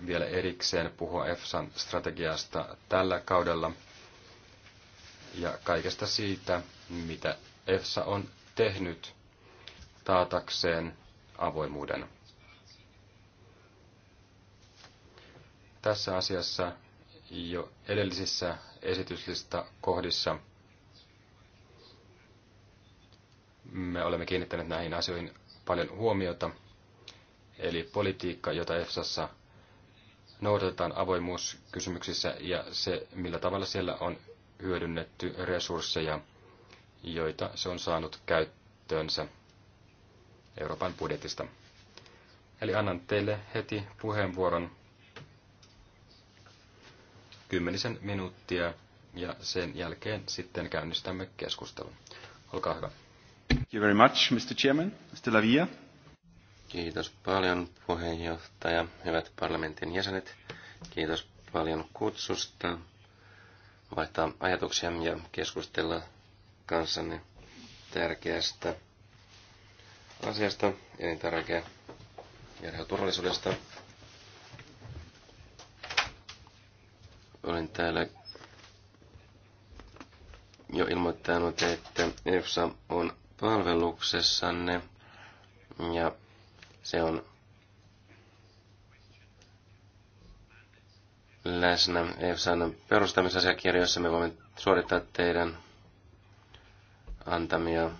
S1: vielä erikseen puhua EFSAn strategiasta tällä kaudella ja kaikesta siitä, mitä EFSA on tehnyt taatakseen avoimuuden. Tässä asiassa jo edellisissä esityslista kohdissa – Me olemme kiinnittäneet näihin asioihin paljon huomiota. Eli politiikka, jota EFSassa noudatetaan avoimuuskysymyksissä ja se, millä tavalla siellä on hyödynnetty resursseja, joita se on saanut käyttöönsä Euroopan budjetista. Eli annan teille heti puheenvuoron kymmenisen minuuttia ja sen jälkeen sitten käynnistämme keskustelun. Olkaa hyvä. Thank you very much, Mr. Chairman.
S3: Mr. Lavia. Kiitos paljon puheenjohtaja, hyvät parlamentin jäsenet. Kiitos paljon kutsusta vaihtaa ajatuksia ja keskustella kanssanne tärkeästä asiasta, elintarvike- ja turvallisuudesta. Olen täällä jo ilmoittanut, että EFSA on palveluksessanne ja se on läsnä EFSAn perustamisasiakirjoissa. Me voimme suorittaa teidän antamia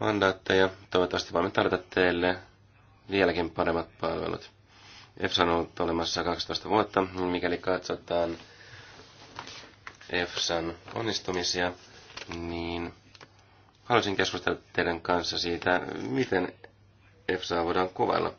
S3: mandaatteja. Toivottavasti voimme tarjota teille vieläkin paremmat palvelut. EFSA on ollut olemassa 12 vuotta. Mikäli katsotaan EFSAn onnistumisia, niin haluaisin keskustella teidän kanssa siitä, miten EFSAa voidaan kuvailla.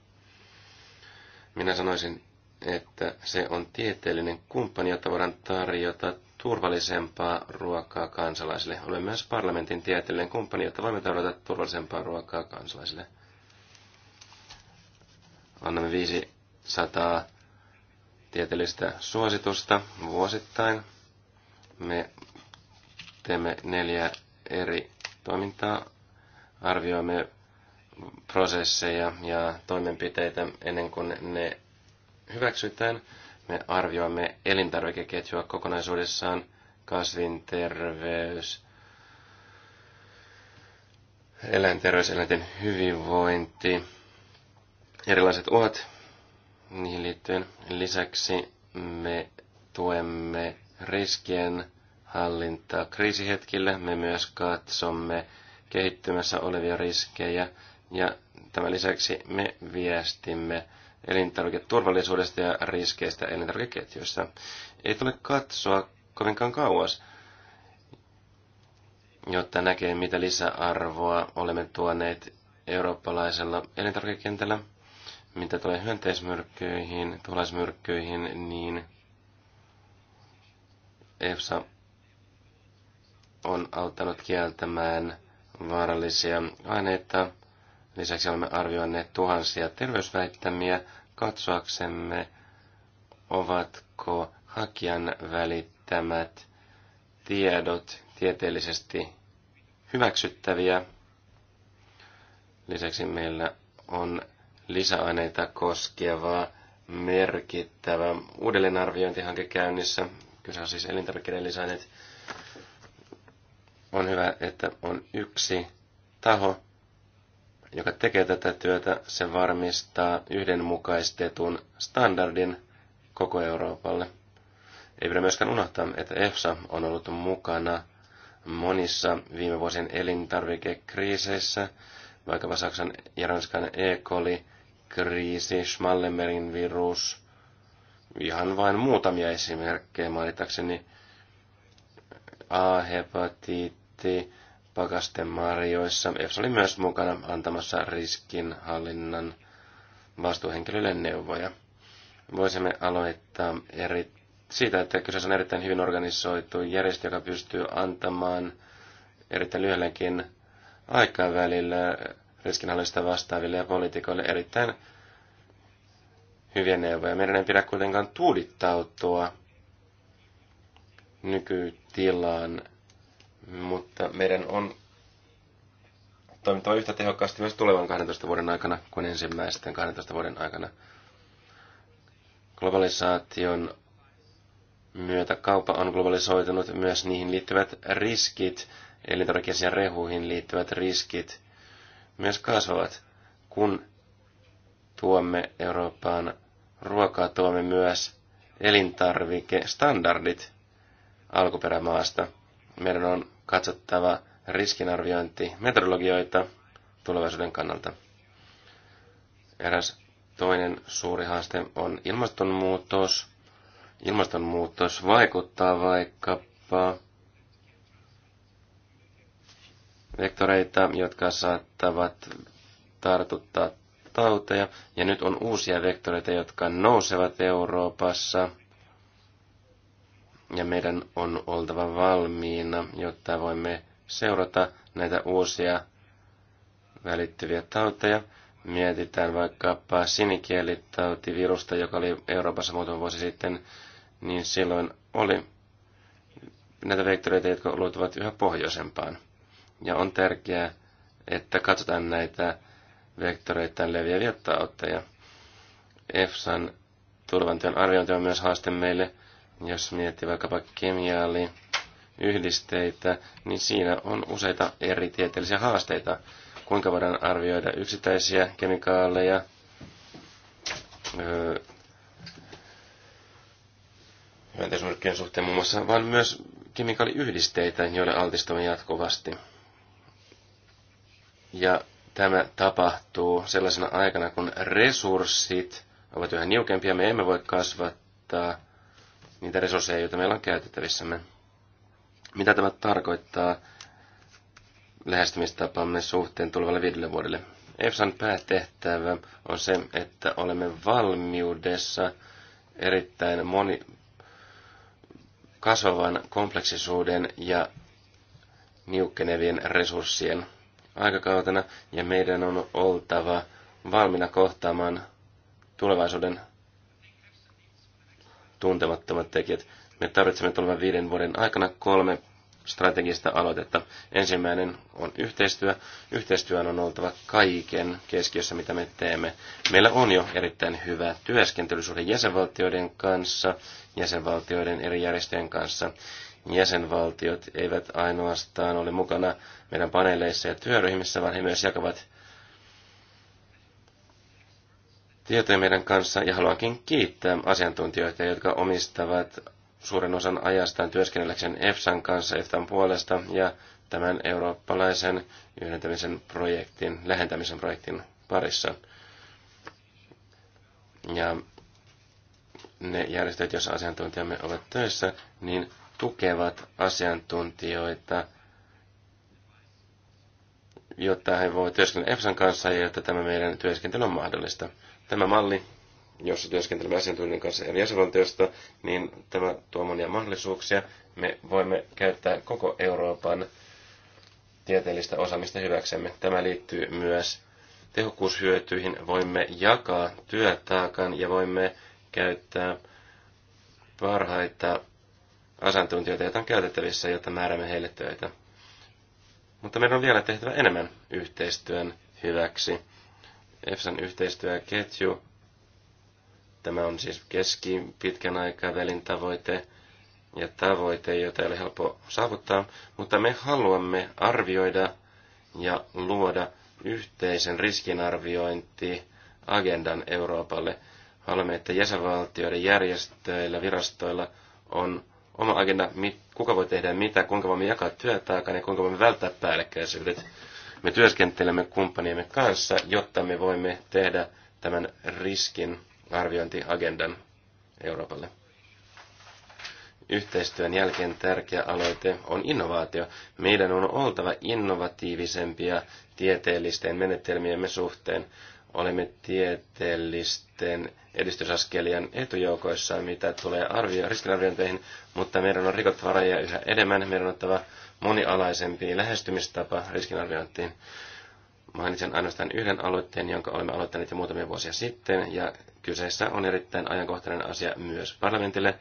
S3: Minä sanoisin, että se on tieteellinen kumppani, jota voidaan tarjota turvallisempaa ruokaa kansalaisille. Olen myös parlamentin tieteellinen kumppani, jotta voimme tarjota turvallisempaa ruokaa kansalaisille. Annamme 500 tieteellistä suositusta vuosittain. Me teemme neljä eri toimintaa, arvioimme prosesseja ja toimenpiteitä ennen kuin ne hyväksytään. Me arvioimme elintarvikeketjua kokonaisuudessaan, kasvinterveys, eläinterveys, eläinten hyvinvointi, erilaiset uhat niihin liittyen. Lisäksi me tuemme riskien hallintaa kriisihetkillä. Me myös katsomme kehittymässä olevia riskejä ja tämän lisäksi me viestimme elintarviketurvallisuudesta ja riskeistä elintarvikeketjuissa. Ei tule katsoa kovinkaan kauas, jotta näkee, mitä lisäarvoa olemme tuoneet eurooppalaisella elintarvikekentällä. Mitä tulee hyönteismyrkkyihin, tuhlaismyrkkyihin, niin EFSA on auttanut kieltämään vaarallisia aineita. Lisäksi olemme arvioineet tuhansia terveysväittämiä katsoaksemme, ovatko hakijan välittämät tiedot tieteellisesti hyväksyttäviä. Lisäksi meillä on lisäaineita koskeva merkittävä uudelleenarviointihanke käynnissä. Kyse on siis elintarvikkeiden lisäaineet on hyvä, että on yksi taho, joka tekee tätä työtä. Se varmistaa yhdenmukaistetun standardin koko Euroopalle. Ei pidä myöskään unohtaa, että EFSA on ollut mukana monissa viime vuosien elintarvikekriiseissä, vaikkapa Saksan ja Ranskan E. coli, kriisi, Schmallenbergin virus, ihan vain muutamia esimerkkejä mainitakseni, A-hepatiitti, pakasten marjoissa. EFSA oli myös mukana antamassa riskinhallinnan vastuuhenkilölle neuvoja. Voisimme aloittaa eri, siitä, että kyseessä on erittäin hyvin organisoitu järjestö, joka pystyy antamaan erittäin lyhyelläkin aikavälillä riskinhallista vastaaville ja poliitikoille erittäin hyviä neuvoja. Meidän ei pidä kuitenkaan tuudittautua nykytilaan mutta meidän on toimittava yhtä tehokkaasti myös tulevan 12 vuoden aikana kuin ensimmäisten 12 vuoden aikana. Globalisaation myötä kauppa on globalisoitunut, myös niihin liittyvät riskit, elintarvikkeisiin ja rehuihin liittyvät riskit, myös kasvavat. Kun tuomme Eurooppaan ruokaa, tuomme myös elintarvikestandardit alkuperämaasta. Meidän on katsottava riskinarviointi metodologioita tulevaisuuden kannalta. Eräs toinen suuri haaste on ilmastonmuutos. Ilmastonmuutos vaikuttaa vaikkapa vektoreita, jotka saattavat tartuttaa tauteja. Ja nyt on uusia vektoreita, jotka nousevat Euroopassa ja meidän on oltava valmiina, jotta voimme seurata näitä uusia välittyviä tauteja. Mietitään vaikkapa sinikielitautivirusta, joka oli Euroopassa muutama vuosi sitten, niin silloin oli näitä vektoreita, jotka luotuvat yhä pohjoisempaan. Ja on tärkeää, että katsotaan näitä vektoreita leviäviä tautteja. EFSAn turvantyön arviointi on myös haaste meille – jos miettii vaikkapa kemiaali, yhdisteitä, niin siinä on useita eri tieteellisiä haasteita. Kuinka voidaan arvioida yksittäisiä kemikaaleja, öö, hyönteismyrkkyjen suhteen muun muassa, vaan myös kemikaaliyhdisteitä, joille altistumme jatkuvasti. Ja tämä tapahtuu sellaisena aikana, kun resurssit ovat yhä niukempia. Me emme voi kasvattaa niitä resursseja, joita meillä on käytettävissämme. Mitä tämä tarkoittaa lähestymistapamme suhteen tulevalle viidelle vuodelle? EFSAn päätehtävä on se, että olemme valmiudessa erittäin moni kasvavan kompleksisuuden ja niukkenevien resurssien aikakautena, ja meidän on oltava valmiina kohtaamaan tulevaisuuden tuntemattomat tekijät. Me tarvitsemme tulevan viiden vuoden aikana kolme strategista aloitetta. Ensimmäinen on yhteistyö. Yhteistyön on oltava kaiken keskiössä, mitä me teemme. Meillä on jo erittäin hyvä työskentelysuhde jäsenvaltioiden kanssa, jäsenvaltioiden eri järjestöjen kanssa. Jäsenvaltiot eivät ainoastaan ole mukana meidän paneeleissa ja työryhmissä, vaan he myös jakavat tietoja meidän kanssa ja haluankin kiittää asiantuntijoita, jotka omistavat suuren osan ajastaan työskennelläkseen EFSAn kanssa EFTAn puolesta ja tämän eurooppalaisen yhdentämisen projektin, lähentämisen projektin parissa. Ja ne järjestöt, joissa asiantuntijamme ovat töissä, niin tukevat asiantuntijoita, jotta he voivat työskennellä EFSAn kanssa ja jotta tämä meidän työskentely on mahdollista. Tämä malli, jossa työskentelemme asiantuntijan kanssa eri jäsenvaltioista, niin tämä tuo monia mahdollisuuksia. Me voimme käyttää koko Euroopan tieteellistä osaamista hyväksemme. Tämä liittyy myös tehokkuushyötyihin. Voimme jakaa työtaakan ja voimme käyttää parhaita asiantuntijoita, joita on käytettävissä, jotta määrämme heille töitä. Mutta meidän on vielä tehtävä enemmän yhteistyön hyväksi. EFSAn yhteistyöketju. Tämä on siis keski pitkän aikavälin tavoite ja tavoite, jota ei ole helppo saavuttaa, mutta me haluamme arvioida ja luoda yhteisen riskinarviointiagendan Euroopalle. Haluamme, että jäsenvaltioiden järjestöillä, virastoilla on oma agenda, kuka voi tehdä mitä, kuinka voimme jakaa työtaakan ja kuinka voimme välttää päällekkäisyydet. Me työskentelemme kumppaniemme kanssa, jotta me voimme tehdä tämän riskin arviointiagendan Euroopalle. Yhteistyön jälkeen tärkeä aloite on innovaatio. Meidän on oltava innovatiivisempia tieteellisten menetelmiemme suhteen. Olemme tieteellisten edistysaskelien etujoukoissa, mitä tulee arvio, riskinarviointeihin, mutta meidän on rikottava rajoja yhä enemmän. Meidän on ottava monialaisempi lähestymistapa riskinarviointiin. Mainitsen ainoastaan yhden aloitteen, jonka olemme aloittaneet jo muutamia vuosia sitten, ja kyseessä on erittäin ajankohtainen asia myös parlamentille.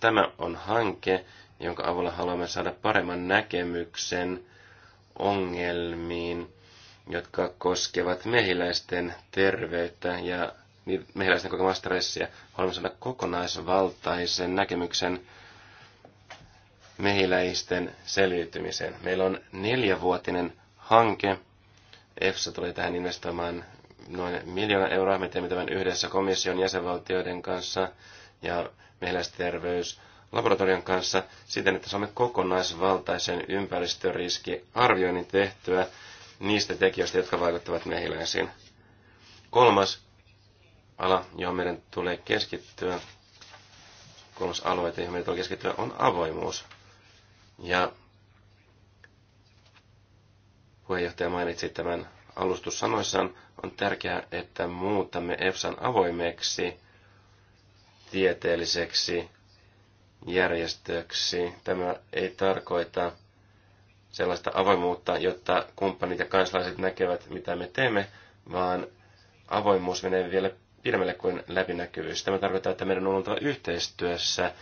S3: Tämä on hanke, jonka avulla haluamme saada paremman näkemyksen ongelmiin, jotka koskevat mehiläisten terveyttä ja mehiläisten kokemaa stressiä. Haluamme saada kokonaisvaltaisen näkemyksen mehiläisten selviytymiseen. Meillä on neljävuotinen hanke. EFSA tulee tähän investoimaan noin miljoona euroa. Me teemme tämän yhdessä komission jäsenvaltioiden kanssa ja mehiläisterveyslaboratorion kanssa siten, että saamme kokonaisvaltaisen ympäristöriskiarvioinnin tehtyä niistä tekijöistä, jotka vaikuttavat mehiläisiin. Kolmas ala, johon meidän tulee keskittyä, kolmas alue, johon meidän tulee keskittyä, on avoimuus. Ja puheenjohtaja mainitsi tämän alustussanoissaan, on tärkeää, että muutamme EFSAn avoimeksi tieteelliseksi järjestöksi. Tämä ei tarkoita sellaista avoimuutta, jotta kumppanit ja kansalaiset näkevät, mitä me teemme, vaan avoimuus menee vielä pidemmälle kuin läpinäkyvyys. Tämä tarkoittaa, että meidän on oltava yhteistyössä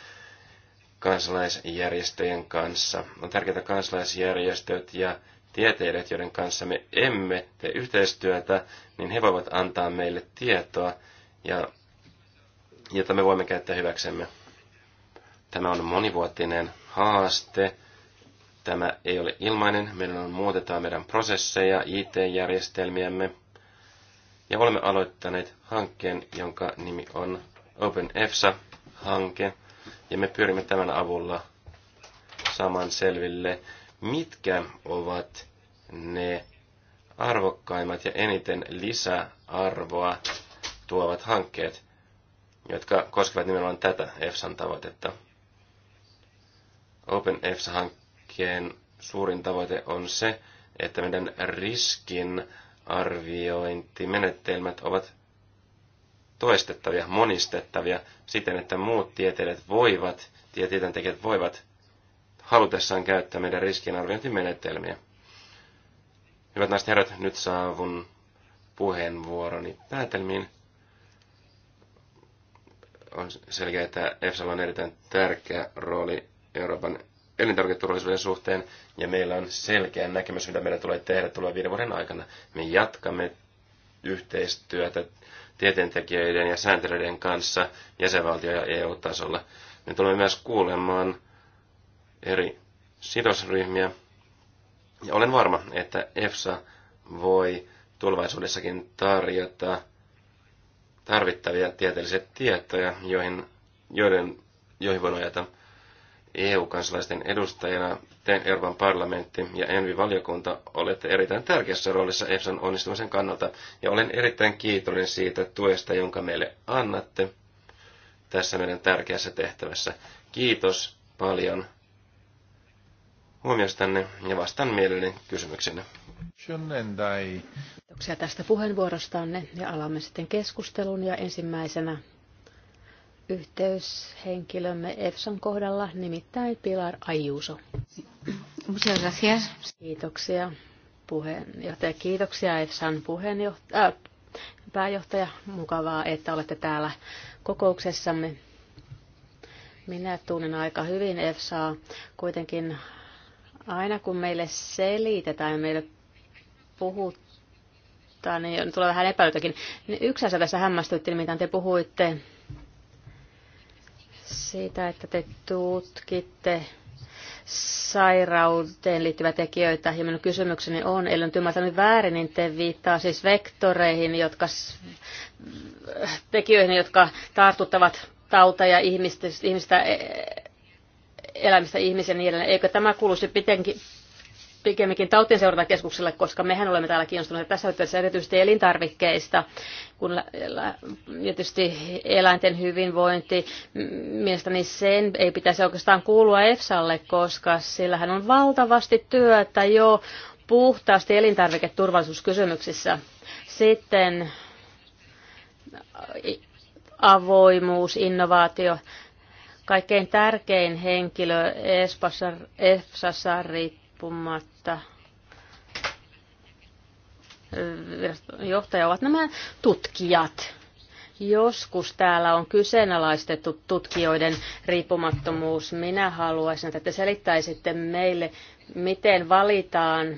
S3: kansalaisjärjestöjen kanssa. On tärkeitä kansalaisjärjestöt ja tieteilijät, joiden kanssa me emme tee yhteistyötä, niin he voivat antaa meille tietoa, ja, jota me voimme käyttää hyväksemme. Tämä on monivuotinen haaste. Tämä ei ole ilmainen. Meidän on muutetaan meidän prosesseja, IT-järjestelmiämme. Ja olemme aloittaneet hankkeen, jonka nimi on Open EFSA-hanke – ja me pyrimme tämän avulla saman selville, mitkä ovat ne arvokkaimmat ja eniten lisäarvoa tuovat hankkeet, jotka koskevat nimenomaan tätä EFSAn tavoitetta. Open EFSA-hankkeen suurin tavoite on se, että meidän riskin arviointimenetelmät ovat toistettavia, monistettavia siten, että muut tieteilijät voivat, tekijät voivat halutessaan käyttää meidän riskinarviointimenetelmiä. Hyvät naiset herrat, nyt saavun puheenvuoroni päätelmiin. On selkeää, että EFSAlla on erittäin tärkeä rooli Euroopan elintarviketurvallisuuden suhteen, ja meillä on selkeä näkemys, mitä meidän tulee tehdä tulevan viiden vuoden aikana. Me jatkamme yhteistyötä tieteentekijöiden ja sääntelyiden kanssa jäsenvaltio- ja EU-tasolla. Me tulemme myös kuulemaan eri sidosryhmiä. Ja olen varma, että EFSA voi tulevaisuudessakin tarjota tarvittavia tieteellisiä tietoja, joihin, joiden, joihin voi nojata EU-kansalaisten edustajana te Euroopan parlamentti ja Envi-valiokunta olette erittäin tärkeässä roolissa EFSAn onnistumisen kannalta, ja olen erittäin kiitollinen siitä tuesta, jonka meille annatte tässä meidän tärkeässä tehtävässä. Kiitos paljon huomiostanne ja vastaan mielelläni kysymyksenne.
S2: Kiitoksia tästä puheenvuorostanne ja alamme sitten keskustelun ja ensimmäisenä yhteyshenkilömme EFSAn kohdalla, nimittäin Pilar Ajuso. Kiitoksia puheenjohtaja. Kiitoksia EFSAn puheenjohtaja, äh, pääjohtaja. Mukavaa, että olette täällä kokouksessamme. Minä tunnen aika hyvin EFSAa. Kuitenkin aina kun meille selitetään ja meille puhutaan, niin tulee vähän epäilytäkin. Niin yksi asia tässä hämmästytti, mitä te puhuitte siitä, että te tutkitte sairauteen liittyviä tekijöitä. Ja minun kysymykseni on, eli nyt ymmärtänyt väärin, niin te viittaa siis vektoreihin, jotka, tekijöihin, jotka tartuttavat tauta ja ihmistä, ihmistä e- e- elämistä ihmisen niin edelleen. Eikö tämä kuulu pikemminkin tautien koska mehän olemme täällä kiinnostuneita tässä yhteydessä erityisesti elintarvikkeista, kun tietysti eläinten hyvinvointi, mielestäni sen ei pitäisi oikeastaan kuulua EFSAlle, koska sillähän on valtavasti työtä jo puhtaasti elintarviketurvallisuuskysymyksissä. Sitten avoimuus, innovaatio. Kaikkein tärkein henkilö EFSAssa riippumatta johtaja ovat nämä tutkijat. Joskus täällä on kyseenalaistettu tutkijoiden riippumattomuus. Minä haluaisin, että te selittäisitte meille, miten valitaan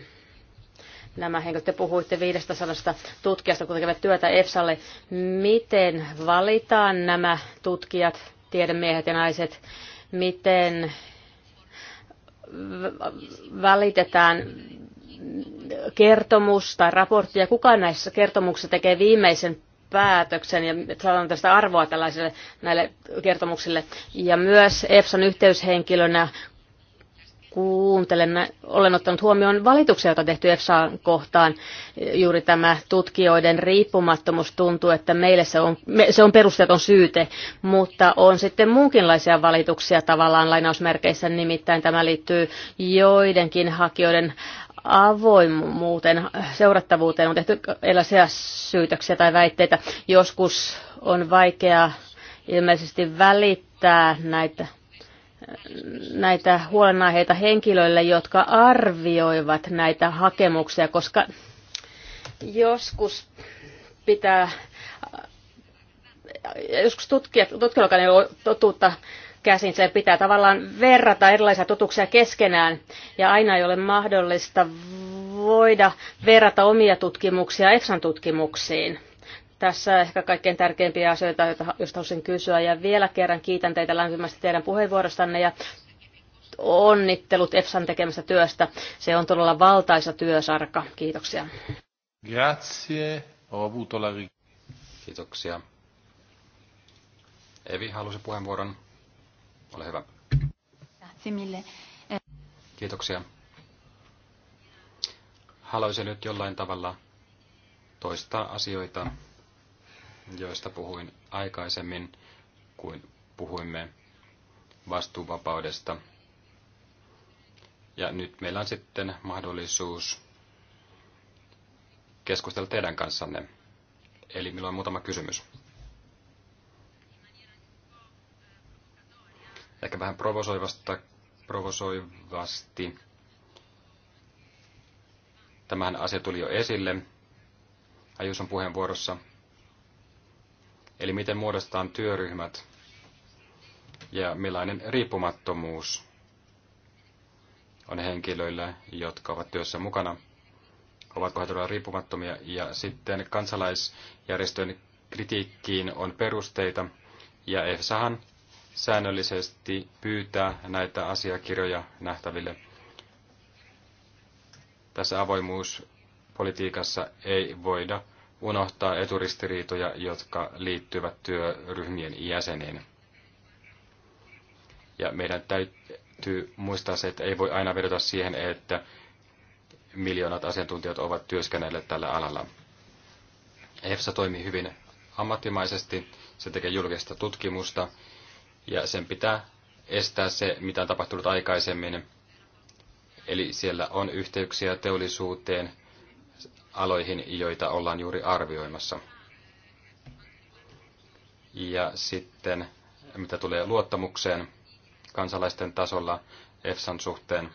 S2: nämä henkilöt. Te puhuitte 500 tutkijasta, kun tekevät työtä EFSAlle. Miten valitaan nämä tutkijat, tiedemiehet ja naiset? Miten välitetään kertomus tai raportti, ja kuka näissä kertomuksissa tekee viimeisen päätöksen ja saadaan tästä arvoa tällaisille näille kertomuksille. Ja myös EPSOn yhteyshenkilönä kuuntelemme, olen ottanut huomioon valituksia, joita on tehty EFSAan kohtaan. Juuri tämä tutkijoiden riippumattomuus tuntuu, että meille se on, se on perusteeton syyte, mutta on sitten muunkinlaisia valituksia tavallaan lainausmerkeissä, nimittäin tämä liittyy joidenkin hakijoiden avoimuuteen, seurattavuuteen on tehty erilaisia syytöksiä tai väitteitä. Joskus on vaikea ilmeisesti välittää näitä näitä huolenaiheita henkilöille, jotka arvioivat näitä hakemuksia, koska joskus pitää joskus tutkijat ei ole totuutta käsin, se pitää tavallaan verrata erilaisia totuuksia keskenään ja aina ei ole mahdollista voida verrata omia tutkimuksia EFSAn tutkimuksiin. Tässä ehkä kaikkein tärkeimpiä asioita, joista haluaisin kysyä. Ja vielä kerran kiitän teitä lämpimästi teidän puheenvuorostanne ja onnittelut EFSAn tekemästä työstä. Se on todella valtaisa työsarka. Kiitoksia.
S1: Grazie. Kiitoksia. Evi halusi puheenvuoron. Ole hyvä. Kiitoksia. Haluaisin nyt jollain tavalla toistaa asioita, joista puhuin aikaisemmin, kuin puhuimme vastuuvapaudesta. Ja nyt meillä on sitten mahdollisuus keskustella teidän kanssanne. Eli minulla on muutama kysymys. Ehkä vähän provosoivasta, provosoivasti. Tämähän asia tuli jo esille Ajuson puheenvuorossa, Eli miten muodostetaan työryhmät ja millainen riippumattomuus on henkilöillä, jotka ovat työssä mukana. Ovatko he todella riippumattomia? Ja sitten kansalaisjärjestön kritiikkiin on perusteita. Ja EFSAhan säännöllisesti pyytää näitä asiakirjoja nähtäville. Tässä avoimuuspolitiikassa ei voida unohtaa eturistiriitoja, jotka liittyvät työryhmien jäseniin. Ja meidän täytyy muistaa se, että ei voi aina vedota siihen, että miljoonat asiantuntijat ovat työskennelleet tällä alalla. EFSA toimii hyvin ammattimaisesti, se tekee julkista tutkimusta ja sen pitää estää se, mitä on tapahtunut aikaisemmin. Eli siellä on yhteyksiä teollisuuteen, aloihin, joita ollaan juuri arvioimassa. Ja sitten, mitä tulee luottamukseen kansalaisten tasolla EFSAn suhteen,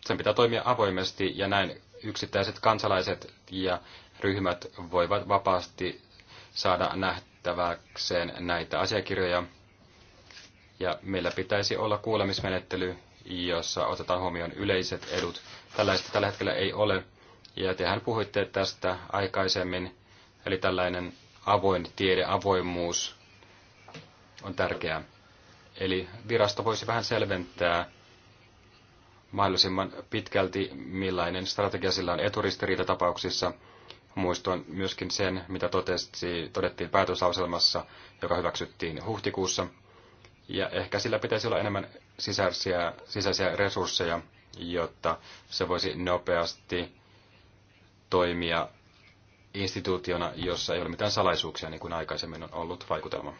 S1: sen pitää toimia avoimesti ja näin yksittäiset kansalaiset ja ryhmät voivat vapaasti saada nähtäväkseen näitä asiakirjoja. Ja meillä pitäisi olla kuulemismenettely, jossa otetaan huomioon yleiset edut. Tällaista tällä hetkellä ei ole, ja tehän puhuitte tästä aikaisemmin, eli tällainen avoin tiede, avoimuus on tärkeää. Eli virasto voisi vähän selventää mahdollisimman pitkälti, millainen strategia sillä on eturistiriitatapauksissa. Muistoin myöskin sen, mitä totesi, todettiin päätöslauselmassa, joka hyväksyttiin huhtikuussa. Ja ehkä sillä pitäisi olla enemmän sisäisiä, sisäisiä resursseja, jotta se voisi nopeasti toimia instituutiona, jossa ei ole mitään salaisuuksia, niin kuin aikaisemmin on ollut vaikutelma.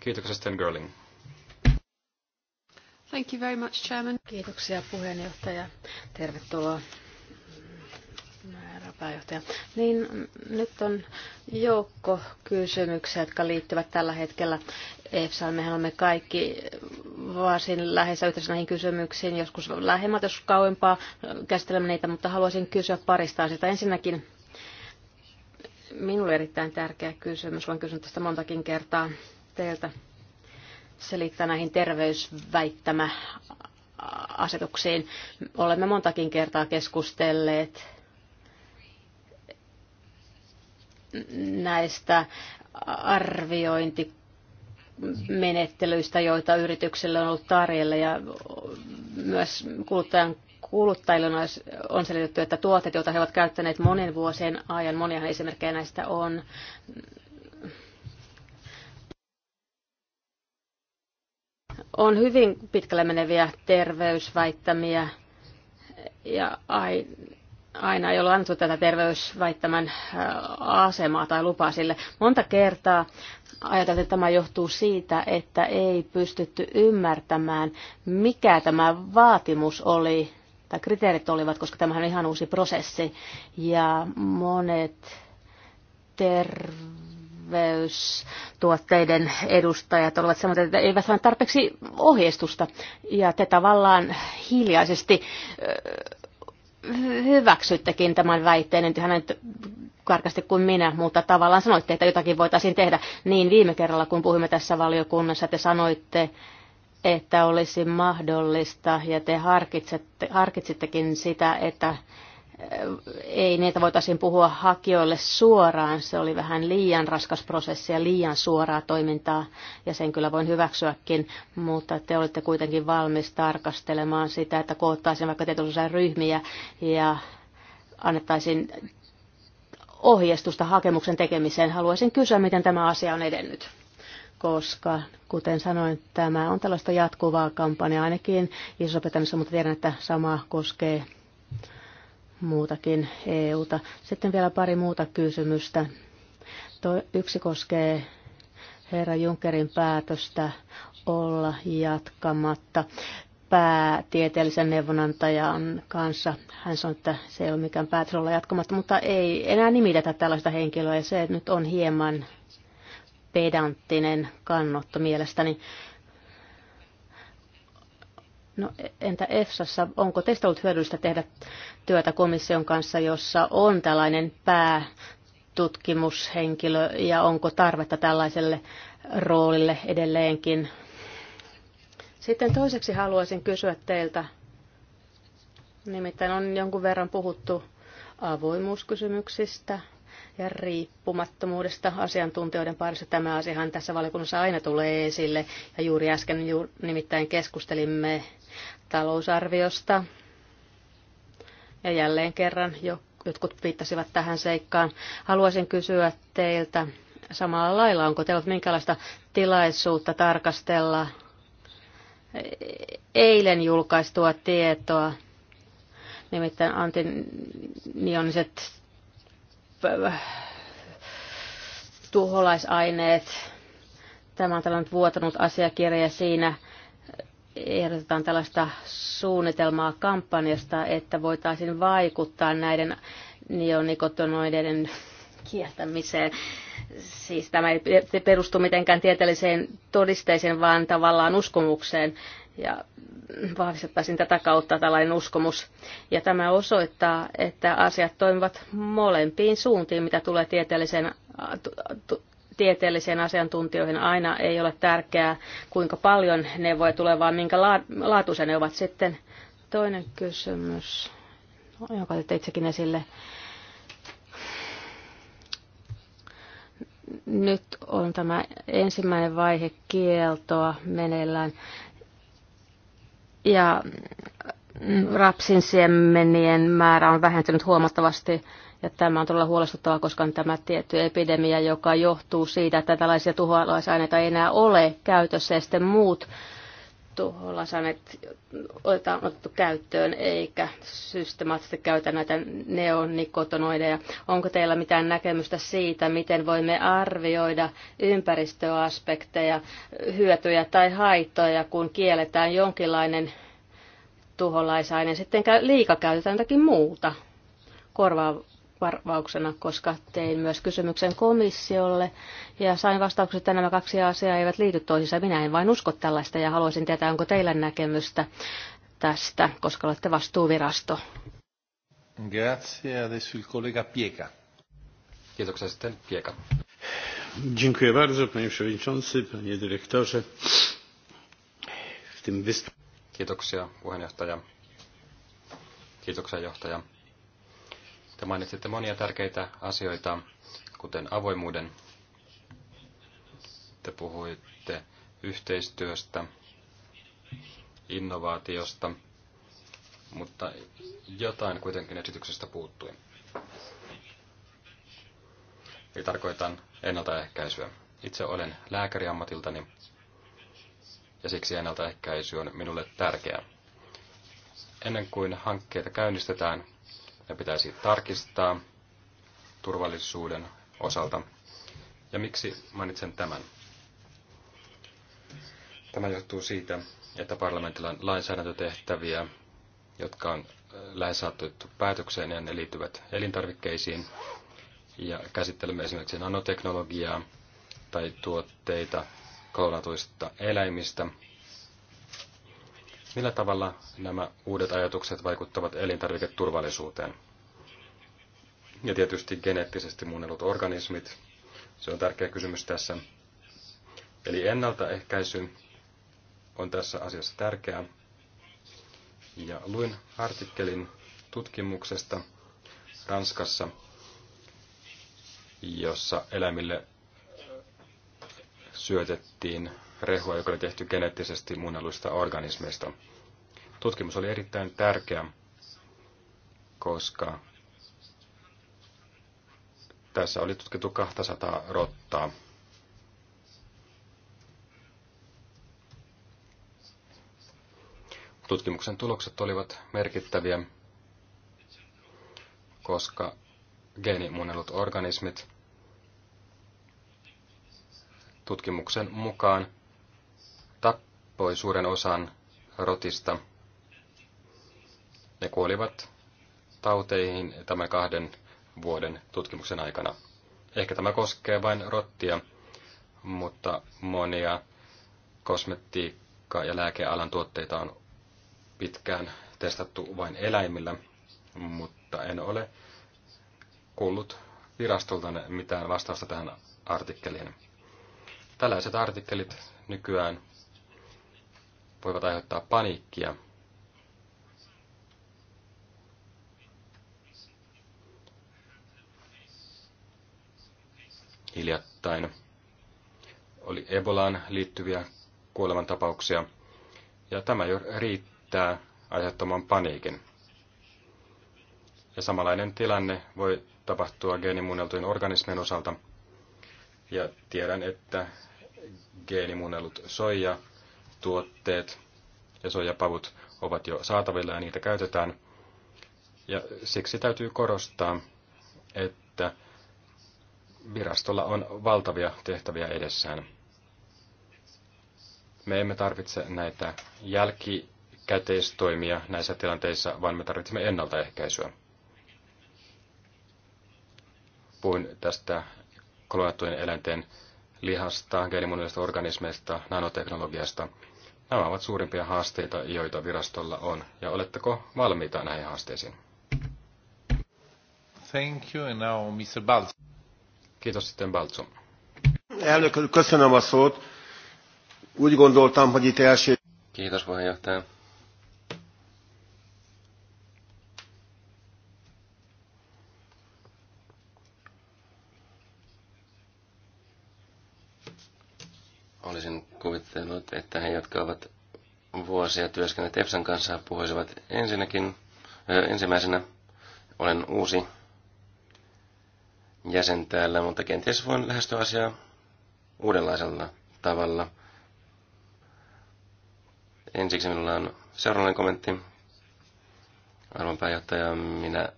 S1: Kiitoksia, Sten Girling.
S2: Thank you very much, Chairman. Kiitoksia puheenjohtaja. Tervetuloa pääjohtaja. Niin mm, nyt on joukko kysymyksiä, jotka liittyvät tällä hetkellä EFSAan. Mehän olemme kaikki varsin läheisessä yhteydessä näihin kysymyksiin, joskus lähemmät, joskus kauempaa käsittelemme niitä, mutta haluaisin kysyä parista sitä. Ensinnäkin minulle erittäin tärkeä kysymys, olen kysynyt tästä montakin kertaa teiltä selittää näihin terveysväittämäasetuksiin. asetuksiin. Olemme montakin kertaa keskustelleet näistä arviointi menettelyistä, joita yrityksille on ollut tarjolla ja myös kuluttajan kuluttajille on selitetty, että tuotteet, joita he ovat käyttäneet monen vuosien ajan, monia esimerkkejä näistä on, on hyvin pitkälle meneviä terveysväittämiä ja ai, aina ei ole annettu tätä terveysväittämän asemaa tai lupaa sille. Monta kertaa ajateltiin, että tämä johtuu siitä, että ei pystytty ymmärtämään, mikä tämä vaatimus oli tai kriteerit olivat, koska tämähän on ihan uusi prosessi. Ja monet terveystuotteiden edustajat olivat sellaiset, että eivät saaneet tarpeeksi ohjeistusta. Ja te tavallaan hiljaisesti hyväksyttekin tämän väitteen, hän nyt karkasti kuin minä, mutta tavallaan sanoitte, että jotakin voitaisiin tehdä. Niin viime kerralla, kun puhuimme tässä valiokunnassa, te sanoitte, että olisi mahdollista ja te harkitsette, harkitsittekin sitä, että ei niitä voitaisiin puhua hakijoille suoraan. Se oli vähän liian raskas prosessi ja liian suoraa toimintaa, ja sen kyllä voin hyväksyäkin, mutta te olette kuitenkin valmis tarkastelemaan sitä, että koottaisiin vaikka tietynlaisia ryhmiä ja annettaisiin ohjeistusta hakemuksen tekemiseen. Haluaisin kysyä, miten tämä asia on edennyt koska kuten sanoin, tämä on tällaista jatkuvaa kampanjaa ainakin iso mutta tiedän, että sama koskee muutakin EUta. Sitten vielä pari muuta kysymystä. Yksi koskee herra Junckerin päätöstä olla jatkamatta päätieteellisen neuvonantajan kanssa. Hän sanoi, että se ei ole mikään päätös olla jatkamatta, mutta ei enää nimitetä tällaista henkilöä ja se nyt on hieman pedanttinen kannotto mielestäni. No entä EFSassa, onko teistä ollut hyödyllistä tehdä työtä komission kanssa, jossa on tällainen päätutkimushenkilö ja onko tarvetta tällaiselle roolille edelleenkin? Sitten toiseksi haluaisin kysyä teiltä, nimittäin on jonkun verran puhuttu avoimuuskysymyksistä ja riippumattomuudesta asiantuntijoiden parissa. Tämä asiahan tässä valiokunnassa aina tulee esille ja juuri äsken juuri nimittäin keskustelimme talousarviosta. Ja jälleen kerran jo jotkut viittasivat tähän seikkaan. Haluaisin kysyä teiltä samalla lailla, onko teillä minkälaista tilaisuutta tarkastella eilen julkaistua tietoa, nimittäin antinioniset tuholaisaineet. Tämä on tällainen vuotanut asiakirja siinä ehdotetaan tällaista suunnitelmaa kampanjasta, että voitaisiin vaikuttaa näiden neonikotinoideiden kieltämiseen. Siis tämä ei perustu mitenkään tieteelliseen todisteeseen, vaan tavallaan uskomukseen. Ja vahvistettaisiin tätä kautta tällainen uskomus. Ja tämä osoittaa, että asiat toimivat molempiin suuntiin, mitä tulee tieteelliseen tieteellisiin asiantuntijoihin aina ei ole tärkeää, kuinka paljon ne voi tulee, vaan minkä laatuisia ne ovat sitten. Toinen kysymys, jonka otitte itsekin esille. Nyt on tämä ensimmäinen vaihe kieltoa meneillään. Ja rapsin siemenien määrä on vähentynyt huomattavasti ja tämä on todella huolestuttavaa, koska on tämä tietty epidemia, joka johtuu siitä, että tällaisia tuholaisaineita ei enää ole käytössä ja sitten muut tuholaisaineet otetaan otettu käyttöön eikä systemaattisesti käytä näitä neonikotonoideja. Onko teillä mitään näkemystä siitä, miten voimme arvioida ympäristöaspekteja, hyötyjä tai haittoja, kun kielletään jonkinlainen tuholaisaine, sitten liikakäytetään jotakin muuta korvaa, varvauksena koska tein myös kysymyksen komissiolle ja sain vastauksen, että nämä kaksi asiaa eivät liity toisiinsa. Minä en vain usko tällaista ja haluaisin tietää, onko teillä näkemystä tästä, koska olette vastuuvirasto.
S1: Grazie, adesso il collega Pieka. Kiitoksia sitten Pieka. Dziękuję bardzo, panie przewodniczący, panie dyrektorze. W tym Kiitoksia puheenjohtaja. Kiitoksia johtaja. Te mainitsitte monia tärkeitä asioita, kuten avoimuuden. Te puhuitte yhteistyöstä, innovaatiosta, mutta jotain kuitenkin esityksestä puuttui. Eli tarkoitan ennaltaehkäisyä. Itse olen lääkäri ammatiltani ja siksi ennaltaehkäisy on minulle tärkeää. Ennen kuin hankkeita käynnistetään, ne pitäisi tarkistaa turvallisuuden osalta. Ja miksi mainitsen tämän? Tämä johtuu siitä, että parlamentilla on lainsäädäntötehtäviä, jotka on lähes saatettu päätökseen ja ne liittyvät elintarvikkeisiin. Ja käsittelemme esimerkiksi nanoteknologiaa tai tuotteita kolonatuista eläimistä – Millä tavalla nämä uudet ajatukset vaikuttavat elintarviketurvallisuuteen? Ja tietysti geneettisesti muunnellut organismit. Se on tärkeä kysymys tässä. Eli ennaltaehkäisy on tässä asiassa tärkeää. Ja luin artikkelin tutkimuksesta Ranskassa, jossa eläimille syötettiin rehua, joka oli tehty geneettisesti muunnelluista organismeista. Tutkimus oli erittäin tärkeä, koska tässä oli tutkittu 200 rottaa. Tutkimuksen tulokset olivat merkittäviä, koska geenimuunnellut organismit tutkimuksen mukaan tappoi suuren osan rotista. Ne kuolivat tauteihin tämän kahden vuoden tutkimuksen aikana. Ehkä tämä koskee vain rottia, mutta monia kosmetiikka- ja lääkealan tuotteita on pitkään testattu vain eläimillä, mutta en ole kuullut virastolta mitään vastausta tähän artikkeliin. Tällaiset artikkelit nykyään voivat aiheuttaa paniikkia. Hiljattain oli Ebolaan liittyviä kuolemantapauksia, ja tämä jo riittää aiheuttamaan paniikin. Ja samanlainen tilanne voi tapahtua geenimuunneltujen organismien osalta. Ja tiedän, että geenimuunnellut soija tuotteet ja suojapavut ovat jo saatavilla ja niitä käytetään. Ja siksi täytyy korostaa, että virastolla on valtavia tehtäviä edessään. Me emme tarvitse näitä jälkikäteistoimia näissä tilanteissa, vaan me tarvitsemme ennaltaehkäisyä. Puhuin tästä kloonattujen eläinten lihasta, geenimuunnellisesta organismeista, nanoteknologiasta – Nämä ovat suurimpia haasteita, joita virastolla on, ja oletteko valmiita näihin haasteisiin? Thank you, and now Mr. Balz. Kiitos sitten Balzo.
S3: Kiitos puheenjohtaja. Olisin kuvitellut, että he, jotka ovat vuosia työskennelleet EFSAn kanssa, puhuisivat ensinnäkin, ö, ensimmäisenä olen uusi jäsen täällä, mutta kenties voin lähestyä asiaa uudenlaisella tavalla. Ensiksi minulla on seuraavainen kommentti. Arvon pääjohtaja, minä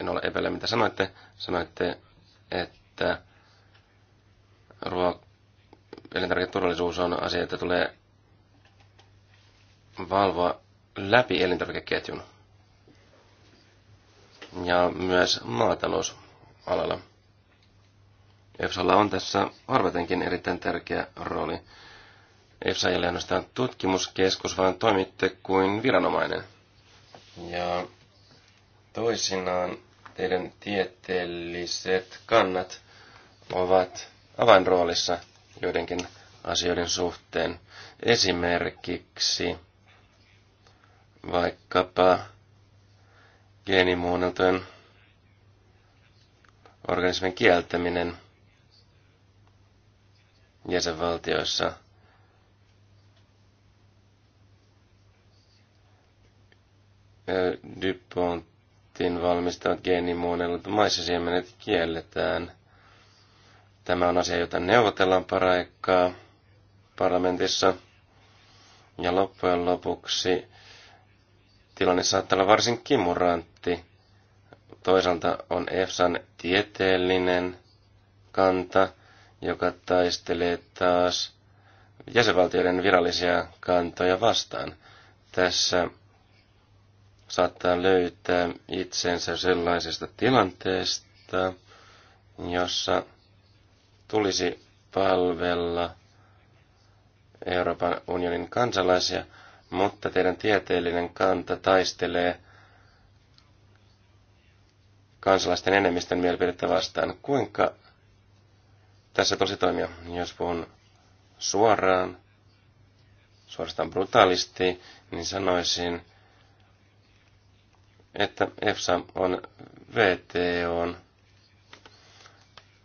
S3: en ole epäillä, mitä sanoitte. Sanoitte, että ruoka elintarviketurvallisuus on asia, että tulee valvoa läpi elintarvikeketjun. Ja myös maatalousalalla. EFSAlla on tässä arvatenkin erittäin tärkeä rooli. EFSA ei ole ainoastaan tutkimuskeskus, vaan toimitte kuin viranomainen. Ja toisinaan teidän tieteelliset kannat ovat avainroolissa – joidenkin asioiden suhteen. Esimerkiksi vaikkapa geenimuunneltujen organismin kieltäminen jäsenvaltioissa. DuPontin valmistavat geenimuunnellut siemenet kielletään – Tämä on asia, jota neuvotellaan paraikaa parlamentissa. Ja loppujen lopuksi tilanne saattaa olla varsin kimurantti. Toisaalta on EFSAn tieteellinen kanta, joka taistelee taas jäsenvaltioiden virallisia kantoja vastaan. Tässä saattaa löytää itsensä sellaisesta tilanteesta, jossa tulisi palvella Euroopan unionin kansalaisia, mutta teidän tieteellinen kanta taistelee kansalaisten enemmistön mielipidettä vastaan. Kuinka tässä tosi toimia, jos puhun suoraan, suorastaan brutaalisti, niin sanoisin, että EFSA on VTOn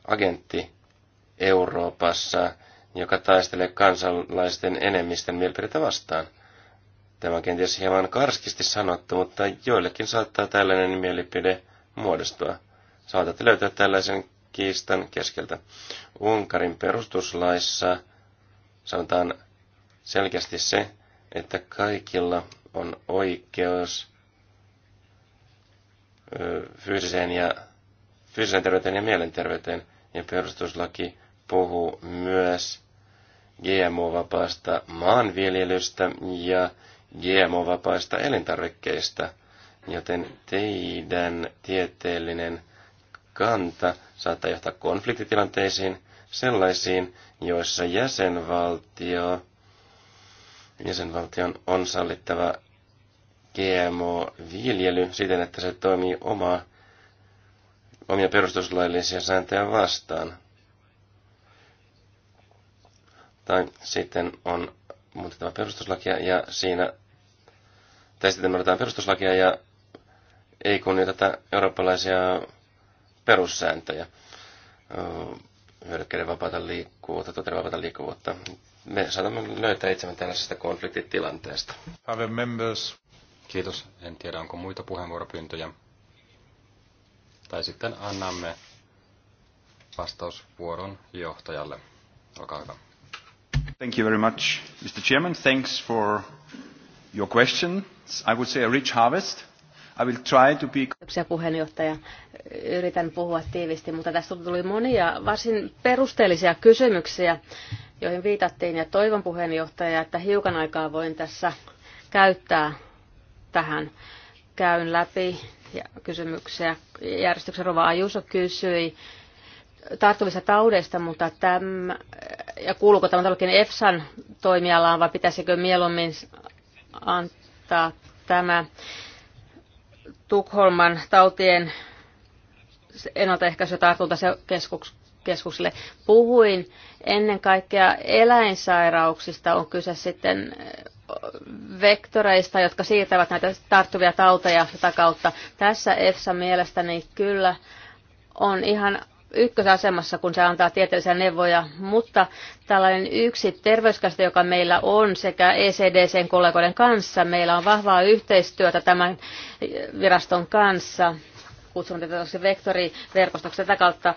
S3: agentti Euroopassa, joka taistelee kansalaisten enemmistön mielipidettä vastaan. Tämä on kenties hieman karskisti sanottu, mutta joillekin saattaa tällainen mielipide muodostua. Saatatte löytää tällaisen kiistan keskeltä. Unkarin perustuslaissa sanotaan selkeästi se, että kaikilla on oikeus fyysiseen ja fyysiseen terveyteen ja mielenterveyteen, ja perustuslaki puhuu myös GMO-vapaasta maanviljelystä ja GMO-vapaista elintarvikkeista, joten teidän tieteellinen kanta saattaa johtaa konfliktitilanteisiin, sellaisiin, joissa jäsenvaltio, jäsenvaltion on sallittava GMO-viljely siten, että se toimii omaa, omia perustuslaillisia sääntöjä vastaan. Tai sitten on muutettava perustuslakia ja siinä, tai sitten noudatetaan perustuslakia ja ei kunnioiteta eurooppalaisia perussääntöjä hyödykkeiden vapaata liikkuvuutta, tuotteiden vapaata liikkuvuutta. Me saatamme löytää itsemme tällaisesta
S1: konfliktitilanteesta. Have members. Kiitos. En tiedä, onko muita puheenvuoropyyntöjä. Tai sitten annamme vastausvuoron johtajalle. Olkaa hyvä. Thank you very much, Mr. Chairman. Thanks for your question. I would say a rich harvest. I will try to be...
S2: Kiitoksia puheenjohtaja. Yritän puhua tiivisti, mutta tästä tuli monia varsin perusteellisia kysymyksiä, joihin viitattiin. Ja toivon puheenjohtaja, että hiukan aikaa voin tässä käyttää tähän. Käyn läpi ja kysymyksiä. Järjestyksen Rova Ajuso kysyi tarttuvista taudeista, mutta täm, ja kuuluuko tämä todellakin EFSAn toimialaan vai pitäisikö mieluummin antaa tämä Tukholman tautien ennaltaehkäisy- ja tartuntakeskukselle. Puhuin ennen kaikkea eläinsairauksista, on kyse sitten vektoreista, jotka siirtävät näitä tarttuvia tauteja sitä kautta. Tässä EFSA mielestäni kyllä on ihan ykkösasemassa, kun se antaa tieteellisiä neuvoja, mutta tällainen yksi terveyskäsite, joka meillä on sekä ECDCn kollegoiden kanssa, meillä on vahvaa yhteistyötä tämän viraston kanssa, kutsun tätä vektoriverkostoksi tätä kautta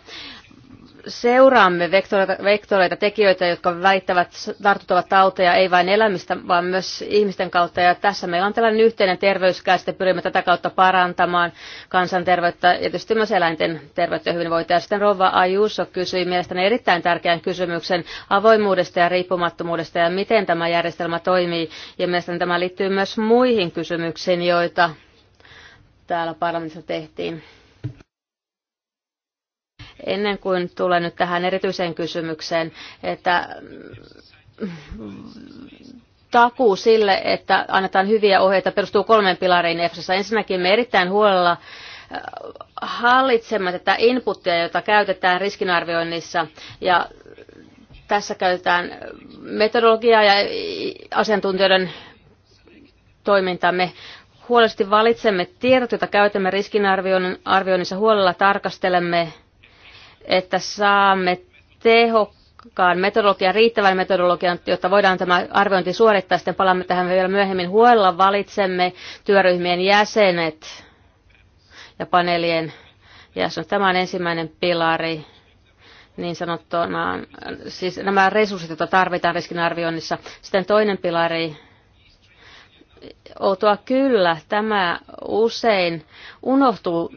S2: seuraamme vektoreita, vektoreita, tekijöitä, jotka väittävät tartuttavat tauteja ei vain elämistä, vaan myös ihmisten kautta. Ja tässä meillä on tällainen yhteinen terveyskäsite, pyrimme tätä kautta parantamaan kansanterveyttä ja tietysti myös eläinten terveyttä ja hyvinvointia. Ja sitten Rova Ajuso kysyi mielestäni erittäin tärkeän kysymyksen avoimuudesta ja riippumattomuudesta ja miten tämä järjestelmä toimii. Ja mielestäni tämä liittyy myös muihin kysymyksiin, joita täällä parlamentissa tehtiin. Ennen kuin tulen nyt tähän erityiseen kysymykseen, että mm, takuu sille, että annetaan hyviä ohjeita, perustuu kolmen pilariin EFSassa. Ensinnäkin me erittäin huolella äh, hallitsemme tätä inputtia, jota käytetään riskinarvioinnissa ja tässä käytetään metodologiaa ja asiantuntijoiden toimintaa. Me huolellisesti valitsemme tiedot, joita käytämme riskinarvioinnissa, huolella tarkastelemme että saamme tehokkaan metodologian, riittävän metodologian, jotta voidaan tämä arviointi suorittaa. Sitten palaamme tähän vielä myöhemmin. Huolella valitsemme työryhmien jäsenet ja paneelien jäsenet. Tämä on ensimmäinen pilari niin sanottuna, siis nämä resurssit, joita tarvitaan riskinarvioinnissa. Sitten toinen pilari, outoa kyllä, tämä usein unohtuu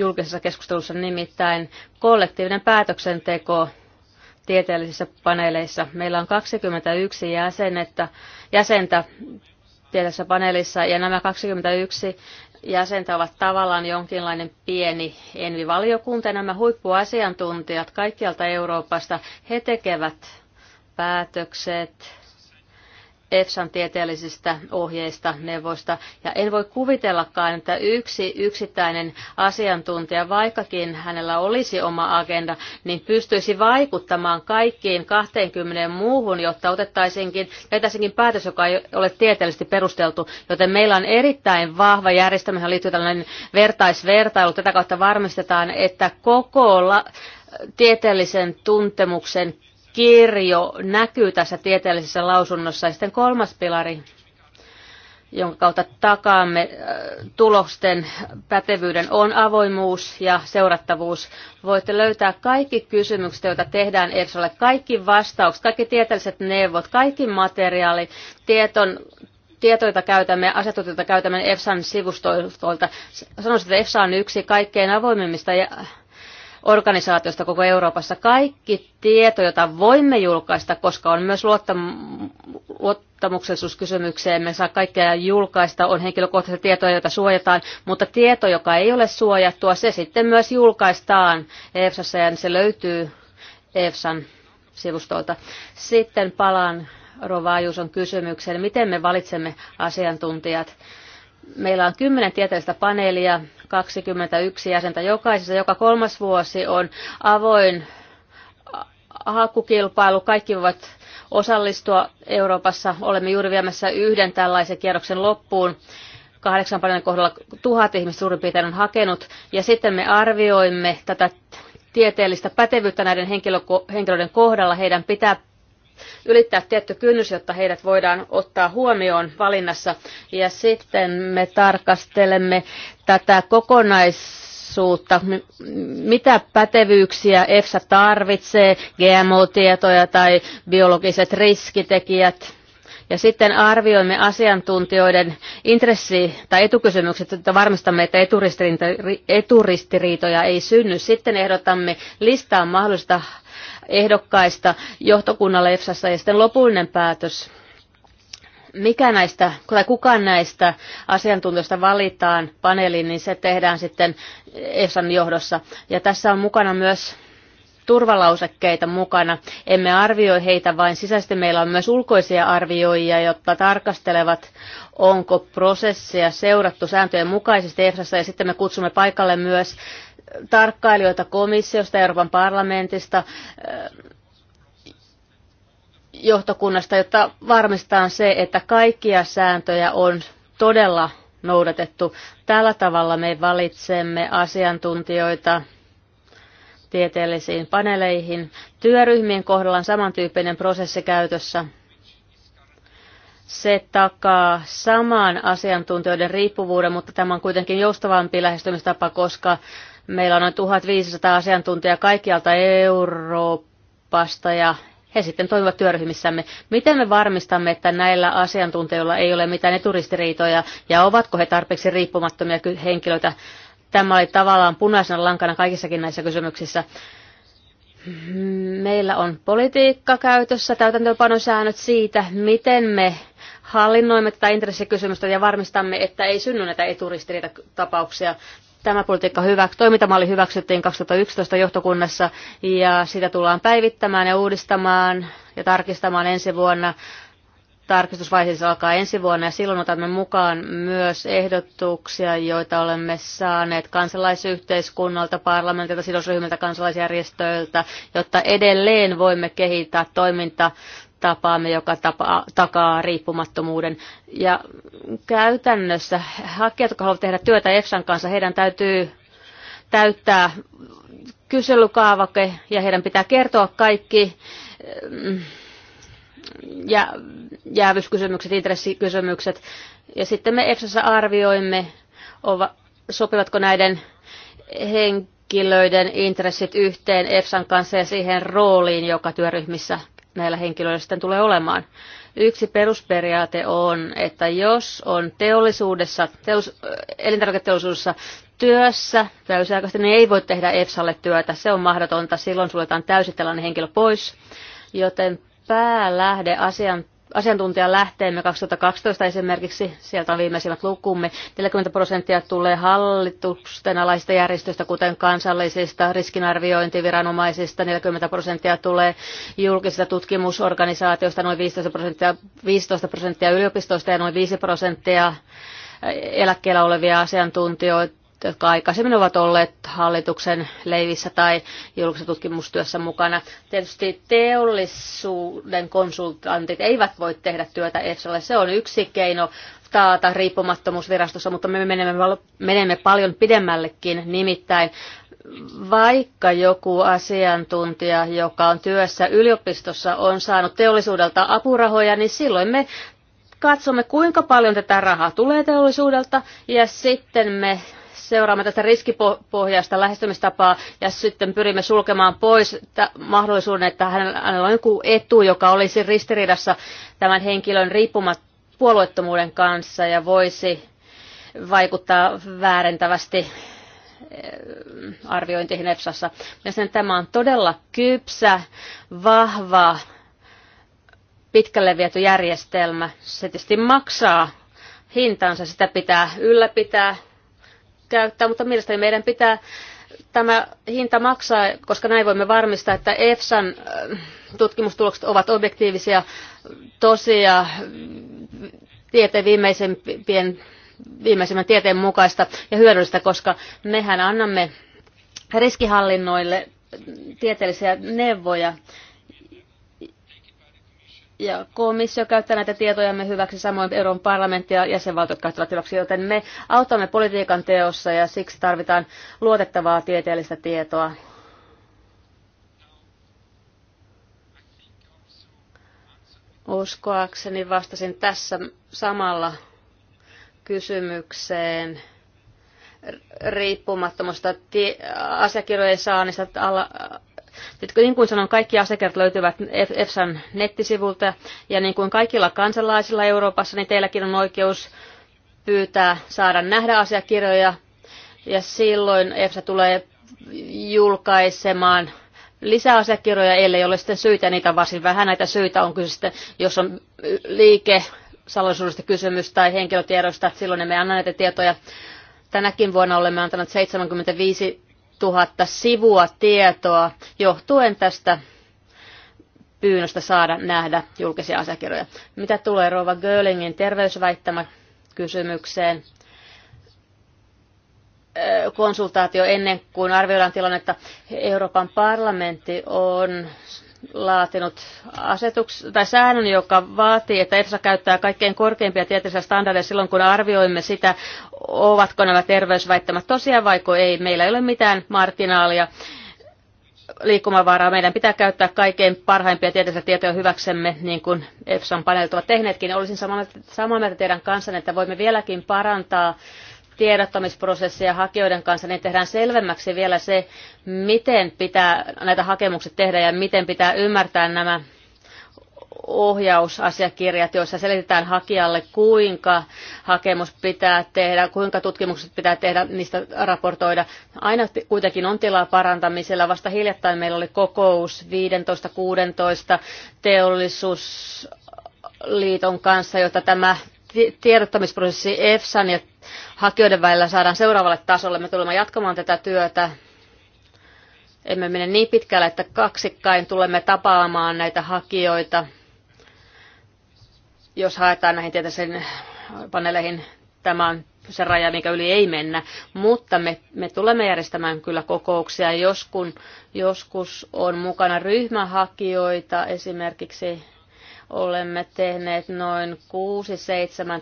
S2: julkisessa keskustelussa, nimittäin kollektiivinen päätöksenteko tieteellisissä paneeleissa. Meillä on 21 jäsenettä, jäsentä tieteellisessä paneelissa ja nämä 21 jäsentä ovat tavallaan jonkinlainen pieni envivaliokunta. Nämä huippuasiantuntijat kaikkialta Euroopasta, he tekevät päätökset EFSAn tieteellisistä ohjeista, neuvoista. Ja en voi kuvitellakaan, että yksi yksittäinen asiantuntija, vaikkakin hänellä olisi oma agenda, niin pystyisi vaikuttamaan kaikkiin 20 muuhun, jotta otettaisinkin, jätäisinkin päätös, joka ei ole tieteellisesti perusteltu. Joten meillä on erittäin vahva järjestelmä, johon liittyy tällainen vertaisvertailu. Tätä kautta varmistetaan, että koko la- tieteellisen tuntemuksen kirjo näkyy tässä tieteellisessä lausunnossa. Ja sitten kolmas pilari, jonka kautta takaamme äh, tulosten pätevyyden, on avoimuus ja seurattavuus. Voitte löytää kaikki kysymykset, joita tehdään EPSOlle, kaikki vastaukset, kaikki tieteelliset neuvot, kaikki materiaali, tieton, tietoita käytämme, asetutilta käytämme EFSAn sivustoilta. Sanoisin, että EFSA on yksi kaikkein avoimimmista organisaatiosta koko Euroopassa. Kaikki tieto, jota voimme julkaista, koska on myös luottam- luottamuksellisuuskysymykseen, me saa kaikkea julkaista, on henkilökohtaisia tietoja, joita suojataan, mutta tieto, joka ei ole suojattua, se sitten myös julkaistaan EFSassa ja se löytyy EFSan sivustolta. Sitten palaan on kysymykseen, miten me valitsemme asiantuntijat. Meillä on kymmenen tieteellistä paneelia, 21 jäsentä jokaisessa. Joka kolmas vuosi on avoin hakukilpailu. Kaikki voivat osallistua Euroopassa. Olemme juuri viemässä yhden tällaisen kierroksen loppuun. Kahdeksan paljon kohdalla tuhat ihmistä suurin piirtein on hakenut. Ja sitten me arvioimme tätä tieteellistä pätevyyttä näiden henkilöiden kohdalla. Heidän pitää ylittää tietty kynnys, jotta heidät voidaan ottaa huomioon valinnassa. Ja sitten me tarkastelemme tätä kokonaisuutta, mitä pätevyyksiä EFSA tarvitsee, GMO-tietoja tai biologiset riskitekijät, ja sitten arvioimme asiantuntijoiden intressi- tai etukysymykset, että varmistamme, että eturistiriitoja ei synny. Sitten ehdotamme listaa mahdollista ehdokkaista johtokunnalle EFSassa ja sitten lopullinen päätös mikä näistä, tai kuka näistä asiantuntijoista valitaan paneeliin, niin se tehdään sitten EFSAn johdossa. Ja tässä on mukana myös turvalausekkeita mukana. Emme arvioi heitä vain sisäisesti. Meillä on myös ulkoisia arvioijia, jotka tarkastelevat, onko prosessia seurattu sääntöjen mukaisesti EFSAssa. Ja sitten me kutsumme paikalle myös tarkkailijoita komissiosta, Euroopan parlamentista, johtokunnasta, jotta varmistetaan se, että kaikkia sääntöjä on todella noudatettu. Tällä tavalla me valitsemme asiantuntijoita tieteellisiin paneeleihin. Työryhmien kohdalla on samantyyppinen prosessi käytössä. Se takaa saman asiantuntijoiden riippuvuuden, mutta tämä on kuitenkin joustavampi lähestymistapa, koska Meillä on noin 1500 asiantuntijaa kaikkialta Euroopasta ja he sitten toimivat työryhmissämme. Miten me varmistamme, että näillä asiantuntijoilla ei ole mitään eturistiriitoja ja ovatko he tarpeeksi riippumattomia henkilöitä? Tämä oli tavallaan punaisena lankana kaikissakin näissä kysymyksissä. Meillä on politiikka käytössä, täytäntöönpanosäännöt siitä, miten me hallinnoimme tätä intressikysymystä ja varmistamme, että ei synny näitä eturistiriitatapauksia. Tämä politiikka hyväks, toimintamalli hyväksyttiin 2011 johtokunnassa ja sitä tullaan päivittämään ja uudistamaan ja tarkistamaan ensi vuonna. Tarkistusvaiheessa alkaa ensi vuonna ja silloin otamme mukaan myös ehdotuksia, joita olemme saaneet kansalaisyhteiskunnalta, parlamentilta, sidosryhmiltä, kansalaisjärjestöiltä, jotta edelleen voimme kehittää toiminta tapaamme, joka tapa, takaa riippumattomuuden. Ja käytännössä hakijat, jotka haluavat tehdä työtä EFSAn kanssa, heidän täytyy täyttää kyselykaavake ja heidän pitää kertoa kaikki mm, ja jäävyyskysymykset, intressikysymykset. Ja sitten me EFSAssa arvioimme, sopivatko näiden henkilöiden intressit yhteen EFSAn kanssa ja siihen rooliin, joka työryhmissä näillä henkilöillä sitten tulee olemaan. Yksi perusperiaate on, että jos on teollisuudessa, teollis, elintarviketeollisuudessa työssä täysiaikaisesti, niin ei voi tehdä EFSAlle työtä. Se on mahdotonta. Silloin suljetaan täysin tällainen henkilö pois. Joten päälähde asian asiantuntijan lähteemme 2012 esimerkiksi, sieltä on viimeisimmät lukumme, 40 prosenttia tulee hallitusten alaisista järjestöistä, kuten kansallisista riskinarviointiviranomaisista, 40 prosenttia tulee julkisista tutkimusorganisaatioista, noin 15 prosenttia, 15 prosenttia yliopistoista ja noin 5 prosenttia eläkkeellä olevia asiantuntijoita jotka aikaisemmin ovat olleet hallituksen leivissä tai julkisessa tutkimustyössä mukana. Tietysti teollisuuden konsultantit eivät voi tehdä työtä EFSAlle. Se on yksi keino taata riippumattomuusvirastossa, mutta me menemme, menemme paljon pidemmällekin. Nimittäin vaikka joku asiantuntija, joka on työssä yliopistossa, on saanut teollisuudelta apurahoja, niin silloin me katsomme, kuinka paljon tätä rahaa tulee teollisuudelta ja sitten me seuraamme tästä riskipohjaista lähestymistapaa ja sitten pyrimme sulkemaan pois mahdollisuuden, että hänellä on joku etu, joka olisi ristiriidassa tämän henkilön riippumat puolueettomuuden kanssa ja voisi vaikuttaa väärentävästi eh, arviointiin Ja sen tämä on todella kypsä, vahva, pitkälle viety järjestelmä. Se tietysti maksaa hintansa, sitä pitää ylläpitää, käyttää, mutta mielestäni meidän pitää tämä hinta maksaa, koska näin voimme varmistaa, että EFSAn äh, tutkimustulokset ovat objektiivisia tosia tieteen viimeisimpien viimeisimmän tieteen mukaista ja hyödyllistä, koska mehän annamme riskihallinnoille tieteellisiä neuvoja ja komissio käyttää näitä tietojamme hyväksi, samoin Euroopan parlamentti ja jäsenvaltiot käyttävät hyväksi, joten me autamme politiikan teossa ja siksi tarvitaan luotettavaa tieteellistä tietoa. Uskoakseni vastasin tässä samalla kysymykseen riippumattomasta asiakirjojen saannista nyt niin kuin sanon, kaikki asiakirjat löytyvät EFSAn nettisivulta ja niin kuin kaikilla kansalaisilla Euroopassa, niin teilläkin on oikeus pyytää saada nähdä asiakirjoja ja silloin EFSA tulee julkaisemaan lisäasiakirjoja, ellei ole sitten syitä, niitä varsin vähän näitä syitä on kyse sitten, jos on liike, salaisuudesta kysymys tai henkilötiedoista, silloin me anna näitä tietoja. Tänäkin vuonna olemme antaneet 75 tuhatta sivua tietoa johtuen tästä pyynnöstä saada nähdä julkisia asiakirjoja. Mitä tulee Rova Görlingin terveysväittämä kysymykseen, konsultaatio ennen kuin arvioidaan tilannetta. Euroopan parlamentti on laatinut asetuks- tai säännön, joka vaatii, että ETSA käyttää kaikkein korkeimpia tieteellisiä standardeja silloin, kun arvioimme sitä, ovatko nämä terveysväittämät tosiaan vai ei. Meillä ei ole mitään marginaalia liikkumavaraa. Meidän pitää käyttää kaikkein parhaimpia tieteellisiä tietoja hyväksemme, niin kuin EFSAn paneelit ovat tehneetkin. Olisin samaa mieltä teidän kanssanne, että voimme vieläkin parantaa tiedottamisprosessia hakijoiden kanssa, niin tehdään selvemmäksi vielä se, miten pitää näitä hakemukset tehdä ja miten pitää ymmärtää nämä ohjausasiakirjat, joissa selitetään hakijalle, kuinka hakemus pitää tehdä, kuinka tutkimukset pitää tehdä, niistä raportoida. Aina kuitenkin on tilaa parantamisella. Vasta hiljattain meillä oli kokous 15-16 teollisuusliiton kanssa, jotta tämä tiedottamisprosessi EFSAn ja hakijoiden välillä saadaan seuraavalle tasolle. Me tulemme jatkamaan tätä työtä. Emme mene niin pitkälle, että kaksikkain tulemme tapaamaan näitä hakijoita, jos haetaan näihin tieteellisiin paneeleihin. Tämä on se raja, mikä yli ei mennä, mutta me, me tulemme järjestämään kyllä kokouksia. kun, joskus on mukana ryhmähakijoita esimerkiksi Olemme tehneet noin 6-7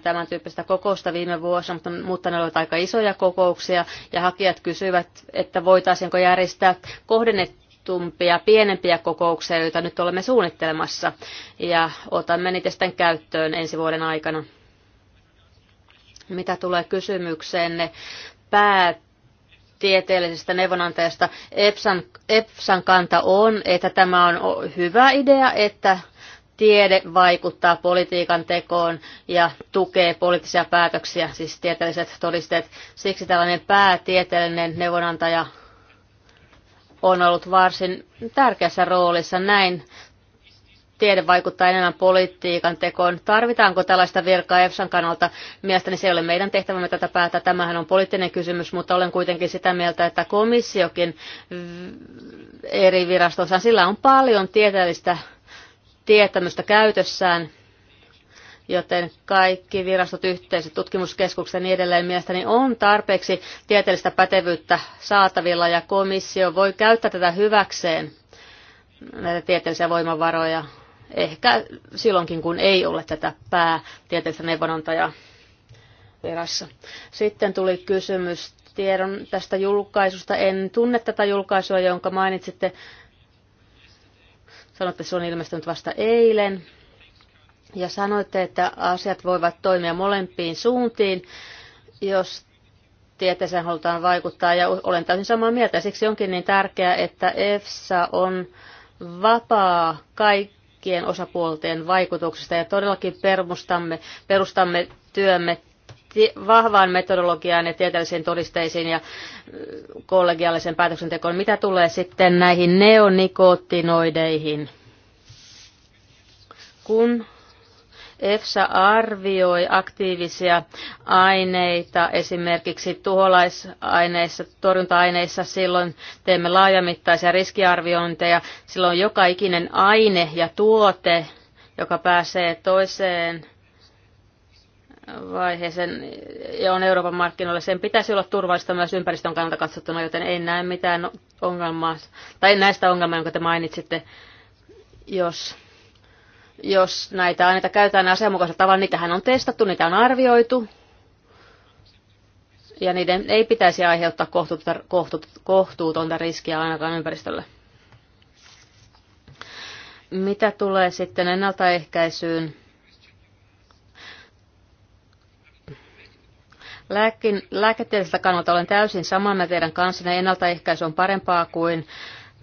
S2: tämän tyyppistä kokousta viime vuosina, mutta, mutta ne olivat aika isoja kokouksia ja hakijat kysyivät, että voitaisiinko järjestää kohdennettu tumpia, pienempiä kokouksia, joita nyt olemme suunnittelemassa, ja otamme niitä sitten käyttöön ensi vuoden aikana. Mitä tulee kysymykseenne päätieteellisestä neuvonantajasta, EPSAN, EPSAN kanta on, että tämä on hyvä idea, että tiede vaikuttaa politiikan tekoon ja tukee poliittisia päätöksiä, siis tieteelliset todisteet. Siksi tällainen päätieteellinen neuvonantaja on ollut varsin tärkeässä roolissa. Näin tiede vaikuttaa enemmän politiikan tekoon. Tarvitaanko tällaista virkaa EFSAn kannalta? Mielestäni se ei ole meidän tehtävämme tätä päätä. Tämähän on poliittinen kysymys, mutta olen kuitenkin sitä mieltä, että komissiokin eri virastossa, sillä on paljon tieteellistä tietämystä käytössään, joten kaikki virastot, yhteiset tutkimuskeskukset ja niin edelleen mielestäni on tarpeeksi tieteellistä pätevyyttä saatavilla ja komissio voi käyttää tätä hyväkseen, näitä tieteellisiä voimavaroja, ehkä silloinkin kun ei ole tätä päätieteellistä neuvonantajaa virassa. Sitten tuli kysymys tiedon tästä julkaisusta. En tunne tätä julkaisua, jonka mainitsitte, Sanoitte, että se on ilmestynyt vasta eilen. Ja sanoitte, että asiat voivat toimia molempiin suuntiin, jos tieteeseen halutaan vaikuttaa. Ja olen täysin samaa mieltä. siksi onkin niin tärkeää, että EFSA on vapaa kaikkien osapuolten vaikutuksista ja todellakin perustamme, perustamme työmme vahvaan metodologiaan ja tieteellisiin todisteisiin ja mm, kollegiaaliseen päätöksentekoon. Mitä tulee sitten näihin neonikotinoideihin? Kun EFSA arvioi aktiivisia aineita esimerkiksi tuholaisaineissa, torjunta-aineissa. Silloin teemme laajamittaisia riskiarviointeja. Silloin joka ikinen aine ja tuote, joka pääsee toiseen vaiheeseen ja on Euroopan markkinoilla. Sen pitäisi olla turvallista myös ympäristön kannalta katsottuna, joten en näe mitään ongelmaa, tai en näistä ongelmaa, jonka te mainitsitte, jos, jos näitä aineita käytetään asianmukaisella tavalla. Niitähän on testattu, niitä on arvioitu, ja niiden ei pitäisi aiheuttaa kohtuutonta riskiä ainakaan ympäristölle. Mitä tulee sitten ennaltaehkäisyyn? Lääkin, lääketieteellisestä kannalta olen täysin mieltä teidän kanssanne. Ennaltaehkäisy on parempaa kuin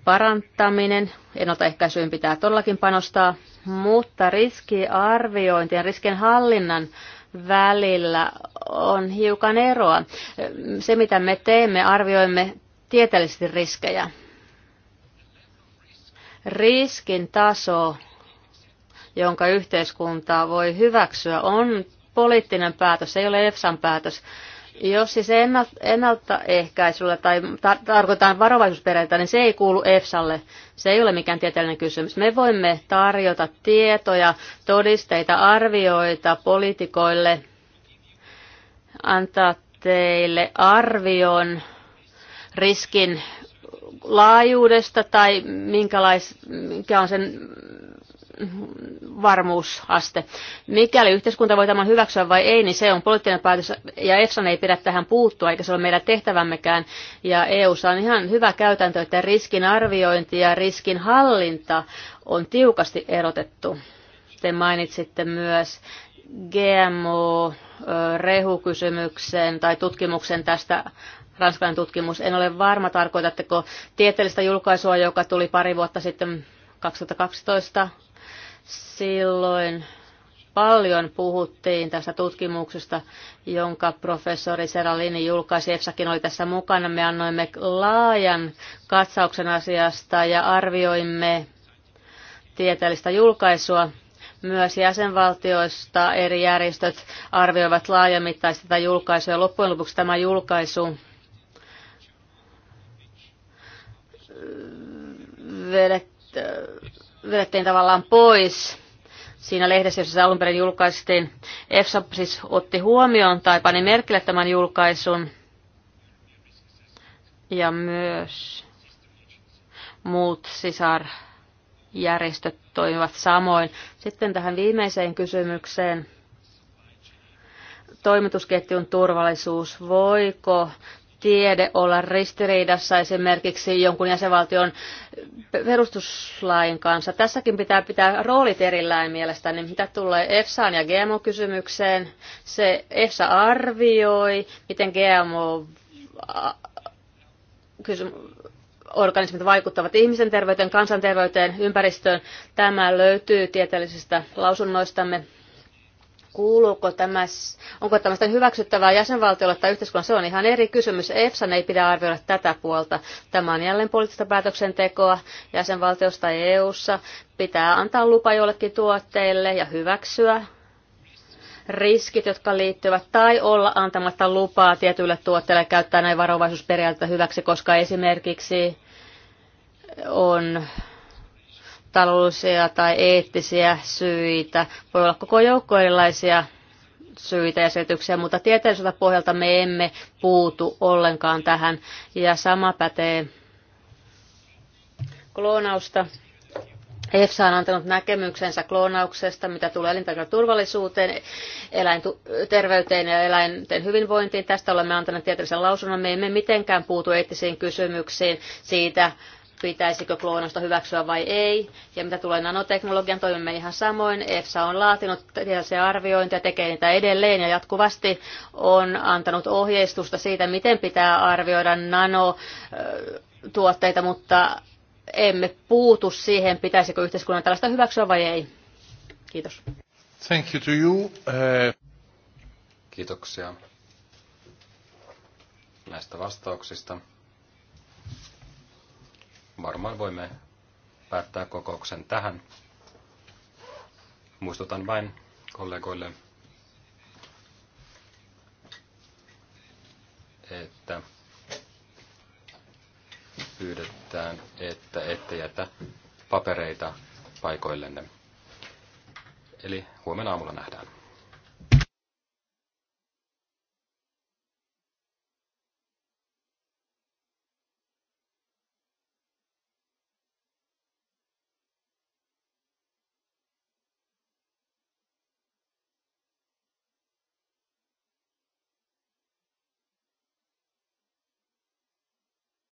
S2: parantaminen. Ennaltaehkäisyyn pitää todellakin panostaa, mutta riskiarviointi ja riskien hallinnan välillä on hiukan eroa. Se, mitä me teemme, arvioimme tieteellisesti riskejä. Riskin taso jonka yhteiskunta voi hyväksyä, on poliittinen päätös, se ei ole EFSAn päätös. Jos siis ennaltaehkäisyllä tai tar- tarkoitetaan varovaisuusperiaatetta, niin se ei kuulu EFSAlle. Se ei ole mikään tieteellinen kysymys. Me voimme tarjota tietoja, todisteita, arvioita poliitikoille, antaa teille arvion riskin laajuudesta tai minkälais, mikä on sen varmuusaste. Mikäli yhteiskunta voi tämän hyväksyä vai ei, niin se on poliittinen päätös ja EFSAn ei pidä tähän puuttua eikä se ole meidän tehtävämmekään. Ja EUssa on ihan hyvä käytäntö, että riskin arviointi ja riskin hallinta on tiukasti erotettu. Te mainitsitte myös GMO-rehukysymyksen tai tutkimuksen tästä ranskalainen tutkimus. En ole varma, tarkoitatteko tieteellistä julkaisua, joka tuli pari vuotta sitten 2012 Silloin paljon puhuttiin tästä tutkimuksesta, jonka professori Seralini julkaisi. EFSAkin oli tässä mukana. Me annoimme laajan katsauksen asiasta ja arvioimme tieteellistä julkaisua. Myös jäsenvaltioista eri järjestöt arvioivat laajamittaista tätä julkaisua. Ja loppujen lopuksi tämä julkaisu vedet, vedettiin tavallaan pois siinä lehdessä, jossa se alun perin julkaistiin. EFSAP siis otti huomioon tai pani merkille tämän julkaisun ja myös muut sisarjärjestöt toimivat samoin. Sitten tähän viimeiseen kysymykseen. Toimitusketjun turvallisuus. Voiko tiede olla ristiriidassa esimerkiksi jonkun jäsenvaltion perustuslain kanssa. Tässäkin pitää pitää roolit erillään mielestäni. Niin mitä tulee EFSAan ja GMO-kysymykseen, se EFSA arvioi, miten GMO organismit vaikuttavat ihmisen terveyteen, kansanterveyteen, ympäristöön. Tämä löytyy tieteellisistä lausunnoistamme kuuluuko tämä, onko tämmöistä hyväksyttävää jäsenvaltiolle tai yhteiskunnalle, se on ihan eri kysymys. EFSAn ei pidä arvioida tätä puolta. Tämä on jälleen poliittista päätöksentekoa jäsenvaltiosta tai EU-ssa. Pitää antaa lupa jollekin tuotteille ja hyväksyä riskit, jotka liittyvät, tai olla antamatta lupaa tietyille tuotteille käyttää näin varovaisuusperiaatetta hyväksi, koska esimerkiksi on taloudellisia tai eettisiä syitä. Voi olla koko joukko erilaisia syitä ja selityksiä, mutta tieteelliseltä pohjalta me emme puutu ollenkaan tähän. Ja sama pätee kloonausta. EFSA on antanut näkemyksensä kloonauksesta, mitä tulee turvallisuuteen, eläinterveyteen ja eläinten hyvinvointiin. Tästä olemme antaneet tieteellisen lausunnon. Me emme mitenkään puutu eettisiin kysymyksiin siitä, pitäisikö kloonausta hyväksyä vai ei. Ja mitä tulee nanoteknologian, toimimme ihan samoin. EFSA on laatinut tällaisia arviointia, tekee niitä edelleen ja jatkuvasti on antanut ohjeistusta siitä, miten pitää arvioida nanotuotteita, mutta emme puutu siihen, pitäisikö yhteiskunnan tällaista hyväksyä vai ei. Kiitos.
S1: Thank you to you. Uh... Kiitoksia näistä vastauksista varmaan voimme päättää kokouksen tähän. Muistutan vain kollegoille, että pyydetään, että ette jätä papereita paikoillenne. Eli huomenna aamulla nähdään.